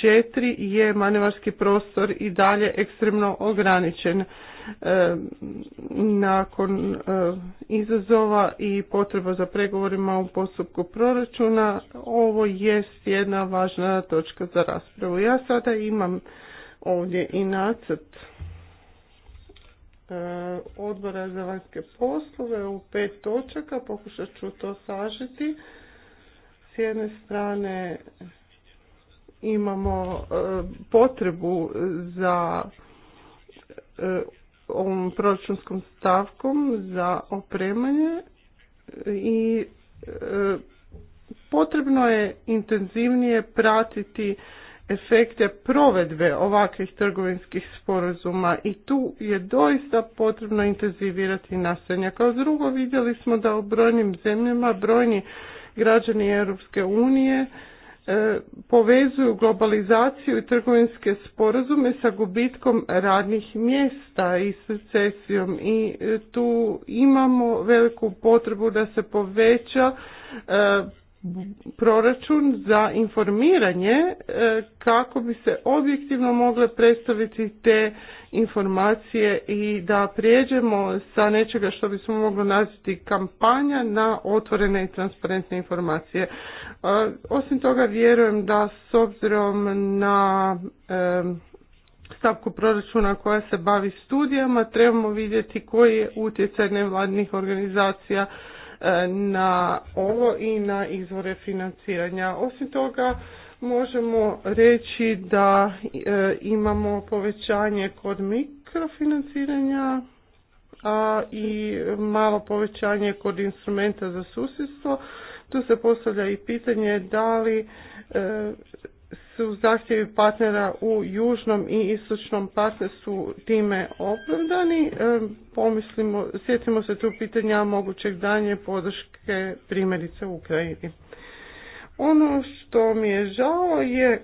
S2: 4 je manevarski prostor i dalje ekstremno ograničen. E, nakon e, izazova i potreba za pregovorima u postupku proračuna. Ovo jest jedna važna točka za raspravu. Ja sada imam ovdje i nacrt e, odbora za vanjske poslove u pet točaka, pokušat ću to sažeti. S jedne strane imamo potrebu za ovom proračunskom stavkom za opremanje i e, potrebno je intenzivnije pratiti efekte provedbe ovakvih trgovinskih sporazuma i tu je doista potrebno intenzivirati nastojanja. Kao drugo vidjeli smo da u brojnim zemljama brojni građani Europske unije E, povezuju globalizaciju i trgovinske sporazume sa gubitkom radnih mjesta i sucesijom i e, tu imamo veliku potrebu da se poveća e, proračun za informiranje e, kako bi se objektivno mogle predstaviti te informacije i da prijeđemo sa nečega što bismo mogli nazvati kampanja na otvorene i transparentne informacije. E, osim toga vjerujem da s obzirom na e, stavku proračuna koja se bavi studijama trebamo vidjeti koji je utjecaj nevladnih organizacija na ovo i na izvore financiranja. Osim toga, možemo reći da e, imamo povećanje kod mikrofinanciranja a i malo povećanje kod instrumenta za susjedstvo. Tu se postavlja i pitanje da li e, su zahtjevi partnera u južnom i istočnom partnerstvu time opravdani. E, pomislimo, sjetimo se tu pitanja mogućeg danje podrške primjerice u Ukrajini. Ono što mi je žao je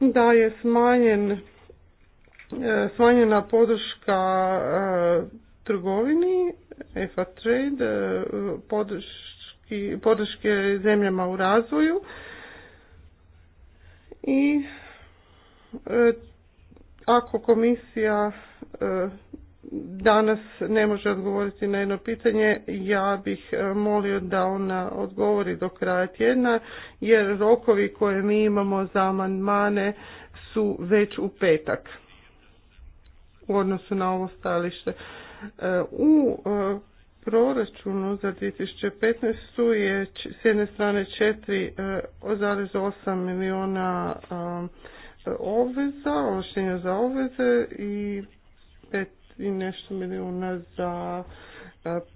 S2: da je smanjen, e, smanjena podrška e, trgovini, EFA Trade, podrške zemljama u razvoju, i e, ako komisija e, danas ne može odgovoriti na jedno pitanje, ja bih e, molio da ona odgovori do kraja tjedna, jer rokovi koje mi imamo za amandmane su već u petak u odnosu na ovo stajalište. U proračunu za 2015. je s jedne strane 4,8 e, milijuna e, obveza, ovlaštenja za obveze i 5 i nešto milijuna za e,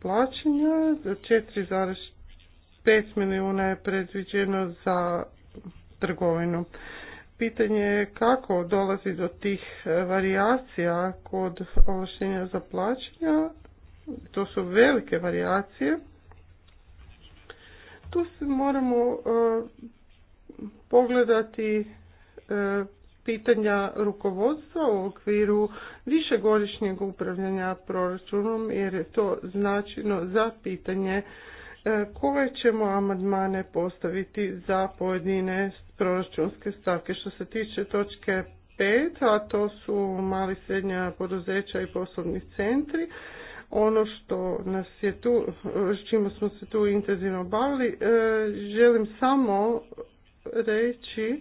S2: plaćanja. 4,5 milijuna je predviđeno za trgovinu. Pitanje je kako dolazi do tih varijacija kod ovlaštenja za plaćanja, to su velike varijacije. Tu se moramo e, pogledati e, pitanja rukovodstva u okviru višegodišnjeg upravljanja proračunom jer je to značajno za pitanje e, koje ćemo amandmane postaviti za pojedine proračunske stavke. Što se tiče točke 5, a to su mali srednja poduzeća i poslovni centri, ono što nas je tu, s čime smo se tu intenzivno bavili, e, želim samo reći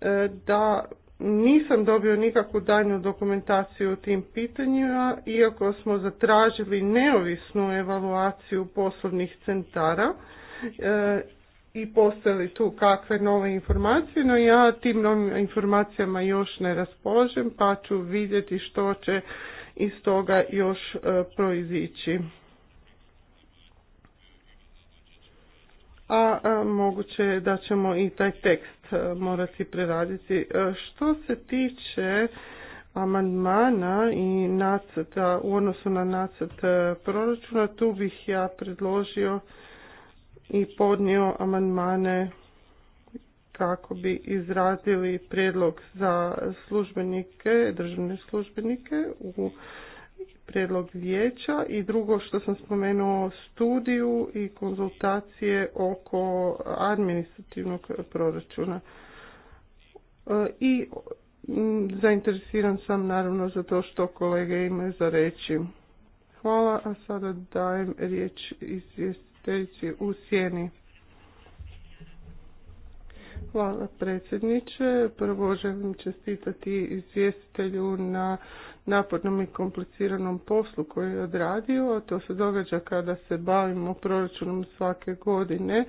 S2: e, da nisam dobio nikakvu daljnju dokumentaciju o tim pitanjima, iako smo zatražili neovisnu evaluaciju poslovnih centara e, i postali tu kakve nove informacije, no ja tim novim informacijama još ne raspoložem, pa ću vidjeti što će iz toga još e, proizići. A moguće je da ćemo i taj tekst e, morati preraditi. E, što se tiče amandmana i nacrta u odnosu na nacrt proračuna, tu bih ja predložio i podnio amandmane kako bi izradili prijedlog za službenike, državne službenike u prijedlog vijeća i drugo što sam spomenuo studiju i konzultacije oko administrativnog proračuna. E, I zainteresiran sam naravno za to što kolege imaju za reći. Hvala, a sada dajem riječ izvjestiteljici u sjeni. Hvala predsjedniče. Prvo želim čestitati izvjestitelju na napornom i kompliciranom poslu koji je odradio. To se događa kada se bavimo proračunom svake godine.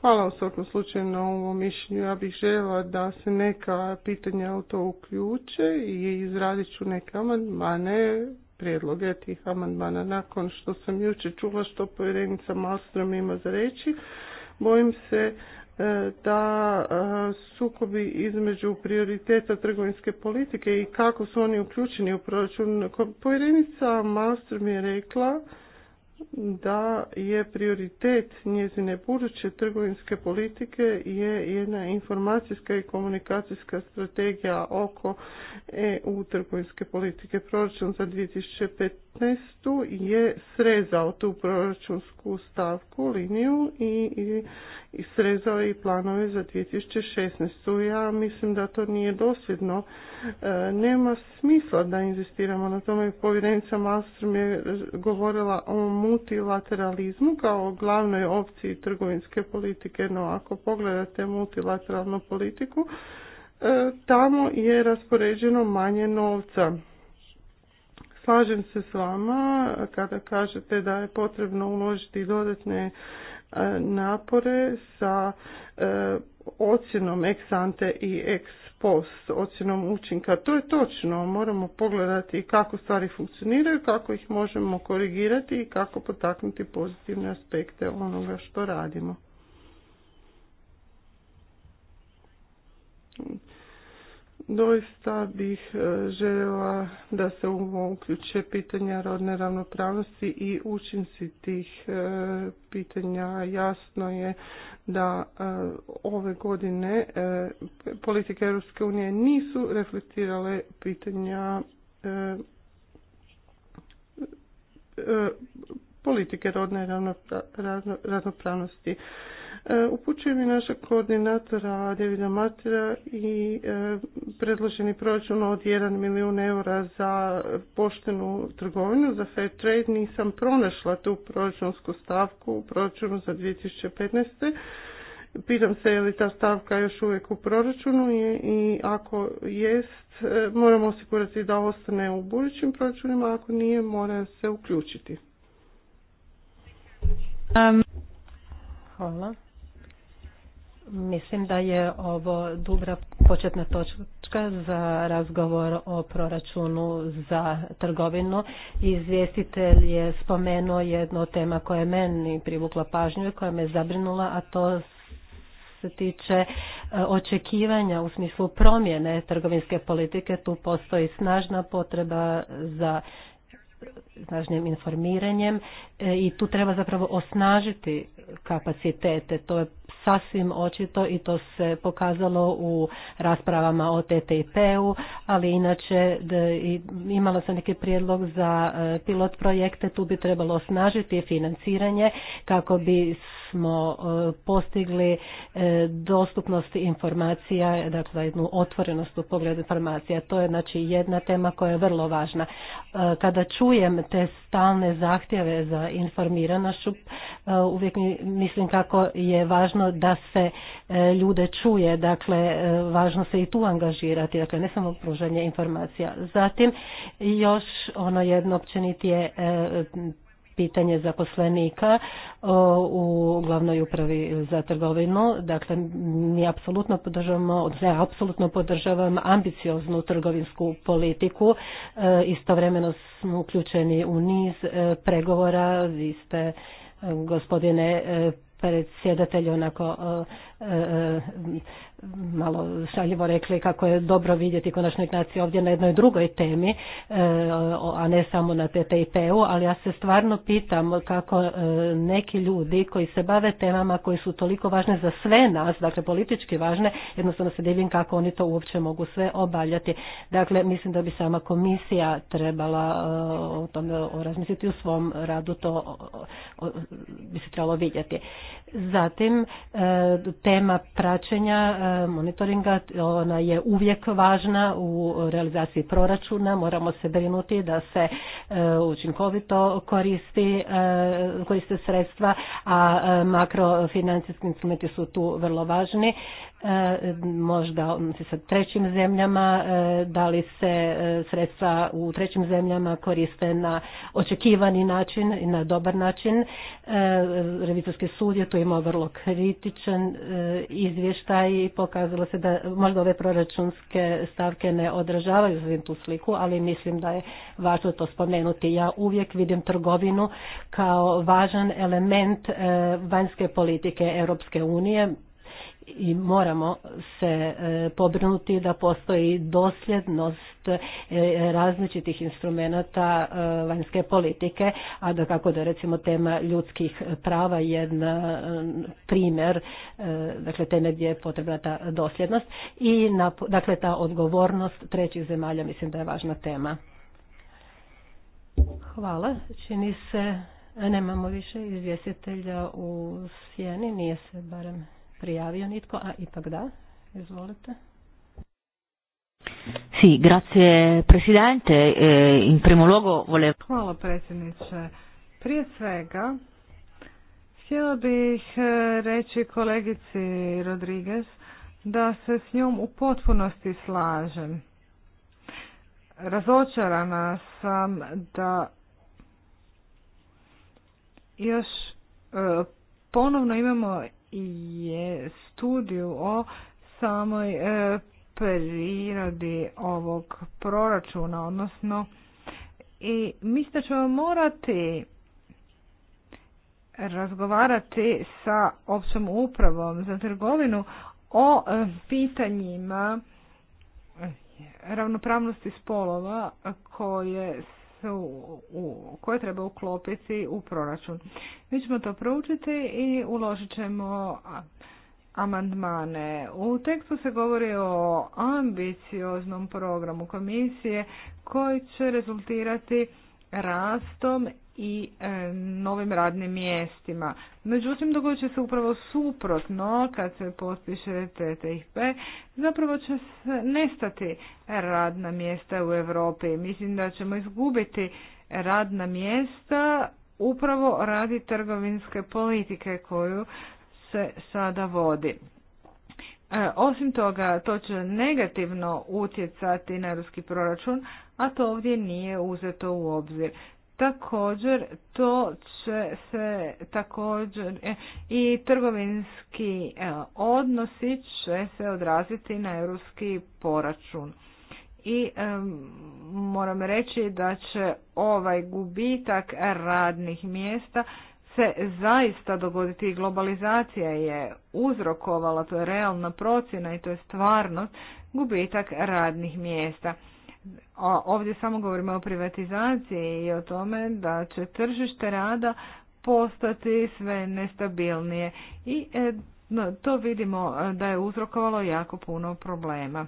S2: Hvala u svakom slučaju na ovom mišljenju. Ja bih željela da se neka pitanja u to uključe i izradit ću neke amandmane, prijedloge tih amandmana nakon što sam jučer čula što povjerenica Malstrom ima za reći. Bojim se E, da e, sukobi između prioriteta trgovinske politike i kako su oni uključeni u proračun. Povjerenica Malmström je rekla da je prioritet njezine buduće trgovinske politike je jedna informacijska i komunikacijska strategija oko EU trgovinske politike. Proračun za 2015. je srezao tu proračunsku stavku, liniju i, i, i srezao i planove za 2016. Ja mislim da to nije dosljedno. E, nema smisla da inzistiramo na tome. Povjerenica Malstrom je govorila o multilateralizmu kao glavnoj opciji trgovinske politike, no ako pogledate multilateralnu politiku, e, tamo je raspoređeno manje novca. Slažem se s vama kada kažete da je potrebno uložiti dodatne e, napore sa e, ocjenom ex ante i ex s ocjenom učinka. To je točno, moramo pogledati kako stvari funkcioniraju, kako ih možemo korigirati i kako potaknuti pozitivne aspekte onoga što radimo. Doista bih e, željela da se u ovo uključe pitanja rodne ravnopravnosti i učinci tih e, pitanja. Jasno je da e, ove godine politike Europske unije nisu reflektirale pitanja politike rodne ravnopravnosti. E, upućujem i našeg koordinatora Davida Matera i e, predloženi proračun od 1 milijun eura za poštenu trgovinu, za fair trade. Nisam pronašla tu proračunsku stavku u proračunu za 2015. Pitam se je li ta stavka još uvijek u proračunu i ako jest, e, moramo osigurati da ostane u budućim proračunima, ako nije, mora se uključiti.
S4: Um, hvala. Mislim da je ovo dobra početna točka za razgovor o proračunu za trgovinu. Izvjestitelj je spomenuo jednu tema koja je meni privukla pažnju i koja me zabrinula, a to se tiče e, očekivanja u smislu promjene trgovinske politike. Tu postoji snažna potreba za snažnim informiranjem e, i tu treba zapravo osnažiti kapacitete. To je sasvim očito i to se pokazalo u raspravama o TTIP-u, ali inače imala sam neki prijedlog za e, pilot projekte, tu bi trebalo osnažiti financiranje kako bi smo e, postigli e, dostupnost informacija, dakle jednu otvorenost u pogledu informacija. To je znači jedna tema koja je vrlo važna. E, kada čujem te stalne zahtjeve za informiranošću, uvijek mislim kako je važno da se ljude čuje, dakle važno se i tu angažirati, dakle ne samo pružanje informacija. Zatim još ono jedno općenitije pitanje zaposlenika u glavnoj upravi za trgovinu. Dakle, mi apsolutno podržavamo, od ja apsolutno podržavam ambicioznu trgovinsku politiku. E, istovremeno smo uključeni u niz e, pregovora. Vi ste, e, gospodine predsjedatelj, onako E, e, malo šaljivo rekli kako je dobro vidjeti konačno nacije ovdje na jednoj drugoj temi, e, a ne samo na TTIP-u, ali ja se stvarno pitam kako neki ljudi koji se bave temama koji su toliko važne za sve nas, dakle politički važne, jednostavno se divim kako oni to uopće mogu sve obaljati. Dakle, mislim da bi sama komisija trebala o tome razmisliti u svom radu, to bi se trebalo vidjeti. Zatim, te tema praćenja, e, monitoringa, ona je uvijek važna u realizaciji proračuna, moramo se brinuti da se e, učinkovito koristi, e, koriste sredstva, a makrofinancijski instrumenti su tu vrlo važni. E, možda se sa trećim zemljama, e, da li se e, sredstva u trećim zemljama koriste na očekivani način i na dobar način. Revizorski sud je tu imao vrlo kritičan izvještaj i pokazalo se da možda ove proračunske stavke ne odražavaju za tu sliku, ali mislim da je važno to spomenuti. Ja uvijek vidim trgovinu kao važan element vanjske politike Europske unije, i moramo se e, pobrinuti da postoji dosljednost e, različitih instrumenata e, vanjske politike, a da kako da recimo tema ljudskih prava jedna primjer, dakle teme gdje je potrebna ta dosljednost i na, dakle ta odgovornost trećih zemalja mislim da je važna tema. Hvala. Čini se nemamo više izvjestitelja u sjeni, nije se barem prijavio nitko, a ipak da. Izvolite. Sì, grazie Presidente.
S3: E, in primo luogo volevo... Hvala predsjedniče. Prije svega, htjela bih e, reći kolegici Rodriguez da se s njom u potpunosti slažem. Razočarana sam da još e, ponovno imamo je studiju o samoj e, prirodi ovog proračuna, odnosno i mislim da ćemo morati razgovarati sa općom upravom za trgovinu o e, pitanjima ravnopravnosti spolova koje se u, koje treba uklopiti u proračun. Mi ćemo to proučiti i uložit ćemo amandmane. U tekstu se govori o ambicioznom programu komisije koji će rezultirati rastom i e, novim radnim mjestima. Međutim, dogodit će se upravo suprotno kad se postiše TTIP, zapravo će se nestati radna mjesta u Europi. Mislim da ćemo izgubiti radna mjesta upravo radi trgovinske politike koju se sada vodi. E, osim toga, to će negativno utjecati na europski proračun, a to ovdje nije uzeto u obzir. Također, to će se također e, i trgovinski e, odnosi će se odraziti na europski proračun. I moram reći da će ovaj gubitak radnih mjesta se zaista dogoditi i globalizacija je uzrokovala, to je realna procjena i to je stvarnost, gubitak radnih mjesta. Ovdje samo govorimo o privatizaciji i o tome da će tržište rada postati sve nestabilnije i e, to vidimo e, da je uzrokovalo jako puno problema.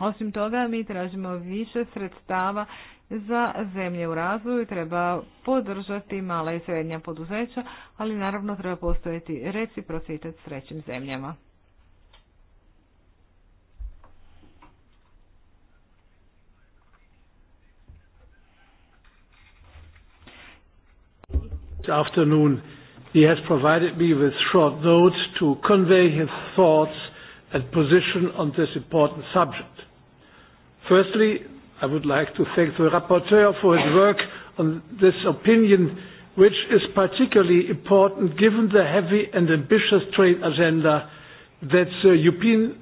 S3: Osim toga mi tražimo više sredstava za zemlje u razvoju, treba podržati mala i srednja poduzeća, ali naravno treba postojati reciprocitet s trećim zemljama.
S1: afternoon. He has provided me with short notes to convey his thoughts and position on this important subject. Firstly, i would like to thank the rapporteur for his work on this opinion, which is particularly important given the heavy and ambitious trade agenda that the European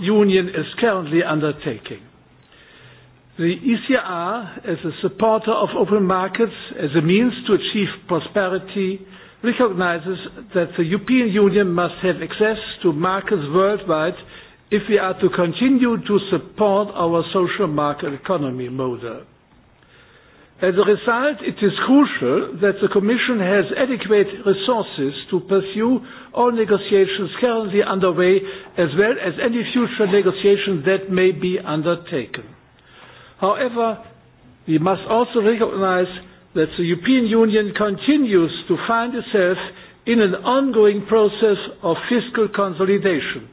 S1: Union is currently undertaking. The ECR, as a supporter of open markets as a means to achieve prosperity, recognizes that the European Union must have access to markets worldwide if we are to continue to support our social market economy model. As a result, it is crucial that the Commission has adequate resources to pursue all negotiations currently underway, as well as any future negotiations that may be undertaken. However, we must also recognize that the European Union continues to find itself in an ongoing process of fiscal consolidation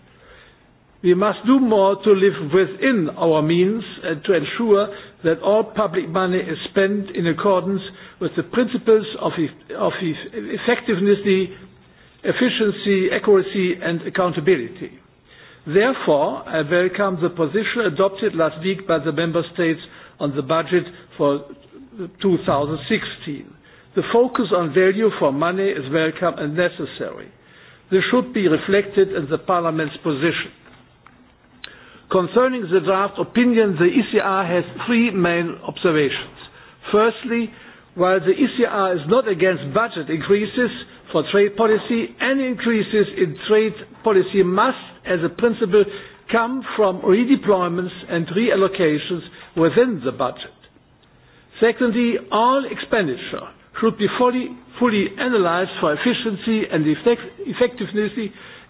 S1: We must do more to live within our means and to ensure that all public money is spent in accordance with the principles of, e-, of e-, effectiveness, efficiency, accuracy and accountability. Therefore, I welcome the position adopted last week by the Member States on the budget for 2016. The focus on value for money is welcome and necessary. This should be reflected in the Parliament's position. Concerning the draft opinion, the ECR has three main observations. Firstly, while the ECR is not against budget increases for trade policy, any increases in trade policy must, as a principle, come from redeployments and reallocations within the budget. Secondly, all expenditure should be fully, fully analyzed for efficiency and effectiveness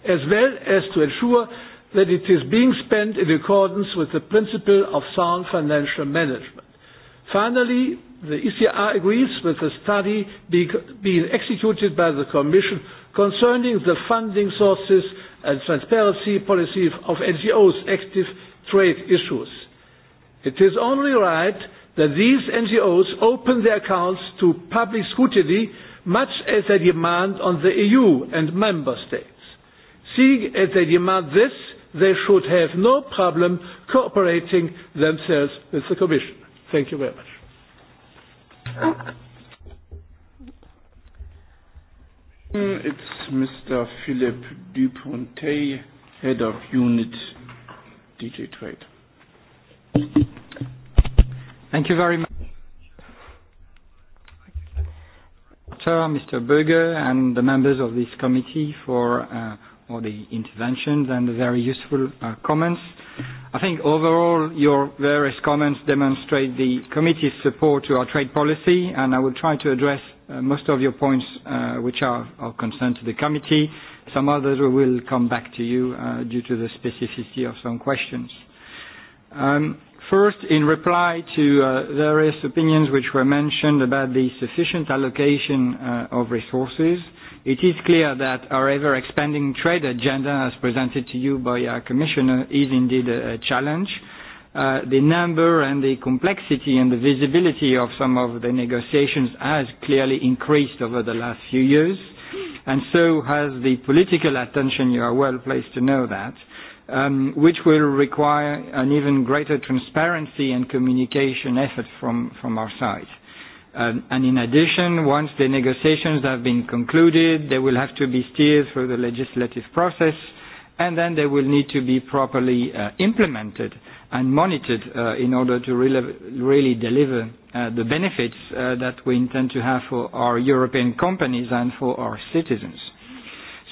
S1: as well as to ensure that it is being spent in accordance with the principle of sound financial management. Finally, the ECR agrees with the study being executed by the Commission concerning the funding sources and transparency policy of NGOs active trade issues. It is only right that these NGOs open their accounts to public scrutiny much as they demand on the EU and member states. Seeing as they demand this, they should have no problem cooperating themselves with the Commission. Thank you very much. Mm, it's Mr. Philippe Dupontet, Head of
S5: Unit DG Trade. Thank you very much. Mr. Berger and the members of this committee for uh, or the interventions and the very useful uh, comments. I think overall your various comments demonstrate the committee's support to our trade policy and I will try to address uh, most of your points uh, which are of concern to the committee. Some others we will come back to you uh, due to the specificity of some questions. Um, First, in reply to various opinions which were mentioned about the sufficient allocation of resources, It is clear that our ever-expanding trade agenda, as presented to you by our Commissioner, is indeed a, challenge. Uh, the number and the complexity and the visibility of some of the negotiations has clearly increased over the last few years, and so has the political attention. You are well placed to know that. Um, which will require an even greater transparency and communication effort from, from our side. Um, and in addition, once the negotiations have been concluded, they will have to be steered through the legislative process, and then they will need to be properly uh, implemented and monitored uh, in order to really, deliver uh, the benefits that we intend to have for our European companies and for our citizens.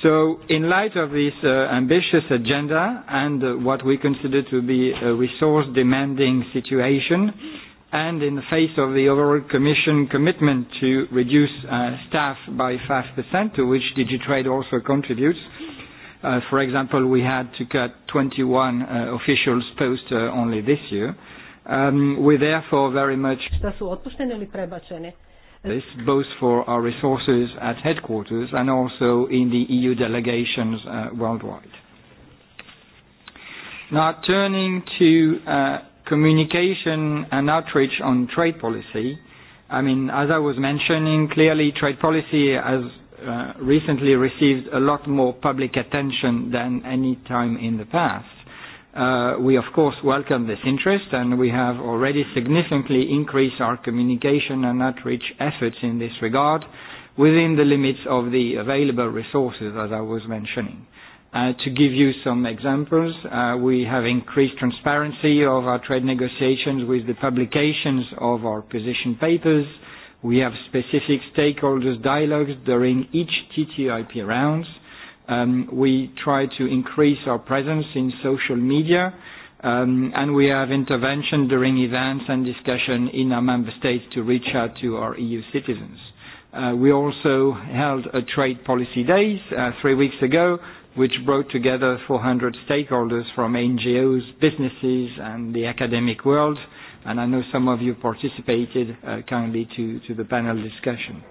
S5: So in light of this ambitious agenda and what we consider to be a resource demanding situation, and in the face of the overall Commission commitment to reduce uh, staff by 5%, to which Digitrade also contributes. Uh, for example, we had to cut 21 uh, officials post uh, only this year. Um, we therefore very much This both for our resources at headquarters and also in the EU delegations uh, worldwide. Now turning to uh, communication and outreach on trade policy. I mean, as I was mentioning, clearly trade policy has uh, recently received a lot more public attention than any time in the past. Uh, we, of course, welcome this interest, and we have already significantly increased our communication and outreach efforts in this regard within the limits of the available resources, as I was mentioning. Uh, to give you some examples, uh, we have increased transparency of our trade negotiations with the publications of our position papers. We have specific stakeholders dialogues during each TTIP rounds. Um, we try to increase our presence in social media, um, and we have intervention during events and discussion in our member states to reach out to our EU citizens. Uh, we also held a trade policy days uh, three weeks ago which brought together 400 stakeholders from NGOs, businesses, and the academic world. And I know some of you participated uh, kindly to, to the panel discussion.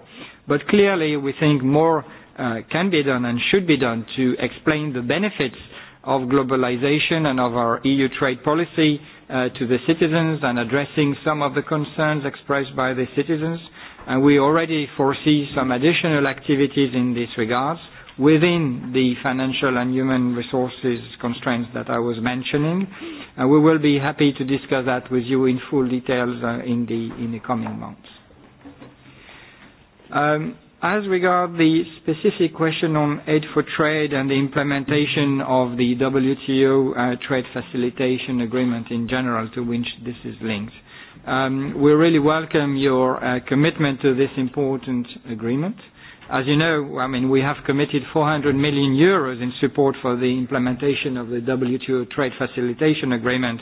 S5: But clearly, we think more uh, can be done and should be done to explain the benefits of globalization and of our EU trade policy uh, to the citizens and addressing some of the concerns expressed by the citizens. And we already foresee some additional activities in this regard within the financial and human resources constraints that I was mentioning. Uh, we will be happy to discuss that with you in full details uh, in, the, in the coming months. Um, as regard the specific question on aid for trade and the implementation of the WTO uh, trade facilitation agreement in general to which this is linked, um, we really welcome your commitment to this important agreement. As you know, I mean, we have committed 400 million euros in support for the implementation of the WTO trade facilitation agreement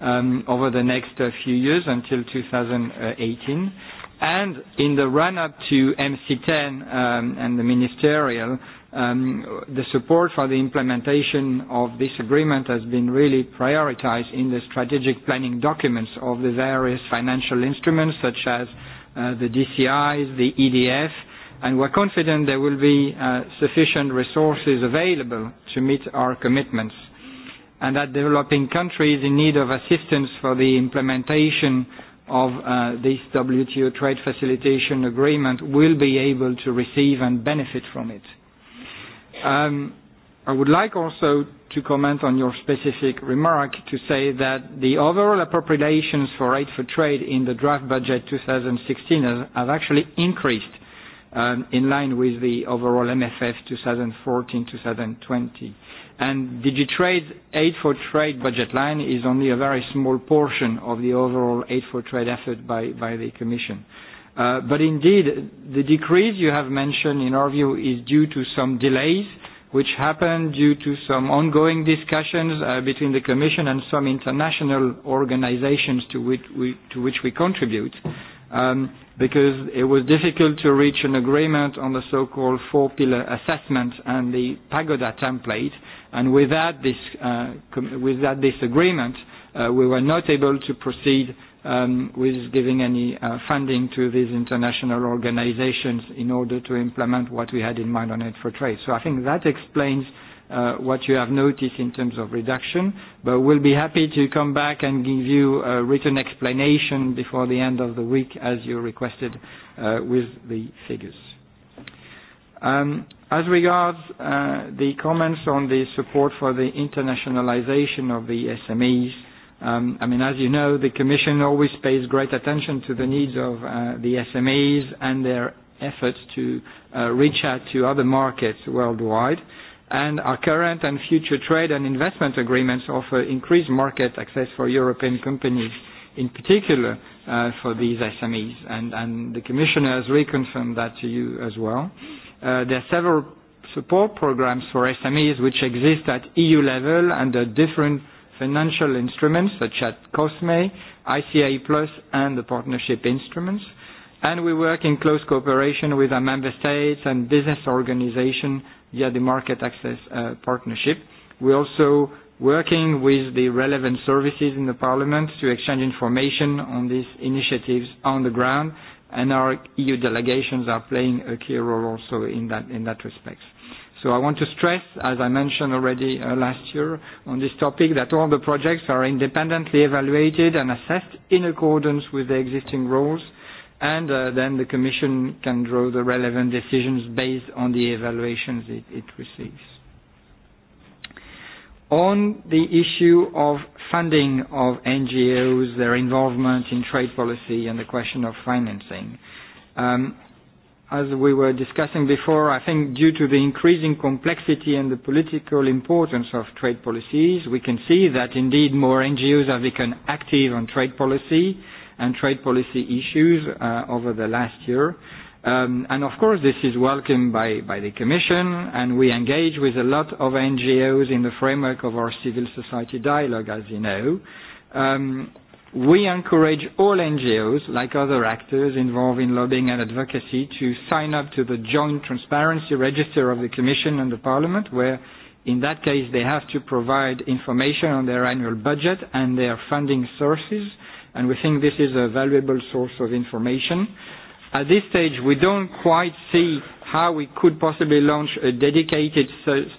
S5: um, over the next uh, few years until 2018. And in the run-up to MC10 um, and the ministerial, um, the support for the implementation of this agreement has been really prioritized in the strategic planning documents of the various financial instruments such as uh, the DCIs, the EDF, and we're confident there will be uh, sufficient resources available to meet our commitments and that developing countries in need of assistance for the implementation of uh, this WTO trade facilitation agreement will be able to receive and benefit from it. Um, I would like also to comment on your specific remark to say that the overall appropriations for aid for trade in the draft budget 2016 have actually increased Um, in line with the overall MFF 2014-2020. And Digitrade's Aid for Trade budget line is only a very small portion of the overall Aid for Trade effort by, the Commission. Uh, but indeed, the decrease you have mentioned, in our view, is due to some delays which happened due to some ongoing discussions uh, between the Commission and some international organizations to which we contribute um, because it was difficult to reach an agreement on the so-called four-pillar assessment and the Pagoda template. And without this, uh, com this agreement, uh, we were not able to proceed um, with giving any uh, funding to these international organizations in order to implement what we had in mind on it for trade. So I think that explains uh, what you have noticed in terms of reduction, but we'll be happy to come back and give you a written explanation before the end of the week as you requested uh, with the figures. Um, as regards uh, the comments on the support for the internationalization of the SMEs, um, I mean, as you know, the Commission always pays great attention to the needs of uh, the SMEs and their efforts to reach out to other markets worldwide and our current and future trade and investment agreements offer increased market access for European companies, in particular uh, for these SMEs. And, and the Commissioner has reconfirmed that to you as well. Uh, there are several support programs for SMEs which exist at EU level under different financial instruments such as COSME, ICA Plus and the partnership instruments. And we work in close cooperation with our member states and business organizations via the market access uh, partnership. are also working with the relevant services in the Parliament to exchange information on these initiatives on the ground, and our EU delegations are playing a key role also in that, in that respect. So I want to stress, as I mentioned already uh, last year on this topic, that all the projects are independently evaluated and assessed in accordance with the existing rules and uh, then the Commission can draw the relevant decisions based on the evaluations it, it receives. On the issue of funding of NGOs, their involvement in trade policy and the question of financing, um, as we were discussing before, I think due to the increasing complexity and the political importance of trade policies, we can see that indeed more NGOs have become active on trade policy, and trade policy issues uh, over the last year. Um, and of course, this is welcomed by, by the Commission, and we engage with a lot of NGOs in the framework of our civil society dialogue, as you know. Um, we encourage all NGOs, like other actors involved in lobbying and advocacy, to sign up to the joint transparency register of the Commission and the Parliament, where in that case they have to provide information on their annual budget and their funding sources and we think this is a valuable source of information. At this stage, we don't quite see how we could possibly launch a dedicated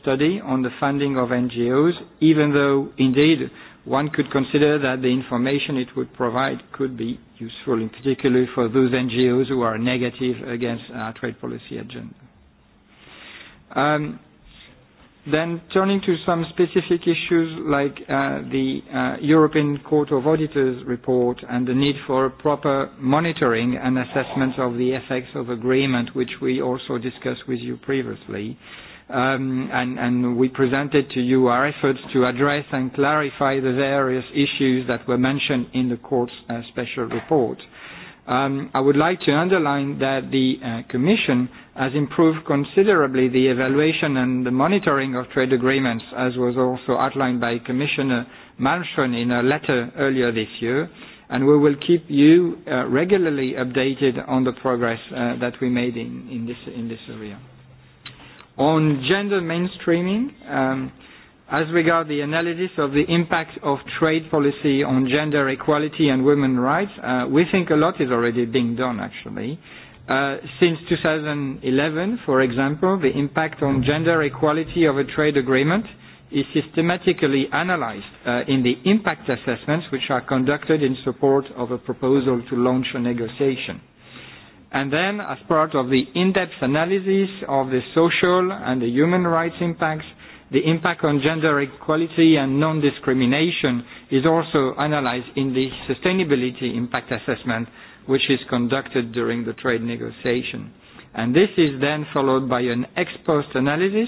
S5: study on the funding of NGOs, even though, indeed, one could consider that the information it would provide could be useful, in particular for those NGOs who are negative against our trade policy agenda. Um, Then turning to some specific issues like uh, the uh, European Court of Auditors report and the need for proper monitoring and assessment of the effects of agreement, which we also discussed with you previously. Um, and, and we presented to you our efforts to address and clarify the various issues that were mentioned in the court's uh, special report. Um, I would like to underline that the uh, Commission has improved considerably the evaluation and the monitoring of trade agreements, as was also outlined by Commissioner Malmström in a letter earlier this year, and we will keep you uh, regularly updated on the progress uh, that we made in, in, this, in this area. On gender mainstreaming, um, As regards the analysis of the impact of trade policy on gender equality and women's rights, uh, we think a lot is already being done, actually. Uh, since 2011, for example, the impact on gender equality of a trade agreement is systematically analyzed uh, in the impact assessments which are conducted in support of a proposal to launch a negotiation. And then, as part of the in-depth analysis of the social and the human rights impacts, The impact on gender equality and non-discrimination is also analyzed in the sustainability impact assessment, which is conducted during the trade negotiation. And this is then followed by an ex post analysis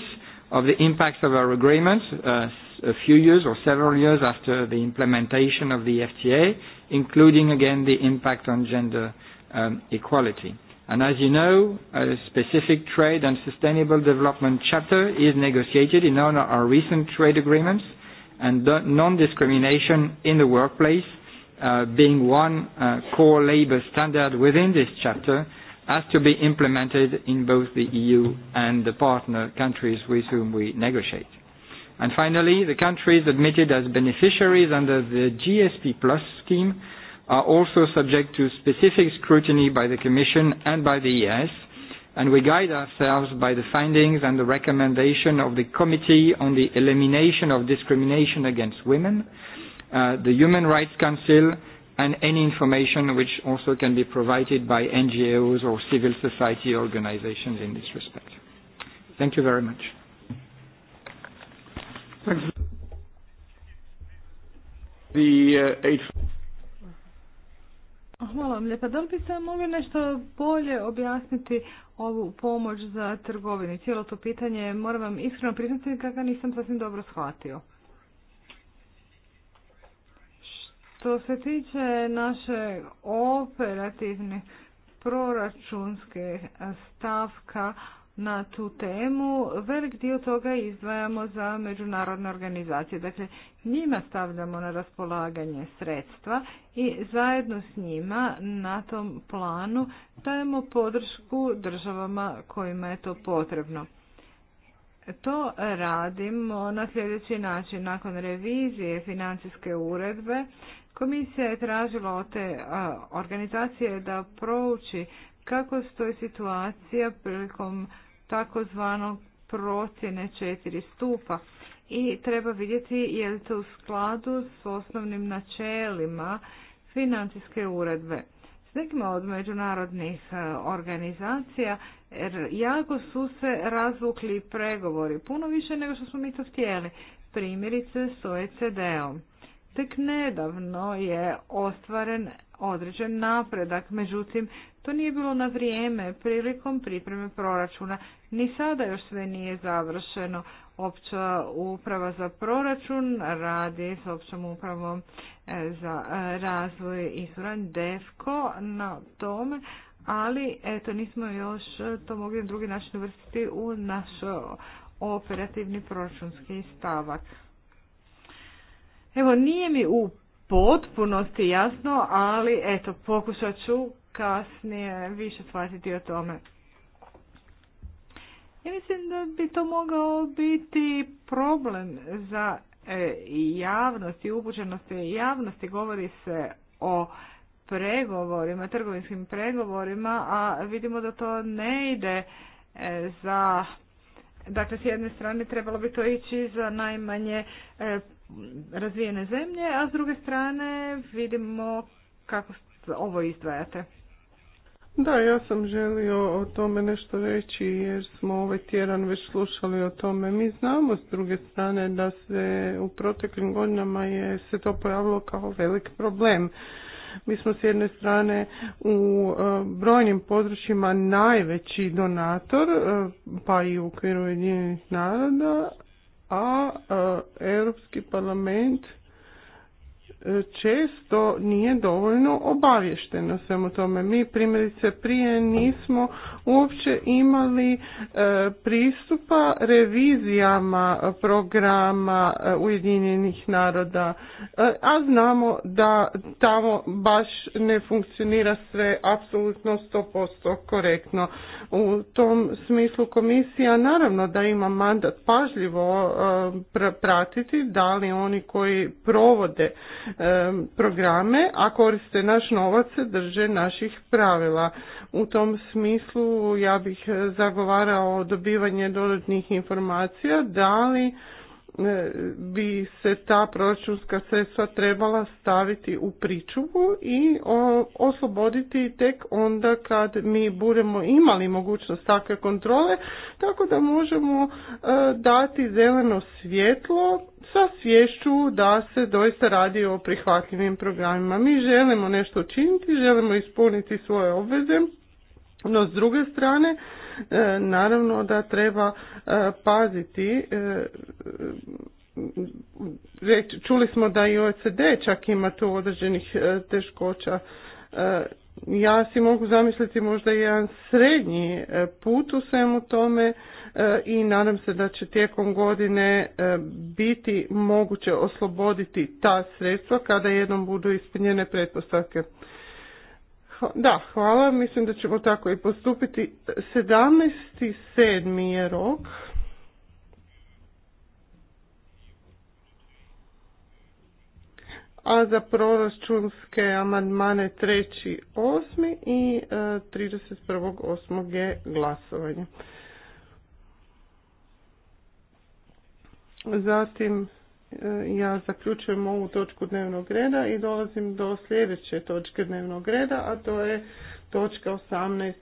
S5: of the impacts of our agreement uh, a few years or several years after the implementation of the FTA, including again the impact on gender um, equality. And as you know, a specific trade and sustainable development chapter is negotiated in all our recent trade agreements and non-discrimination in the workplace uh, being one uh, core labor standard within this chapter has to be implemented in both the EU and the partner countries with whom we negotiate. And finally, the countries admitted as beneficiaries under the GSP Plus scheme are also subject to specific scrutiny by the Commission and by the ES, and we guide ourselves by the findings and the recommendation of the Committee on the Elimination of Discrimination Against Women, uh, the Human Rights Council, and any information which also can be provided by NGOs or civil society organizations in this respect. Thank you very much. The uh, eight
S3: Hvala vam lijepa. Da li bi se mogli nešto bolje objasniti ovu pomoć za trgovini? Cijelo to pitanje moram vam iskreno priznati kako nisam sasvim dobro shvatio. Što se tiče naše operativne proračunske stavka na tu temu, velik dio toga izdvajamo za međunarodne organizacije. Dakle, njima stavljamo na raspolaganje sredstva i zajedno s njima na tom planu dajemo podršku državama kojima je to potrebno. To radimo na sljedeći način. Nakon revizije financijske uredbe, komisija je tražila od te organizacije da prouči kako stoji situacija prilikom takozvanog procjene četiri stupa i treba vidjeti je li to u skladu s osnovnim načelima financijske uredbe. S nekima od međunarodnih e, organizacija jako su se razvukli pregovori, puno više nego što smo mi to htjeli, primjerice s OECD-om. Tek nedavno je ostvaren određen napredak, međutim to nije bilo na vrijeme prilikom pripreme proračuna. Ni sada još sve nije završeno. Opća uprava za proračun radi s općom upravom e, za e, razvoj i suradnju na tome, ali eto nismo još to mogli na drugi način uvrstiti u naš operativni proračunski stavak. Evo, nije mi u potpunosti jasno, ali eto, pokušat ću kasnije više shvatiti o tome. Ja mislim da bi to mogao biti problem za e, javnost i upućenost javnosti. Govori se o pregovorima, trgovinskim pregovorima, a vidimo da to ne ide e, za... Dakle, s jedne strane trebalo bi to ići za najmanje e, razvijene zemlje, a s druge strane vidimo kako ovo izdvajate.
S2: Da, ja sam želio o tome nešto reći jer smo ovaj tjedan već slušali o tome. Mi znamo s druge strane da se u proteklim godinama je se to pojavilo kao velik problem. Mi smo s jedne strane u e, brojnim područjima najveći donator, e, pa i u okviru jedinih naroda, a Europski parlament često nije dovoljno obavješteno svemu tome. Mi primjerice prije nismo uopće imali e, pristupa revizijama programa e, Ujedinjenih naroda, e, a znamo da tamo baš ne funkcionira sve apsolutno 100% korektno. U tom smislu komisija naravno da ima mandat pažljivo pratiti da li oni koji provode programe, a koriste naš novac drže naših pravila. U tom smislu ja bih eh, zagovarao dobivanje dodatnih informacija da li E, bi se ta proračunska sredstva trebala staviti u pričuvu i osloboditi tek onda kad mi budemo imali mogućnost takve kontrole, tako da možemo e, dati zeleno svjetlo sa svješću da se doista radi o prihvatljivim programima. Mi želimo nešto učiniti, želimo ispuniti svoje obveze, no s druge strane E, naravno da treba e, paziti e, čuli smo da i OECD čak ima tu određenih teškoća. Ja si mogu zamisliti možda jedan srednji put u svemu tome i nadam se da će tijekom godine biti moguće osloboditi ta sredstva kada jednom budu ispunjene pretpostavke. Da, hvala. Mislim da ćemo tako i postupiti. 17.7. je rok. A za proračunske amandmane 3.8. i 31.8. E, je glasovanje. Zatim ja zaključujem ovu točku dnevnog reda i dolazim do sljedeće točke dnevnog reda, a to je točka 18.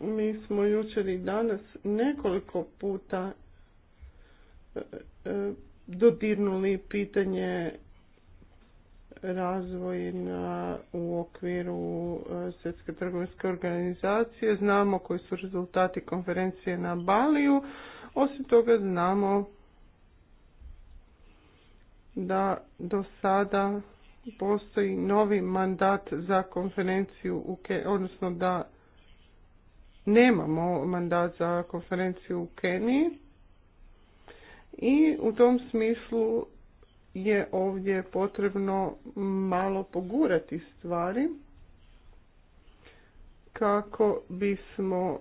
S2: Mi smo jučer i danas nekoliko puta e, e, dodirnuli pitanje razvojena u okviru e, Svjetske trgovinske organizacije. Znamo koji su rezultati konferencije na Baliju. Osim toga znamo da do sada postoji novi mandat za konferenciju, odnosno da nemamo mandat za konferenciju u Keniji. I u tom smislu je ovdje potrebno malo pogurati stvari kako bismo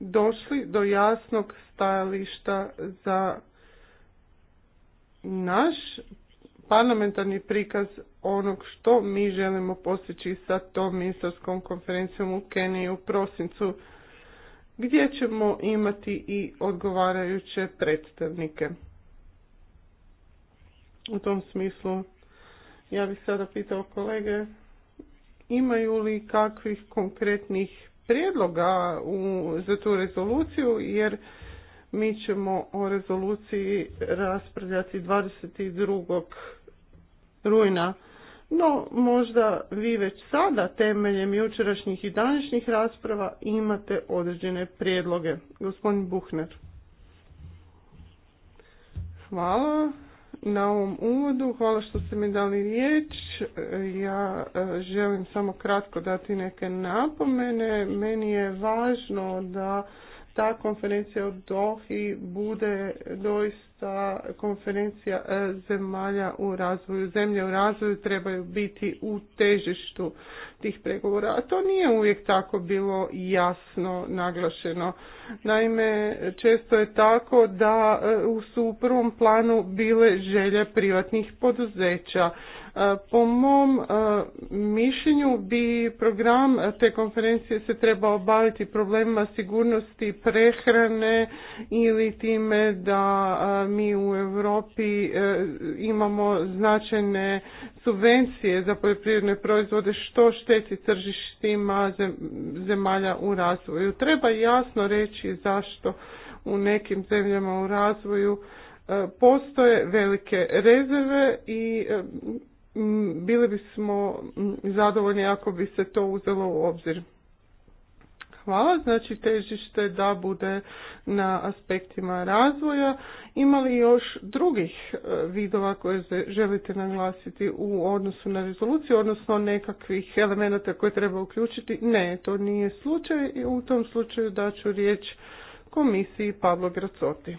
S2: došli do jasnog stajališta za naš parlamentarni prikaz onog što mi želimo postići sa tom ministarskom konferencijom u Keniji u prosincu gdje ćemo imati i odgovarajuće predstavnike. U tom smislu ja bih sada pitao kolege imaju li kakvih konkretnih prijedloga u, za tu rezoluciju jer mi ćemo o rezoluciji raspravljati 22. rujna. No, možda vi već sada temeljem jučerašnjih i današnjih rasprava imate određene prijedloge. Gospodin Buhner. Hvala na ovom uvodu. Hvala što ste mi dali riječ. Ja e, želim samo kratko dati neke napomene. Meni je važno da ta konferencija u Dohi bude doista konferencija e, zemalja u razvoju. Zemlje u razvoju trebaju biti u težištu tih pregovora, a to nije uvijek tako bilo jasno naglašeno. Naime, često je tako da e, su u prvom planu bile želje privatnih poduzeća E, po mom e, mišljenju bi program te konferencije se trebao baviti problemima sigurnosti prehrane ili time da e, mi u Europi imamo značajne subvencije za poljoprivredne proizvode što šteti tržištima zemalja u razvoju. Treba jasno reći zašto u nekim zemljama u razvoju postoje velike rezerve i bili bismo zadovoljni ako bi se to uzelo u obzir. Hvala, znači težište da bude na aspektima razvoja. Ima li još drugih e, vidova koje želite naglasiti u odnosu na rezoluciju, odnosno nekakvih elemenata koje treba uključiti? Ne, to nije slučaj i u tom slučaju daću riječ komisiji Pablo Gracoti.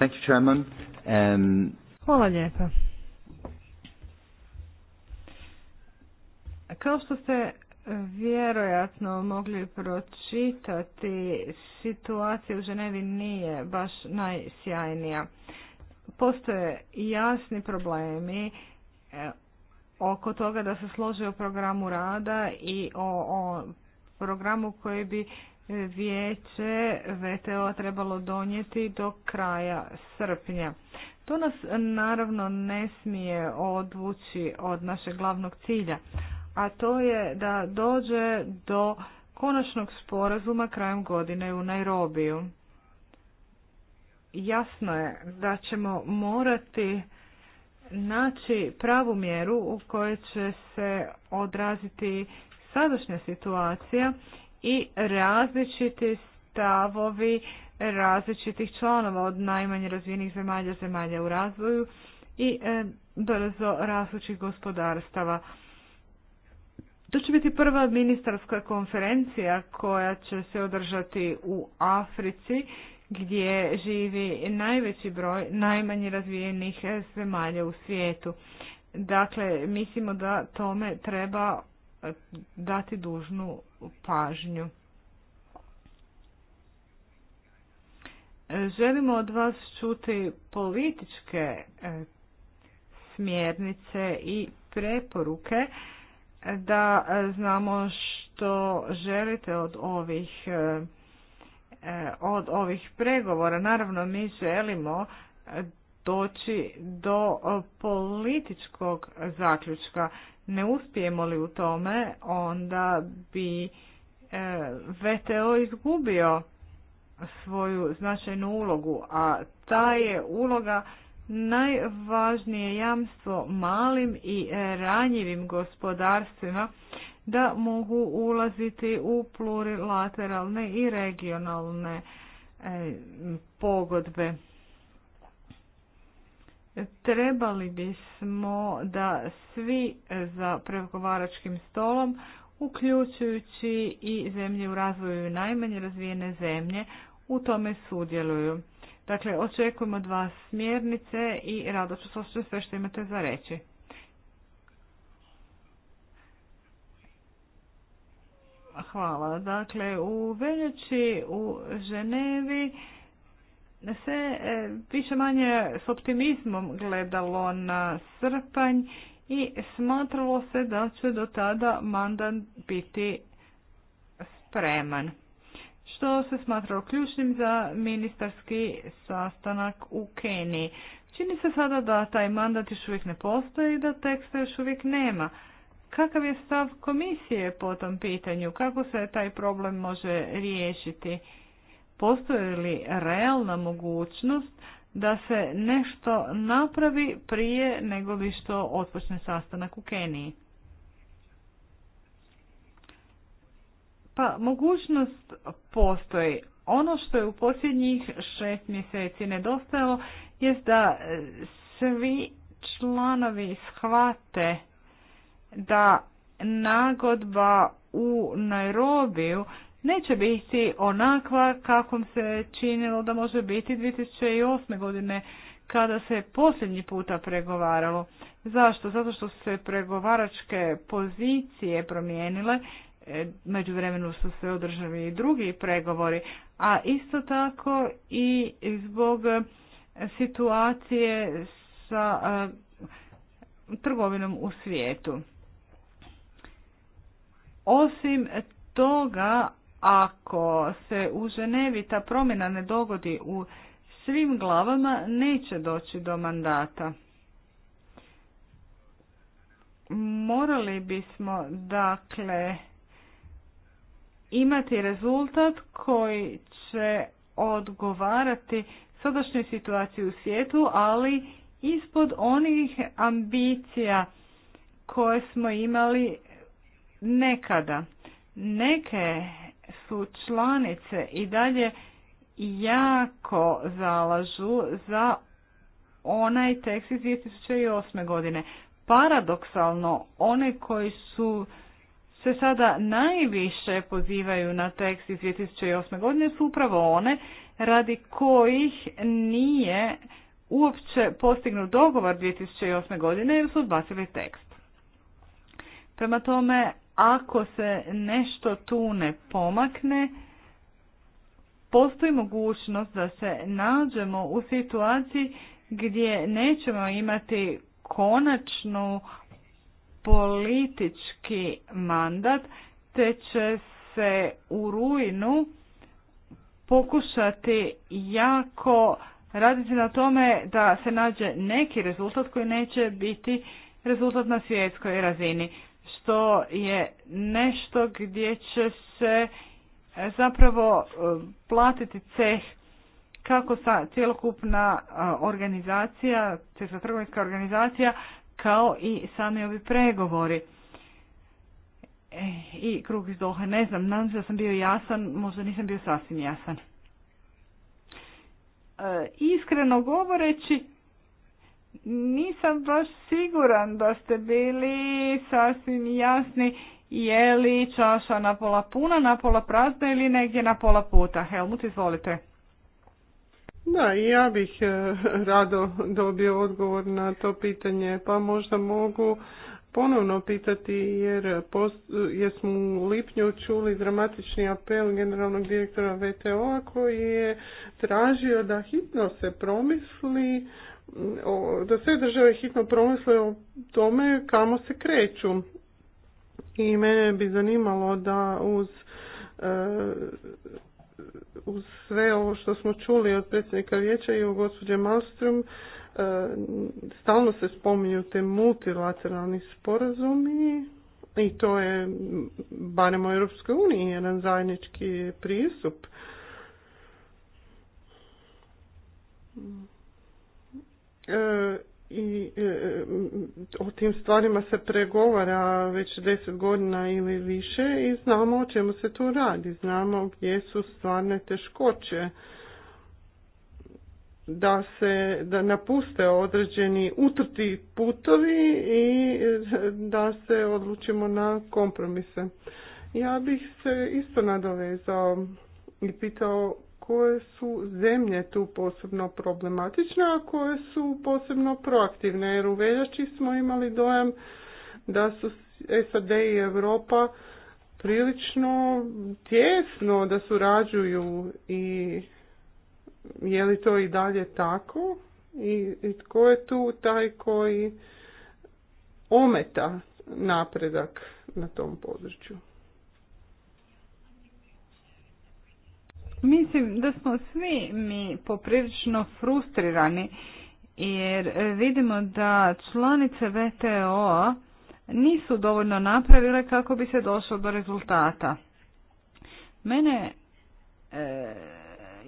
S5: Um,
S2: Hvala lijepa. Kao
S3: što ste e, vjerojatno mogli pročitati, situacija u Ženevi nije baš najsjajnija. Postoje jasni problemi e, oko toga da se složi o programu rada i o, o programu koji bi e, vijeće VTO trebalo donijeti do kraja srpnja. To nas naravno ne smije odvući od našeg glavnog cilja, a to je da dođe do konačnog sporazuma krajem godine u Nairobiju. Jasno je da ćemo morati naći pravu mjeru u kojoj će se odraziti sadašnja situacija i različiti stavovi različitih članova od najmanje razvijenih zemalja, zemalja u razvoju i eh, do različitih gospodarstava. To će biti prva ministarska konferencija koja će se održati u Africi gdje živi najveći broj najmanje razvijenih zemalja u svijetu. Dakle, mislimo da tome treba dati dužnu pažnju. Želimo od vas čuti političke e, smjernice i preporuke da e, znamo što želite od ovih e, e, od ovih pregovora. Naravno, mi želimo doći do političkog zaključka. Ne uspijemo li u tome, onda bi VTO izgubio svoju značajnu ulogu, a ta je uloga najvažnije jamstvo malim i ranjivim gospodarstvima da mogu ulaziti u plurilateralne i regionalne e, pogodbe. Trebali bismo da svi za pregovaračkim stolom, uključujući i zemlje u razvoju i najmanje razvijene zemlje, u tome sudjeluju. Dakle, očekujemo od vas smjernice i rado ću slušati sve što imate za reći. Hvala. Dakle, u veljači u Ženevi se e, više manje s optimizmom gledalo na srpanj i smatralo se da će do tada mandat biti spreman što se smatralo ključnim za ministarski sastanak u Keniji. Čini se sada da taj mandat još uvijek ne postoji i da teksta još uvijek nema. Kakav je stav komisije po tom pitanju? Kako se taj problem može riješiti? Postoje li realna mogućnost da se nešto napravi prije nego li što otpočne sastanak u Keniji? Pa mogućnost postoji. Ono što je u posljednjih šest mjeseci nedostajalo je da e, svi članovi shvate da nagodba u Nairobiju neće biti onakva kakvom se činilo da može biti 2008. godine kada se posljednji puta pregovaralo. Zašto? Zato što su se pregovaračke pozicije promijenile E, međuvremenu su se održali i drugi pregovori, a isto tako i zbog e, situacije sa e, trgovinom u svijetu. Osim toga, ako se u Ženevi ta promjena ne dogodi u svim glavama, neće doći do mandata. Morali bismo, dakle, imati rezultat koji će odgovarati sadašnjoj situaciji u svijetu, ali ispod onih ambicija koje smo imali nekada. Neke su članice i dalje jako zalažu za onaj tekst iz 2008. godine. Paradoksalno, one koji su se sada najviše pozivaju na tekst iz 2008. godine su upravo one radi kojih nije uopće postignut dogovor 2008. godine jer su odbacili tekst. Prema tome, ako se nešto tu ne pomakne, postoji mogućnost da se nađemo u situaciji gdje nećemo imati konačnu politički mandat, te će se u rujnu pokušati jako raditi na tome da se nađe neki rezultat koji neće biti rezultat na svjetskoj razini, što je nešto gdje će se e, zapravo e, platiti ceh kako sa cjelokupna organizacija, cjelokupna trgovinska organizacija, kao i sami ovi pregovori. E, I krug iz Doha, ne znam, nadam se da sam bio jasan, možda nisam bio sasvim jasan. E, iskreno govoreći, nisam baš siguran da ste bili sasvim jasni je li čaša pola puna, pola prazna ili negdje na pola puta. Helmut, izvolite.
S2: Da, i ja bih e, rado dobio odgovor na to pitanje, pa možda mogu ponovno pitati jer, post, smo u lipnju čuli dramatični apel generalnog direktora VTO-a koji je tražio da hitno se promisli da sve države hitno promisle o tome kamo se kreću. I mene bi zanimalo da uz e, uz sve ovo što smo čuli od predsjednika vijeća i u gospođe Malstrom, e, stalno se spominju te multilateralni sporazumi i to je barem u Europskoj uniji jedan zajednički pristup. E, i e, o tim stvarima se pregovara već deset godina ili više i znamo o čemu se tu radi, znamo gdje su stvarne teškoće da se da napuste određeni utrti putovi i da se odlučimo na kompromise. Ja bih se isto nadovezao i pitao koje su zemlje tu posebno problematične, a koje su posebno proaktivne, jer u veljači smo imali dojam da su SAD i Europa prilično tjesno da surađuju i je li to i dalje tako i, i tko je tu taj koji ometa napredak na tom području.
S3: Mislim da smo svi mi poprilično frustrirani jer e, vidimo da članice vto nisu dovoljno napravile kako bi se došlo do rezultata. Mene, e,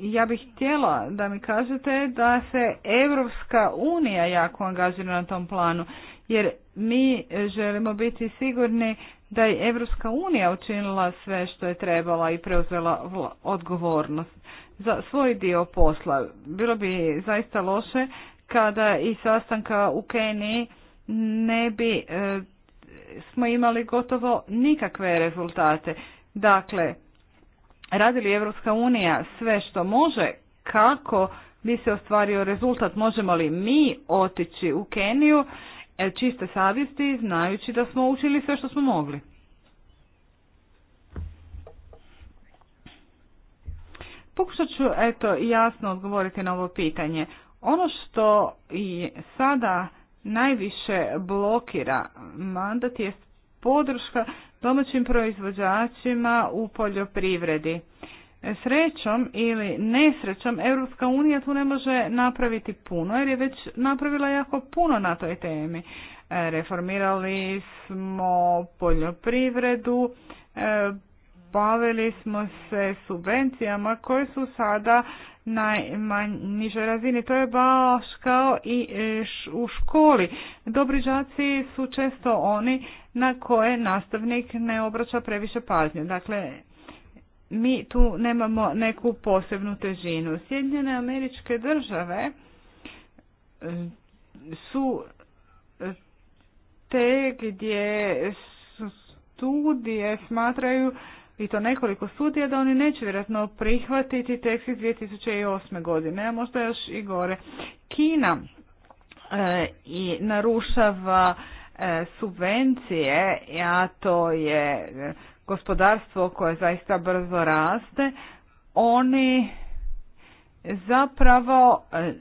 S3: ja bih htjela da mi kažete da se Evropska unija jako angažira na tom planu, jer mi želimo biti sigurni da je Evropska unija učinila sve što je trebala i preuzela odgovornost za svoj dio posla. Bilo bi zaista loše kada i sastanka u Keniji ne bi e, smo imali gotovo nikakve rezultate. Dakle, radi li Evropska unija sve što može, kako bi se ostvario rezultat, možemo li mi otići u Keniju E, čiste savjesti znajući da smo učili sve što smo mogli. Pokušat ću eto, jasno odgovoriti na ovo pitanje. Ono što i sada najviše blokira mandat je podrška domaćim proizvođačima u poljoprivredi. Srećom ili nesrećom Europska unija tu ne može napraviti puno jer je već napravila jako puno na toj temi. E, reformirali smo poljoprivredu, e, bavili smo se subvencijama koje su sada na nižoj razini. To je baš kao i e, u školi. Dobri žaci su često oni na koje nastavnik ne obraća previše pažnje. Dakle, mi tu nemamo neku posebnu težinu. Sjedinjene američke države e, su e, te gdje studije smatraju i to nekoliko studija da oni neće vjerojatno prihvatiti tekst iz 2008. godine, a možda još i gore. Kina e, i narušava subvencije, a to je gospodarstvo koje zaista brzo raste, oni zapravo e,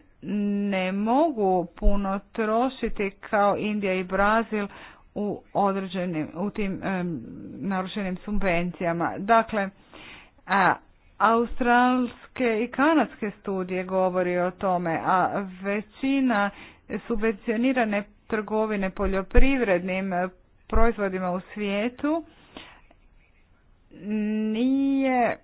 S3: ne mogu puno trošiti kao Indija i Brazil u određenim u tim e, narušenim subvencijama. Dakle, a, australske i kanadske studije govori o tome, a većina subvencionirane trgovine poljoprivrednim e, proizvodima u svijetu nije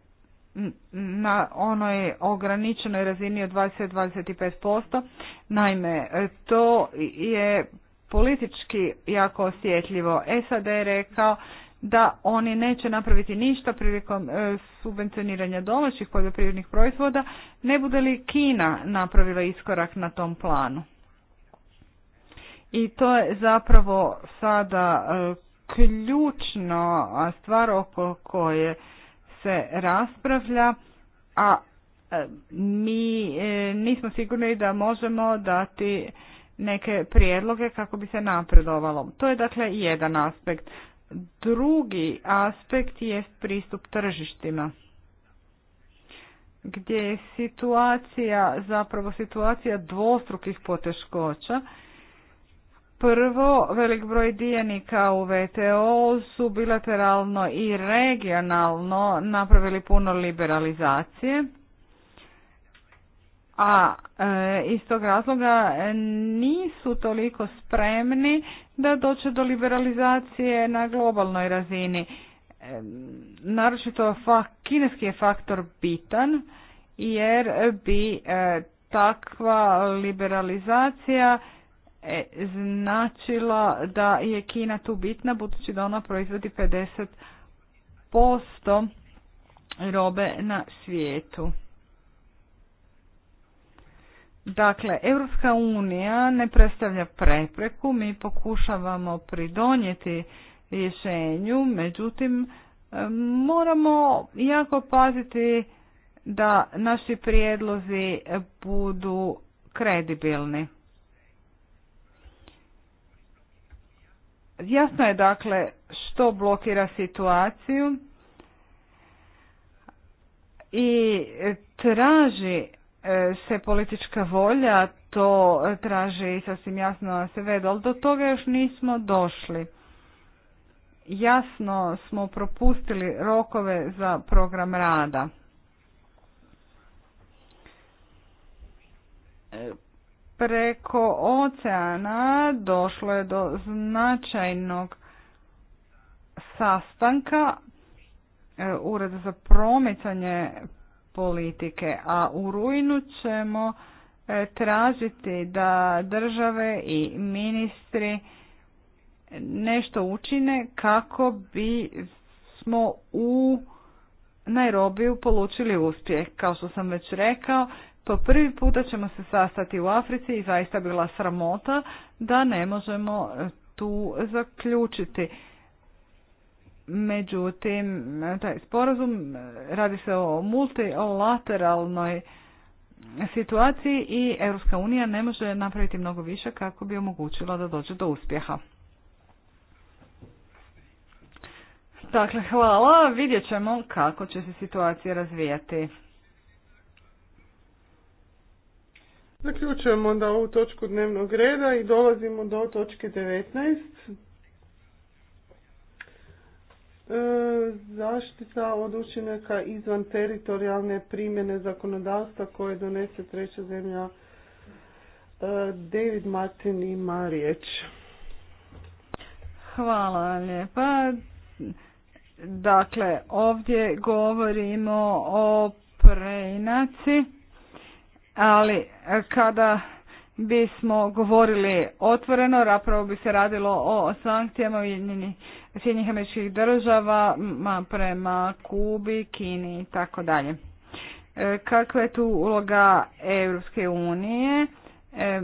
S3: na onoj ograničenoj razini od 20-25%. Naime, to je politički jako osjetljivo. SAD je rekao da oni neće napraviti ništa prilikom e, subvencioniranja domaćih poljoprivrednih proizvoda, ne bude li Kina napravila iskorak na tom planu. I to je zapravo sada e, ključno stvar oko koje se raspravlja, a e, mi e, nismo sigurni da možemo dati neke prijedloge kako bi se napredovalo. To je dakle jedan aspekt. Drugi aspekt je pristup tržištima gdje je situacija, zapravo situacija dvostrukih poteškoća Prvo, velik broj dijenika u VTO su bilateralno i regionalno napravili puno liberalizacije, a e, iz tog razloga nisu toliko spremni da doće do liberalizacije na globalnoj razini. E, naročito kineski je faktor bitan jer bi e, takva liberalizacija E, značila da je Kina tu bitna budući da ona proizvodi 50% robe na svijetu. Dakle, Europska unija ne predstavlja prepreku, mi pokušavamo pridonijeti rješenju, međutim e, moramo jako paziti da naši prijedlozi budu kredibilni. Jasno je dakle što blokira situaciju i traži e, se politička volja, to traži sasvim jasno sve, ali do toga još nismo došli. Jasno smo propustili rokove za program rada. E, preko oceana došlo je do značajnog sastanka e, Ureda za promicanje politike, a u rujnu ćemo e, tražiti da države i ministri nešto učine kako bi smo u Nairobiju polučili uspjeh. Kao što sam već rekao, po prvi puta ćemo se sastati u Africi i zaista bila sramota da ne možemo e, tu zaključiti. Međutim, taj sporazum e, radi se o multilateralnoj situaciji i Europska unija ne može napraviti mnogo više kako bi omogućila da dođe do uspjeha. Dakle, hvala. Vidjet ćemo kako će se situacija razvijati.
S2: Zaključujemo onda ovu točku dnevnog reda i dolazimo do točke 19. E, zaštita od učinaka izvan teritorijalne primjene zakonodavstva koje donese treća zemlja. E, David Martin i riječ. Hvala lijepa.
S3: Dakle, ovdje govorimo o preinaci ali e, kada bismo govorili otvoreno, zapravo bi se radilo o sankcijama Sjednjih američkih država prema Kubi, Kini i tako dalje. E, kakva je tu uloga Europske unije? E,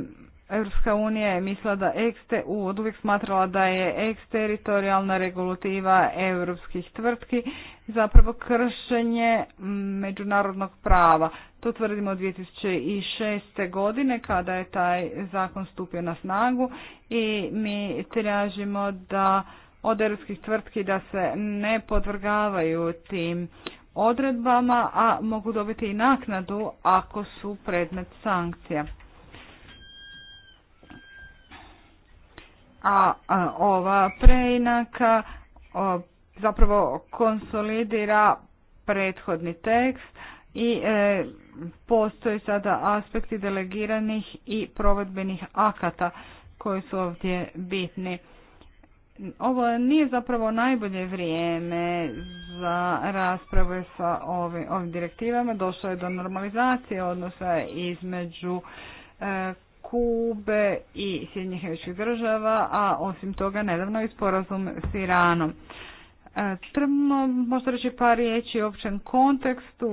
S3: Europska unija je mislila da ekste u uvijek smatrala da je eksteritorijalna regulativa europskih tvrtki zapravo kršenje međunarodnog prava. To tvrdimo od 2006. godine kada je taj zakon stupio na snagu i mi tražimo da od europskih tvrtki da se ne podvrgavaju tim odredbama, a mogu dobiti i naknadu ako su predmet sankcija. a, ova preinaka zapravo konsolidira prethodni tekst i e, postoji sada aspekti delegiranih i provedbenih akata koji su ovdje bitni. Ovo nije zapravo najbolje vrijeme za rasprave sa ovim, direktivama. Došlo je do normalizacije odnosa između e, Kube i Sjednjih država, a osim toga nedavno i sporazum s Iranom. E, trebamo možda reći par riječi o općem kontekstu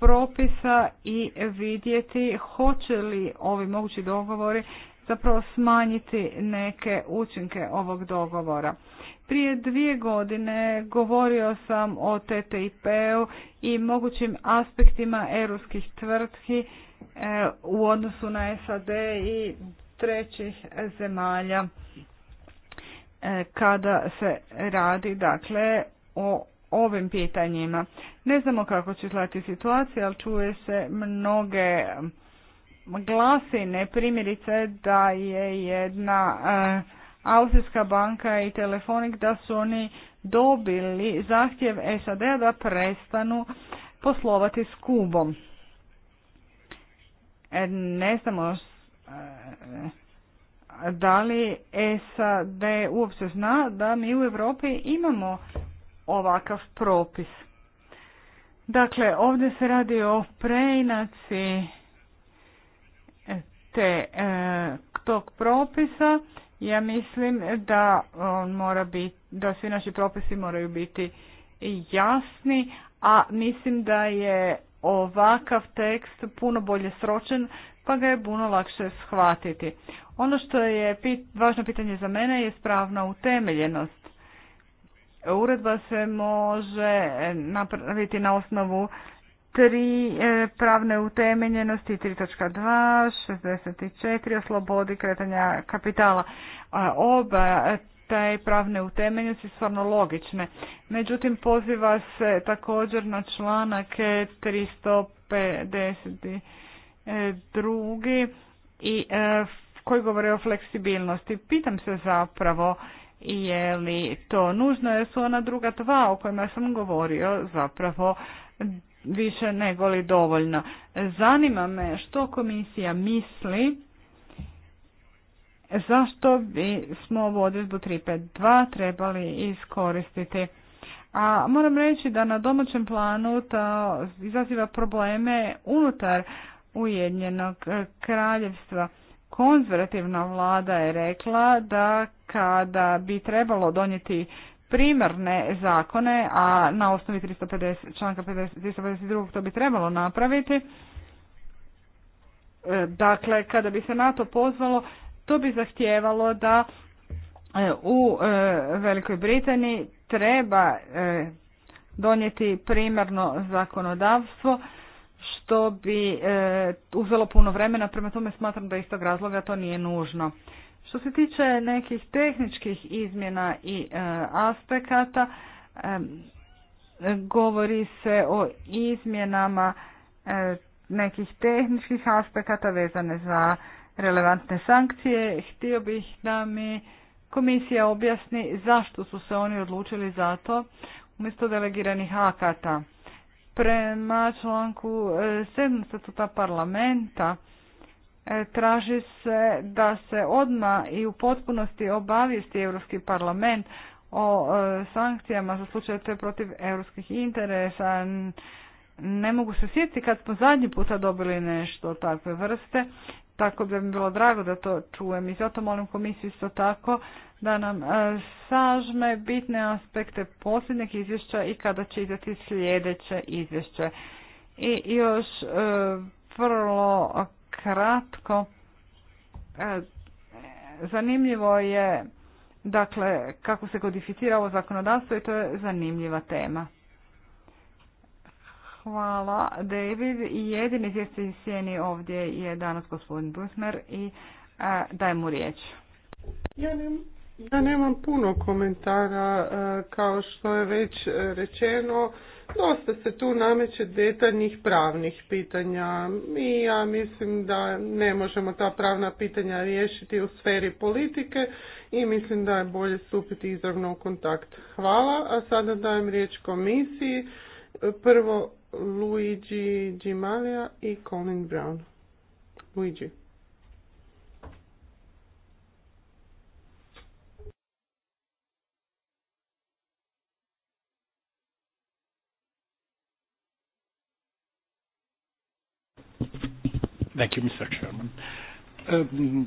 S3: propisa i vidjeti hoće li ovi mogući dogovori zapravo smanjiti neke učinke ovog dogovora. Prije dvije godine govorio sam o TTIP-u i mogućim aspektima europskih tvrtki E, u odnosu na SAD i trećih zemalja e, kada se radi dakle o ovim pitanjima. Ne znamo kako će izgledati situacija, ali čuje se mnoge glasine, primjerice da je jedna e, Austrijska banka i Telefonik da su oni dobili zahtjev SAD-a da prestanu poslovati s Kubom. E, ne znamo e, da li SAD uopće zna da mi u Europi imamo ovakav propis. Dakle, ovdje se radi o preinaci te e, tog propisa. Ja mislim da on mora biti, da svi naši propisi moraju biti jasni, a mislim da je ovakav tekst puno bolje sročen, pa ga je puno lakše shvatiti. Ono što je pit, važno pitanje za mene je spravna utemeljenost. Uredba se može napraviti na osnovu tri e, pravne utemeljenosti 3.2, 64 o slobodi kretanja kapitala. Oba te pravne utemeljenosti stvarno logične. Međutim, poziva se također na članak 352 i e, koji govori o fleksibilnosti. Pitam se zapravo je li to nužno jer su ona druga dva o kojima sam govorio zapravo više nego li dovoljno. Zanima me što komisija misli zašto bi smo ovu odredbu 352 trebali iskoristiti. A moram reći da na domaćem planu to izaziva probleme unutar Ujedinjenog kraljevstva. Konzervativna vlada je rekla da kada bi trebalo donijeti primarne zakone, a na osnovi 350, članka 50, 352 to bi trebalo napraviti, e, dakle kada bi se na to pozvalo to bi zahtijevalo da e, u e, Velikoj Britaniji treba e, donijeti primarno zakonodavstvo što bi uzelo puno vremena, prema tome smatram da istog razloga to nije nužno. Što se tiče nekih tehničkih izmjena i aspekata, govori se o izmjenama nekih tehničkih aspekata vezane za relevantne sankcije. Htio bih da mi komisija objasni zašto su se oni odlučili za to umjesto delegiranih akata. Prema članku 7 eh, statuta parlamenta eh, traži se da se odma i u potpunosti obavijesti Europski parlament o eh, sankcijama za slučaje protiv europskih interesa. Ne mogu se sjetiti kad smo zadnji puta dobili nešto takve vrste tako da mi bilo drago da to čujem i zato molim komisiju isto tako da nam e, sažme bitne aspekte posljednjeg izvješća i kada će izdati sljedeće izvješće. I još e, vrlo kratko, e, zanimljivo je dakle kako se kodificira ovo zakonodavstvo i to je zanimljiva tema. Hvala, David. I jedini iz sjeni ovdje je danas gospodin Busmer i daj mu
S2: riječ. Ja nemam, ja nemam puno komentara, kao što je već rečeno, dosta se tu nameće detaljnih pravnih pitanja i ja mislim da ne možemo ta pravna pitanja riješiti u sferi politike i mislim da je bolje stupiti izravno u kontakt. Hvala, a sada dajem riječ komisiji. Prvo Luigi Gimalia i Colin Brown. Luigi.
S1: Thank you, Mr. Chairman. Um,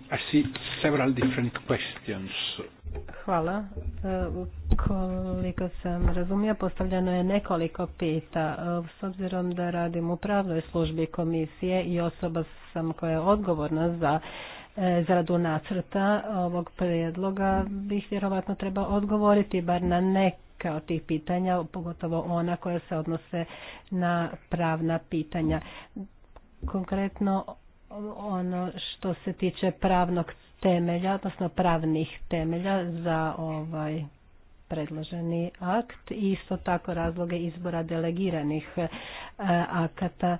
S4: Hvala. Uh, koliko sam razumio, postavljeno je nekoliko pita. Uh, s obzirom da radim u pravnoj službi komisije i osoba sam koja je odgovorna za izradu uh, nacrta ovog prijedloga, bih vjerovatno treba odgovoriti bar na neka od tih pitanja, pogotovo ona koja se odnose na pravna pitanja. Konkretno ono što se tiče pravnog temelja, odnosno pravnih temelja za ovaj predloženi akt i isto tako razloge izbora delegiranih eh, akata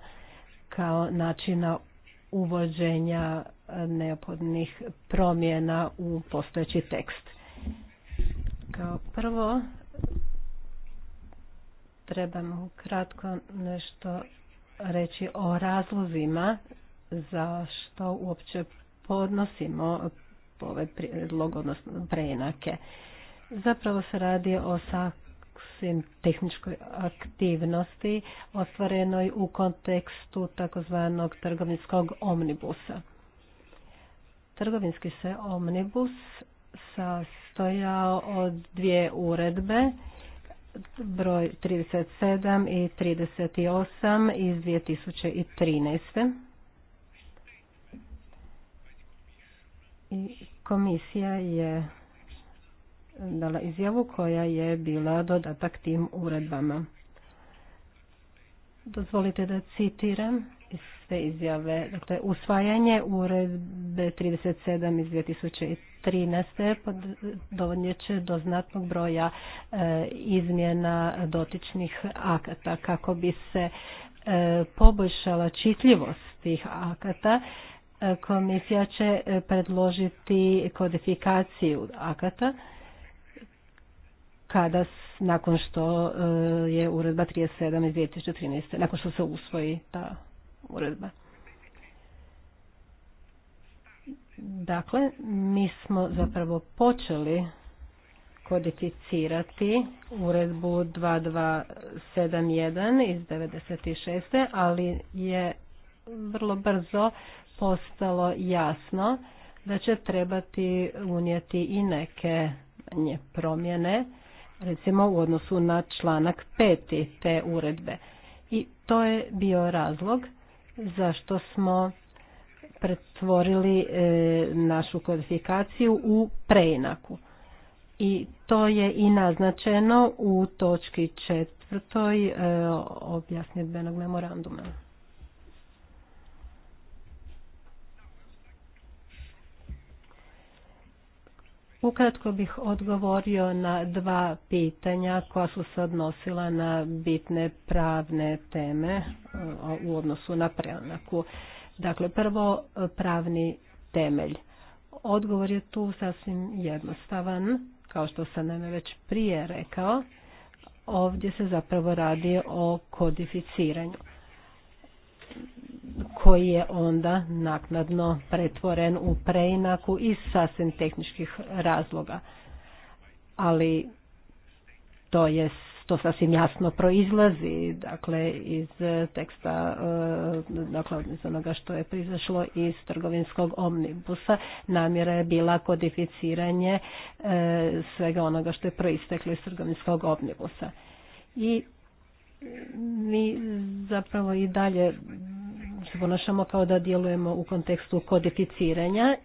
S4: kao načina uvođenja eh, neophodnih promjena u postojeći tekst. Kao prvo trebamo kratko nešto reći o razlozima zašto uopće podnosimo ovaj prijedlog, odnosno preinake. Zapravo se radi o saksim tehničkoj aktivnosti ostvarenoj u kontekstu takozvanog trgovinskog omnibusa. Trgovinski se omnibus sastojao od dvije uredbe, broj 37 i 38 iz 2013. I komisija je dala izjavu koja je bila dodatak tim uredbama. Dozvolite da citiram iz sve izjave. Dakle, usvajanje uredbe 37 iz 2013. dovodnje će do znatnog broja e, izmjena dotičnih akata kako bi se e, poboljšala čitljivost tih akata komisija će e, predložiti kodifikaciju akata kada nakon što e, je uredba 37 iz 2013. nakon što se usvoji ta uredba. Dakle, mi smo zapravo počeli kodificirati uredbu 2271 iz 96. ali je vrlo brzo postalo jasno da će trebati unijeti i neke manje promjene, recimo u odnosu na članak peti te uredbe. I to je bio razlog zašto smo pretvorili e, našu kodifikaciju u preinaku. I to je i naznačeno u točki četvrtoj e, objasnjedbenog memoranduma. Ukratko bih odgovorio na dva pitanja koja su se odnosila na bitne pravne teme u odnosu na preonaku Dakle, prvo pravni temelj. Odgovor je tu sasvim jednostavan, kao što sam nam već prije rekao. Ovdje se zapravo radi o kodificiranju koji je onda naknadno pretvoren u preinaku iz sasvim tehničkih razloga. Ali to je to sasvim jasno proizlazi dakle iz teksta e, dakle iz onoga što je prizašlo iz trgovinskog omnibusa namjera je bila kodificiranje e, svega onoga što je proisteklo iz trgovinskog omnibusa i mi zapravo i dalje se ponašamo kao da djelujemo u kontekstu kodificiranja,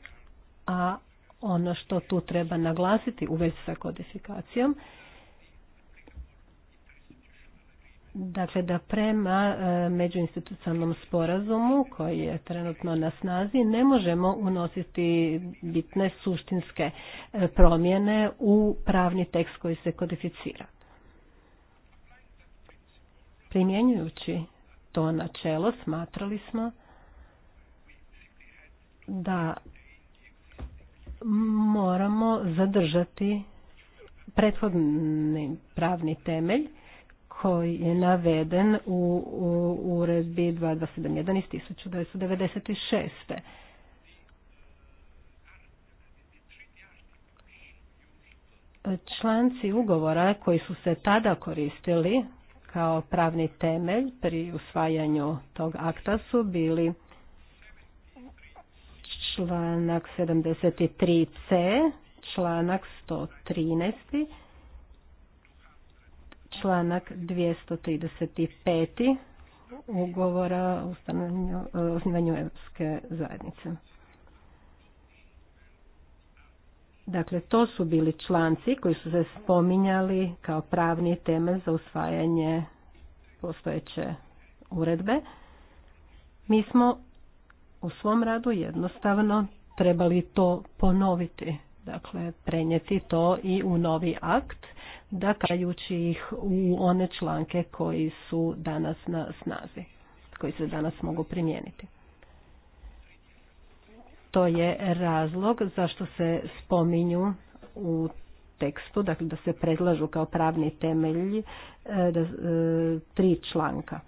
S4: a ono što tu treba naglasiti u vezi sa kodifikacijom, dakle da prema e, međuinstitucionalnom sporazumu koji je trenutno na snazi ne možemo unositi bitne suštinske e, promjene u pravni tekst koji se kodificira. Primjenjujući to načelo smatrali smo da moramo zadržati prethodni pravni temelj koji je naveden u, u uredbi 2271 iz 1996. Članci ugovora koji su se tada koristili kao pravni temelj pri usvajanju tog akta su bili članak 73c, članak 113, članak 235 ugovora o osnivanju Europske zajednice. Dakle, to su bili članci koji su se spominjali kao pravni teme za usvajanje postojeće uredbe. Mi smo u svom radu jednostavno trebali to ponoviti, dakle prenijeti to i u novi akt, da ih u one članke koji su danas na snazi, koji se danas mogu primijeniti to je razlog zašto se spominju u tekstu, dakle da se predlažu kao pravni temelj e, da, e, tri članka.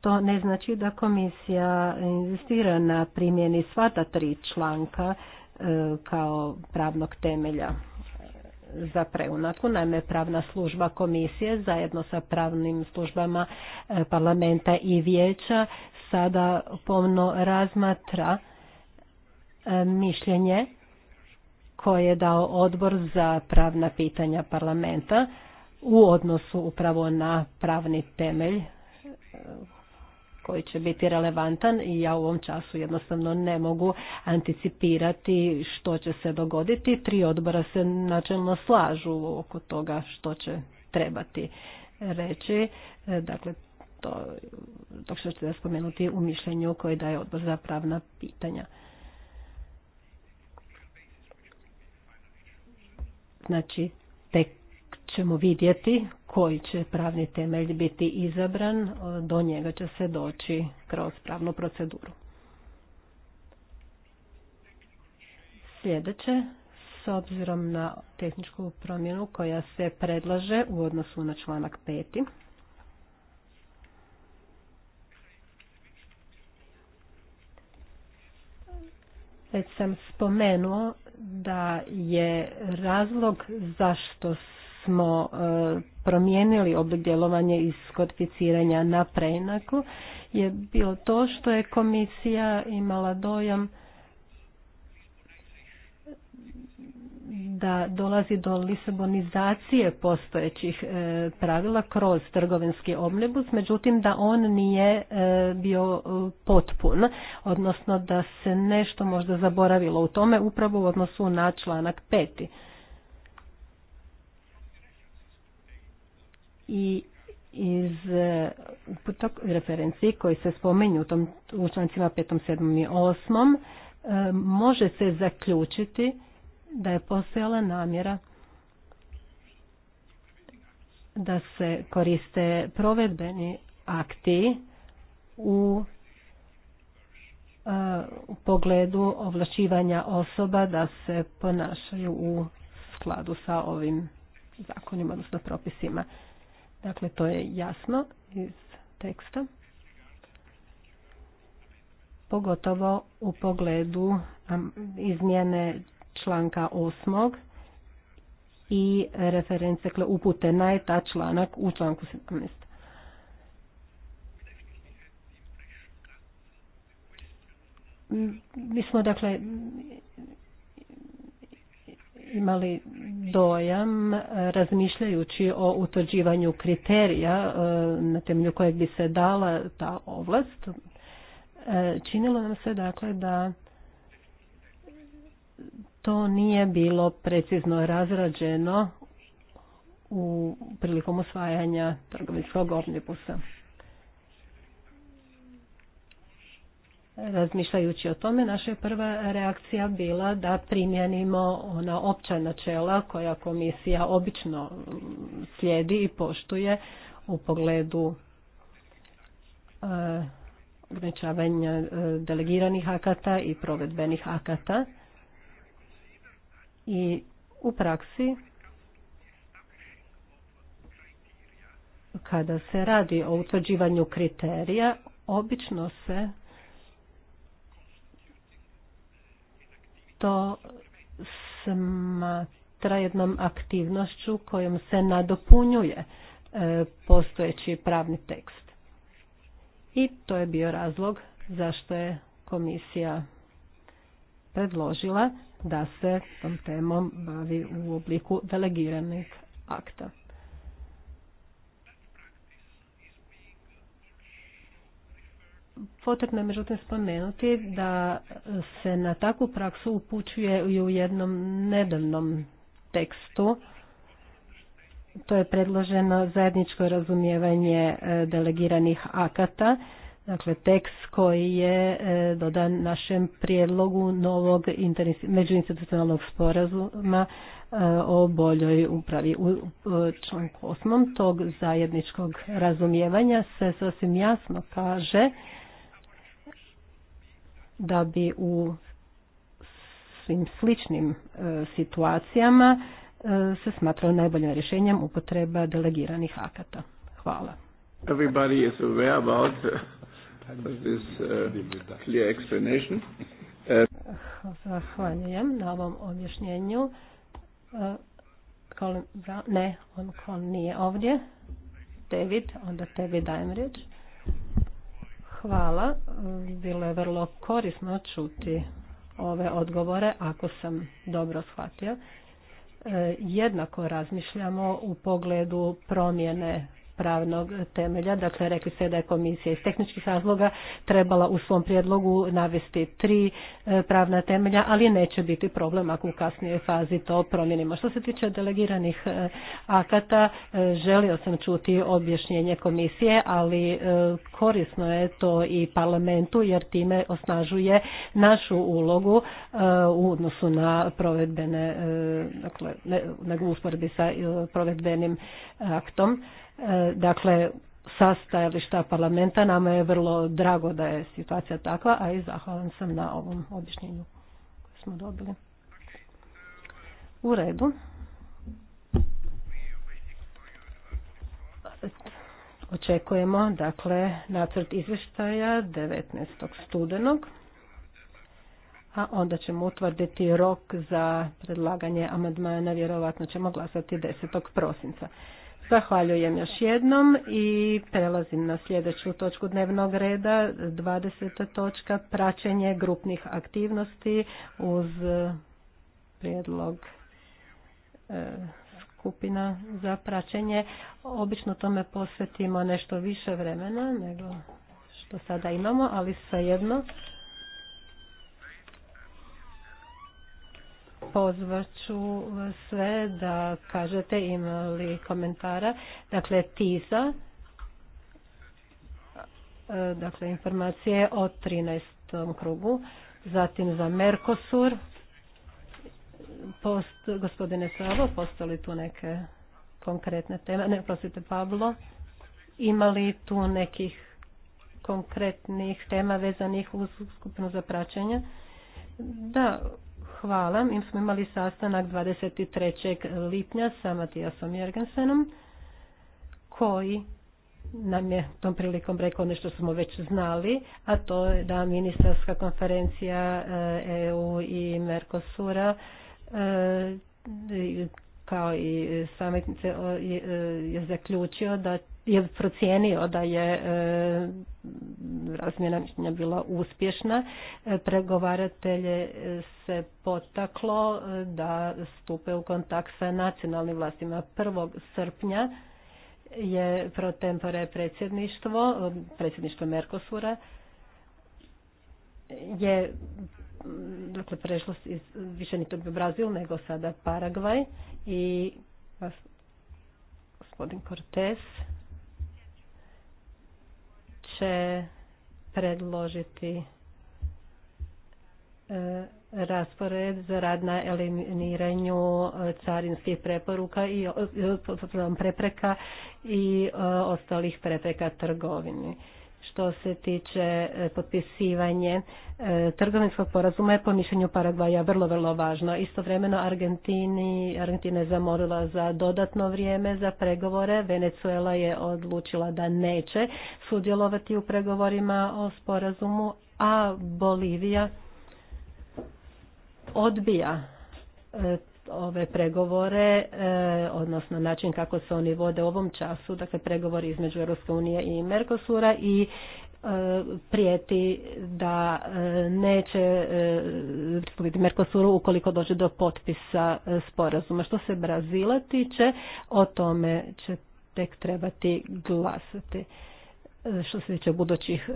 S4: To ne znači da komisija inzistira na primjeni sva ta tri članka e, kao pravnog temelja za preunaku. Naime, pravna služba komisije zajedno sa pravnim službama parlamenta i vijeća sada pomno razmatra E, mišljenje koje je dao odbor za pravna pitanja parlamenta u odnosu upravo na pravni temelj e, koji će biti relevantan i ja u ovom času jednostavno ne mogu anticipirati što će se dogoditi. Tri odbora se načelno slažu oko toga što će trebati reći. E, dakle, to, to što ćete spomenuti u mišljenju koje daje odbor za pravna pitanja. Znači, tek ćemo vidjeti koji će pravni temelj biti izabran, e, do njega će se doći kroz pravnu proceduru. Sljedeće, s obzirom na tehničku promjenu koja se predlaže u odnosu na članak 5. Već sam spomenuo da je razlog zašto smo e, promijenili oblik djelovanja iz kodificiranja na preinaku je bilo to što je komisija imala dojam da dolazi do lisabonizacije postojećih e, pravila kroz trgovinski omnibus, međutim da on nije e, bio e, potpun, odnosno da se nešto možda zaboravilo u tome upravo u odnosu na članak peti. I iz putok referenciji koji se spominju u, tom, u člancima 5, 7 i 8 može se zaključiti da je postojala namjera da se koriste provedbeni akti u e, u pogledu ovlačivanja osoba da se ponašaju u skladu sa ovim zakonima, odnosno propisima. Dakle, to je jasno iz teksta. Pogotovo u pogledu izmjene članka osmog i reference kle upute na ta članak u članku 17. Mi smo dakle imali dojam razmišljajući o utvrđivanju kriterija e, na temelju kojeg bi se dala ta ovlast. E, činilo nam se dakle da to nije bilo precizno razrađeno u prilikom usvajanja trgovinskog omnibusa. Razmišljajući o tome, naša je prva reakcija bila da primjenimo ona opća načela koja komisija obično slijedi i poštuje u pogledu e, ograničavanja e, delegiranih akata i provedbenih akata. I u praksi kada se radi o utvrđivanju kriterija obično se to smatra jednom aktivnošću kojom se nadopunjuje e, postojeći pravni tekst. I to je bio razlog zašto je komisija predložila da se tom temom bavi u obliku delegiranih akta. Potrebno je međutim spomenuti da se na takvu praksu upućuje i u jednom nedavnom tekstu. To je predloženo zajedničko razumijevanje e, delegiranih akata Dakle, tekst koji je e, dodan našem prijedlogu novog međuinstitucionalnog sporazuma e, o boljoj upravi. U članku 8. tog zajedničkog razumijevanja se sasvim jasno kaže da bi u svim sličnim e, situacijama se smatrao najboljim rješenjem upotreba delegiranih akata. Hvala.
S1: Everybody is aware about
S4: Zahvaljujem na ovom objašnjenju. E, ne, on nije ovdje. David, onda tebi dajem riječ. Hvala, bilo je vrlo korisno čuti ove odgovore, ako sam dobro shvatio. E, Jednako razmišljamo u pogledu promjene pravnog temelja. Dakle, rekli ste da je komisija iz tehničkih razloga trebala u svom prijedlogu navesti tri e, pravna temelja, ali neće biti problem ako u kasnijoj fazi to promijenimo. Što se tiče delegiranih e, akata, e, želio sam čuti objašnjenje komisije, ali korisno je to i parlamentu jer time osnažuje našu ulogu u odnosu na provedbene, dakle, u usporedbi sa provedbenim aktom. E, dakle, sastajališta parlamenta nama je vrlo drago da je situacija takva, a i zahvalan sam na ovom objašnjenju koje smo dobili. U redu. Očekujemo, dakle, nacrt izvještaja 19. studenog, a onda ćemo utvrditi rok za predlaganje amandmana, vjerovatno ćemo glasati 10. prosinca. Zahvaljujem još jednom i prelazim na sljedeću točku dnevnog reda, 20. točka, praćenje grupnih aktivnosti uz e, prijedlog e, skupina za praćenje. Obično tome posvetimo nešto više vremena nego što sada imamo, ali svejedno pozvaću sve da kažete imali komentara. Dakle, TISA, e, dakle informacije o 13. krugu, zatim za Merkosur. Post, gospodine Savo, postali tu neke konkretne teme, ne prosite Pablo, Imali tu nekih konkretnih tema vezanih uz skupinu za praćenje? Da, Hvala. Im smo imali sastanak 23. lipnja sa Matijasom Jergensenom koji nam je tom prilikom rekao nešto smo već znali, a to je da ministarska konferencija e, EU i Mercosura e, kao i sametnice e, je zaključio da je procijenio da je e, razmjena mišljenja bila uspješna. E, pregovaratelje e, se potaklo da stupe u kontakt sa nacionalnim vlastima 1. srpnja je pro tempore predsjedništvo, predsjedništvo Merkosura je dakle prešlo iz, više ni to Brazil nego sada Paragvaj i gospodin Cortez će predložiti e, raspored za rad na eliminiranju e, carinskih preporuka i e, prepreka i ostalih prepreka trgovini što se tiče e, potpisivanje e, trgovinskog porazuma je po mišljenju Paragvaja vrlo, vrlo važno. Istovremeno Argentini, Argentina je zamorila za dodatno vrijeme za pregovore. Venezuela je odlučila da neće sudjelovati u pregovorima o sporazumu, a Bolivija odbija e, ove pregovore, e, odnosno način kako se oni vode u ovom času, dakle pregovori između Europske i Mercosura i e, prijeti da e, neće biti Mercosuru ukoliko dođe do potpisa sporazuma. Što se Brazila tiče, o tome će tek trebati glasati. Što se tiče budućih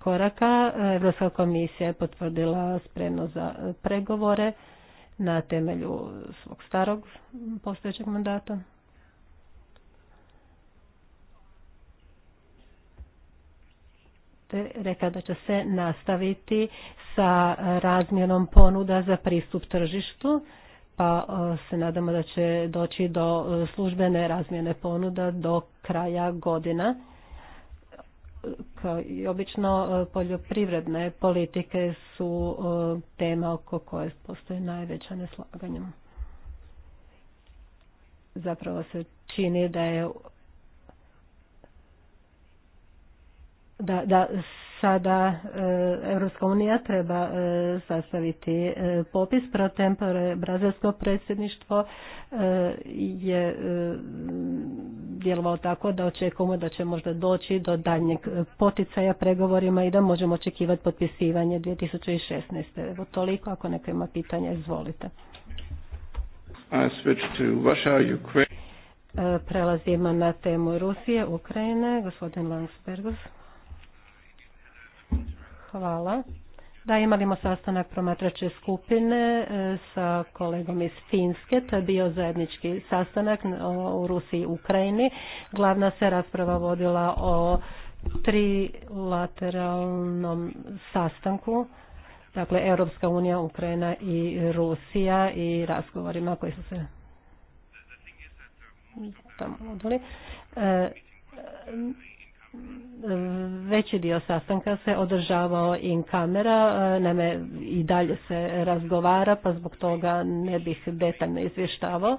S4: koraka, Evropska komisija je potvrdila spremno za pregovore na temelju svog starog postojećeg mandata. Te reka da će se nastaviti sa razmjenom ponuda za pristup tržištu, pa e, se nadamo da će doći do službene razmjene ponuda do kraja godina kao i obično e, poljoprivredne politike su e, tema oko koje postoji najveća neslaganja. Zapravo se čini da je da, da sada Europska unija treba e, sastaviti e, popis pro tempore brazilsko predsjedništvo e, je djelovao tako da očekujemo da će možda doći do daljnjeg poticaja pregovorima i da možemo očekivati potpisivanje 2016. Evo toliko, ako neko ima pitanja, izvolite. Prelazimo na temu Rusije, Ukrajine, gospodin Langsbergus. Hvala. Da, imali smo sastanak promatrače skupine e, sa kolegom iz Finske. To je bio zajednički sastanak u Rusiji i Ukrajini. Glavna se rasprava vodila o trilateralnom sastanku. Dakle, Europska unija, Ukrajina i Rusija i razgovorima koji su se tamo veći dio sastanka se održavao in kamera, e, naime i dalje se razgovara, pa zbog toga ne bih detaljno izvještavao,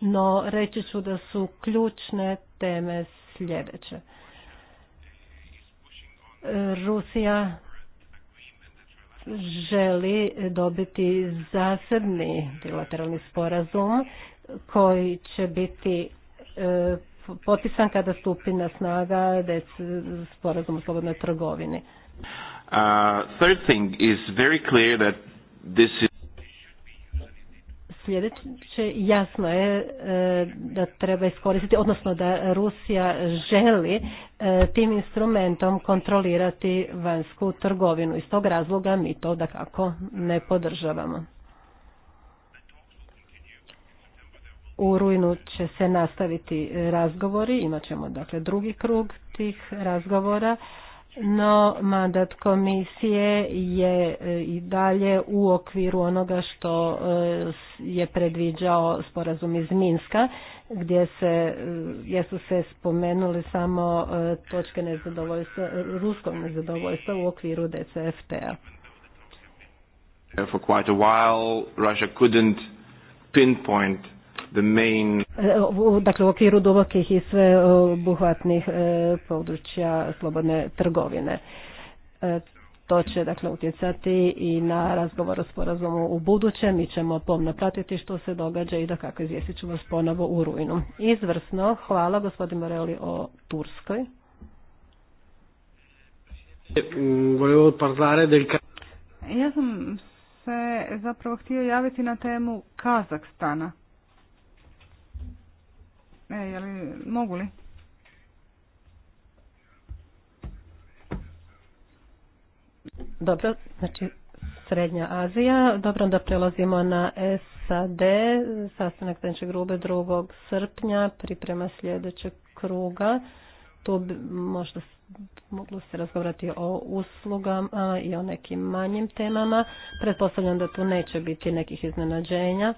S4: no reći ću da su ključne teme sljedeće. Rusija želi dobiti zasebni bilateralni sporazum koji će biti e, potpisan kada stupi na snaga sporazum o slobodnoj trgovini.
S6: Uh,
S4: Sljedeće, jasno je e, da treba iskoristiti, odnosno da Rusija želi e, tim instrumentom kontrolirati vanjsku trgovinu. Iz tog razloga mi to da kako ne podržavamo. U rujnu će se nastaviti razgovori, imat ćemo dakle drugi krug tih razgovora, no mandat komisije je e, i dalje u okviru onoga što e, je predviđao sporazum iz Minska, gdje se, e, jesu se spomenuli samo točke nezadovoljstva, ruskog nezadovoljstva u okviru dcft
S6: For quite a while, Russia couldn't pinpoint main... E,
S4: dakle, u okviru dubokih i sve e, obuhvatnih e, područja slobodne trgovine. To će dakle utjecati i na razgovor o sporazumu u budućem. Mi ćemo pomno pratiti što se događa i da kako izvijestit ću vas ponovo u rujnu. Izvrsno. Hvala gospodin Moreli o Turskoj. Ja sam se zapravo htio javiti na
S3: temu Kazakstana. E, je mogu
S4: li? Dobro, znači Srednja Azija. Dobro, da prelazimo na SAD. Sastanak znači grube 2. srpnja, priprema sljedećeg kruga. Tu bi možda moglo se razgovarati o uslugama i o nekim manjim temama. Pretpostavljam da tu neće biti nekih iznenađenja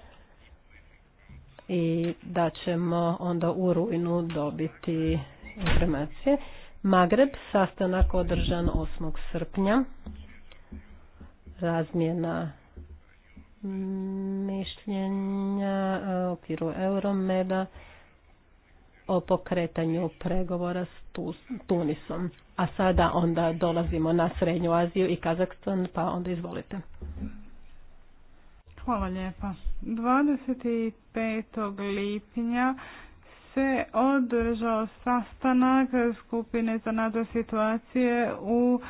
S4: i da ćemo onda u rujnu dobiti informacije. Magreb, sastanak održan 8. srpnja, razmjena mišljenja e, u okviru Euromeda o pokretanju pregovora s Tunisom. A sada onda dolazimo na Srednju Aziju i Kazakstan, pa onda izvolite. Hvala lijepa.
S3: 25. lipnja se održao sastanak skupine za nadzor situacije u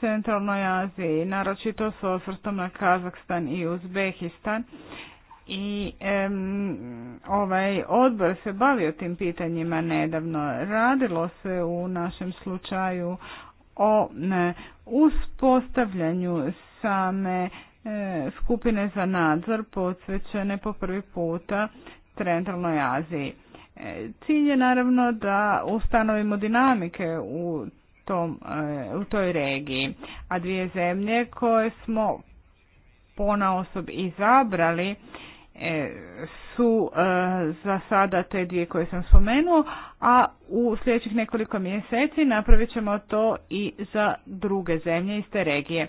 S3: centralnoj Aziji, naročito s osvrtom na Kazakstan i Uzbekistan. I ovaj odbor se bavio tim pitanjima nedavno. Radilo se u našem slučaju o ne, uspostavljanju same E, skupine za nadzor posvećene po prvi puta centralnoj Aziji. E, cilj je naravno da ustanovimo dinamike u, tom, e, u toj regiji, a dvije zemlje koje smo pona osob izabrali su za sada te dvije koje sam spomenuo, a u sljedećih nekoliko mjeseci napravit ćemo to i za druge zemlje iz te regije.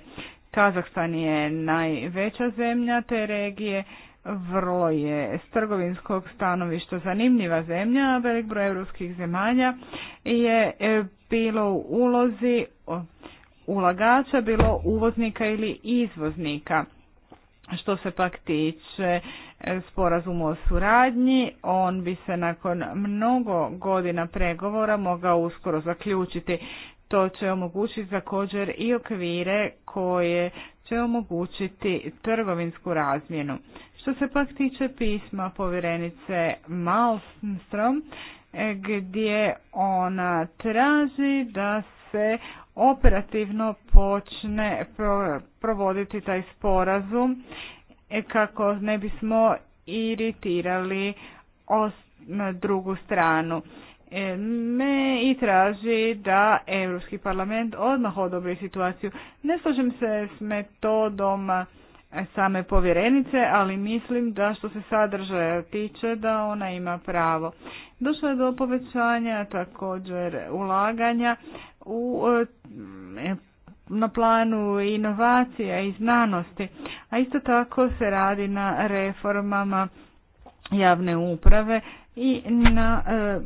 S3: Kazahstan je najveća zemlja te regije, vrlo je s trgovinskog stanovišta zanimljiva zemlja, velik broj europskih zemalja je e, bilo u ulozi ulagača, bilo uvoznika ili izvoznika. Što se pak tiče e, sporazuma o suradnji, on bi se nakon mnogo godina pregovora mogao uskoro zaključiti. To će omogućiti također i okvire koje će omogućiti trgovinsku razmjenu. Što se pak tiče pisma povjerenice Malmström, e, gdje ona traži da se operativno počne provoditi taj sporazum e, kako ne bismo iritirali drugu stranu. E, me i traži da Europski parlament odmah odobri situaciju. Ne slažem se s metodom e, same povjerenice, ali mislim da što se sadržaja tiče da ona ima pravo. Došlo je do povećanja također ulaganja u, e, na planu inovacija i znanosti, a isto tako se radi na reformama javne uprave i na eh,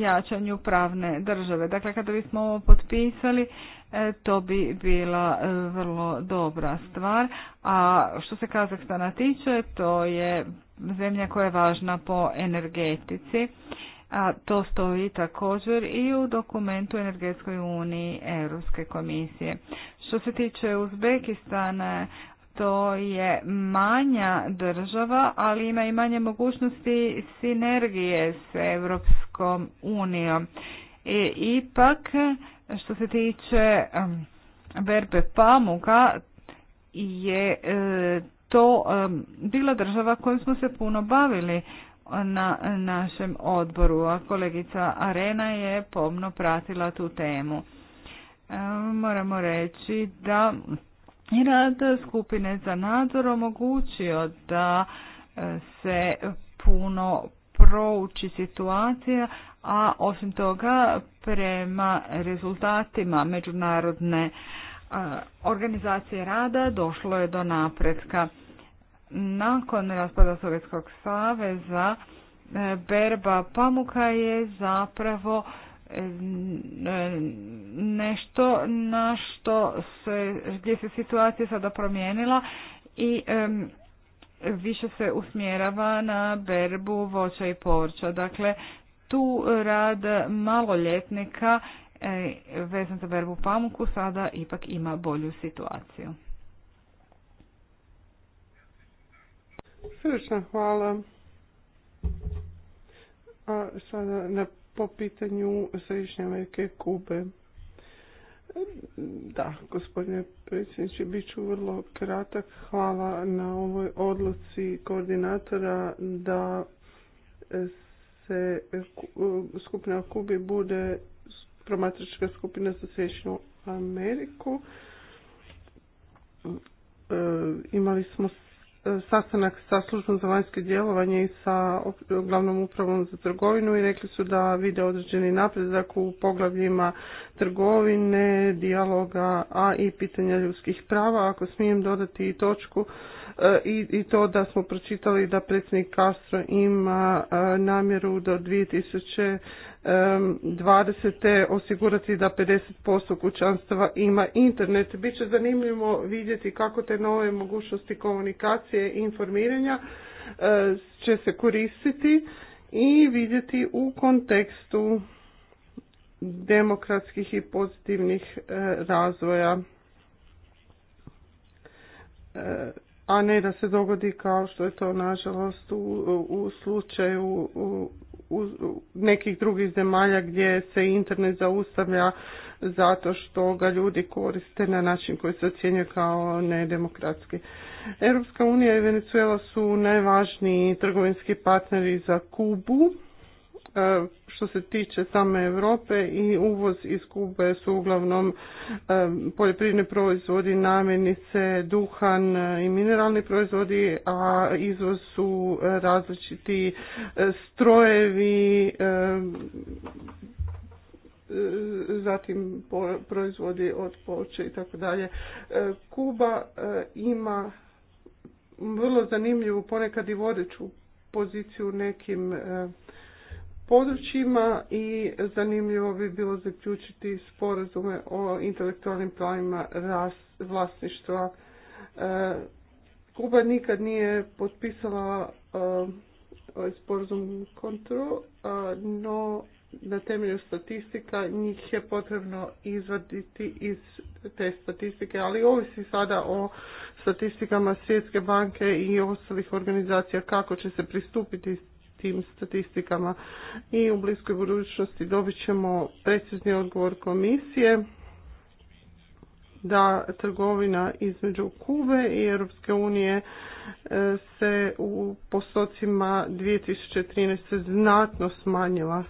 S3: jačanju pravne države. Dakle, kada bismo ovo potpisali, eh, to bi bila eh, vrlo dobra stvar. A što se Kazahstana tiče, to je zemlja koja je važna po energetici. A to stoji također i u dokumentu Energetskoj uniji Europske komisije. Što se tiče Uzbekistana, to je manja država, ali ima i manje mogućnosti sinergije s Europskom unijom. E, ipak, što se tiče Verbe Pamuka, je e, to bila država kojom smo se puno bavili na našem odboru, a kolegica Arena je pomno pratila tu temu. Moramo reći da Rad skupine za nadzor omogućio da e, se puno prouči situacija, a osim toga prema rezultatima međunarodne e, organizacije rada došlo je do napretka. Nakon raspada Sovjetskog saveza e, Berba Pamuka je zapravo nešto na što se, gdje se situacija sada promijenila i više se usmjerava na berbu voća i povrća. Dakle, tu rad maloljetnika e, vezan za berbu pamuku sada ipak ima bolju situaciju.
S2: Srećno, hvala. A sada na po pitanju Središnje Amerike Kube. Da, gospodine predsjedniče, bit ću vrlo kratak. Hvala na ovoj odluci koordinatora da se skupina Kube Kubi bude promatračka skupina za Središnju Ameriku. E, imali smo sastanak sa službom za vanjske djelovanje i sa glavnom upravom za trgovinu i rekli su da vide određeni napredak u poglavljima trgovine, dijaloga, a i pitanja ljudskih prava. Ako smijem dodati i točku E, i, i to da smo pročitali da predsjednik Castro ima e, namjeru do 2020. osigurati da 50% kućanstava ima internet. Biće zanimljivo vidjeti kako te nove mogućnosti komunikacije i informiranja e, će se koristiti i vidjeti u kontekstu demokratskih i pozitivnih razvoja a ne da se dogodi kao što je to nažalost u, u slučaju u, nekih drugih zemalja gdje se internet zaustavlja zato što ga ljudi koriste na način koji se ocjenjuje kao nedemokratski. Europska unija i Venezuela su najvažniji trgovinski partneri za Kubu e, što se tiče same Europe i uvoz iz Kube su uglavnom e, poljoprivredni proizvodi, namjenice, duhan e, i mineralni proizvodi, a izvoz su različiti e, strojevi, zatim proizvodi od poče i tako dalje. Kuba ima vrlo zanimljivu ponekad i vodeću poziciju nekim područjima i zanimljivo bi bilo zaključiti sporazume o intelektualnim pravima vlasništva. E, Kuba nikad nije potpisala e, ovaj sporazum kontrol, e, no na temelju statistika njih je potrebno izvaditi iz te statistike, ali ovisi sada o statistikama Svjetske banke i ostalih organizacija kako će se pristupiti tim statistikama i u bliskoj budućnosti dobit ćemo precizni odgovor komisije da trgovina između Kube i Europske unije e, se u postocima 2013. znatno smanjila.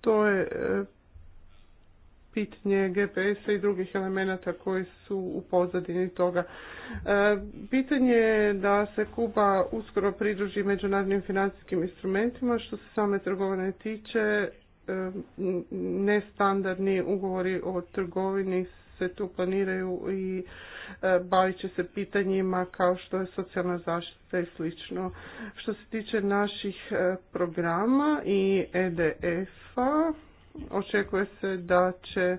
S2: To je e, pitanje GPS-a i drugih elemenata koji su u pozadini toga. E, pitanje je da se Kuba uskoro pridruži međunarodnim financijskim instrumentima što se same trgovine tiče e, nestandardni ugovori o trgovini se tu planiraju i e, bavit će se pitanjima kao što je socijalna zaštita i slično. Što se tiče naših programa i EDF-a, Očekuje se da će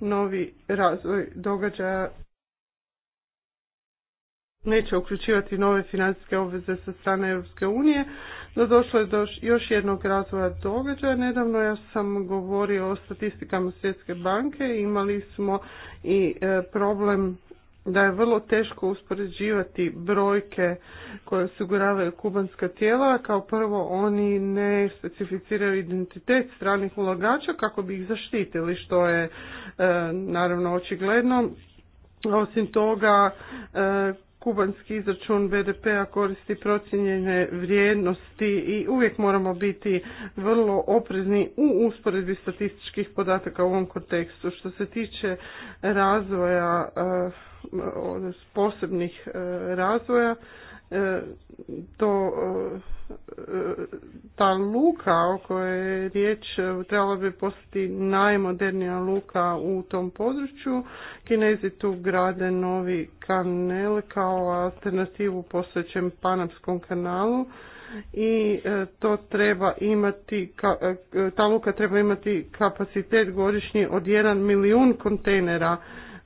S2: novi razvoj događaja neće uključivati nove financijske obveze sa strane Europske unije, no došlo je do još jednog razvoja događaja. Nedavno ja sam govorio o statistikama Svjetske banke, imali smo i e, problem da je vrlo teško uspoređivati brojke koje osiguravaju kubanska tijela. Kao prvo, oni ne specificiraju identitet stranih ulagača kako bi ih zaštitili, što je e, naravno očigledno. Osim toga, e, kubanski izračun BDP-a koristi procijenjene vrijednosti i uvijek moramo biti vrlo oprezni u usporedbi statističkih podataka u ovom kontekstu. Što se tiče razvoja, eh, posebnih eh, razvoja, E, to, e, ta luka o kojoj je riječ e, trebala bi postati najmodernija luka u tom području. Kinezi tu grade novi kanal kao alternativu postojećem Panamskom kanalu i to treba imati, ta luka treba imati kapacitet godišnji od 1 milijun kontejnera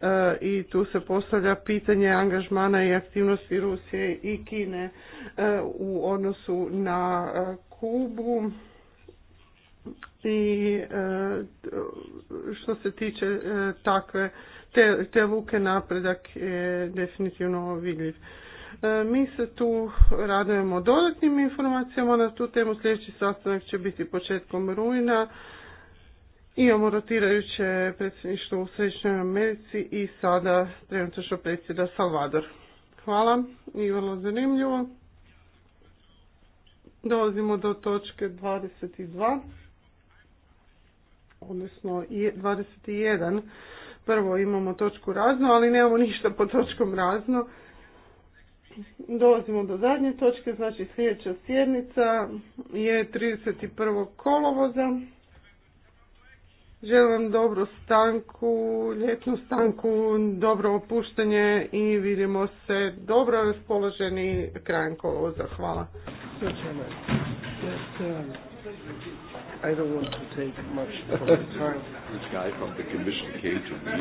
S2: E, i tu se postavlja pitanje angažmana i aktivnosti Rusije i Kine e, u odnosu na e, Kubu i što se tiče takve te, te luke napredak je definitivno vidljiv. Mi se tu radujemo dodatnim informacijama na tu temu. Sljedeći sastanak će biti početkom rujna. Imamo rotirajuće predsjedništvo u Središnjoj Americi i sada trenutno predsjeda Salvador. Hvala i vrlo zanimljivo. Dolazimo do točke 22, odnosno 21. Prvo imamo točku razno, ali nemamo ništa po točkom razno. Dolazimo do zadnje točke, znači sljedeća sjednica je 31. kolovoza. Želim vam dobru stanku, ljetnu stanku, dobro opuštanje i vidimo se dobro raspoloženi krajem kolovoza. Hvala. I don't want to take much of the time.
S1: This guy from the commission came to me.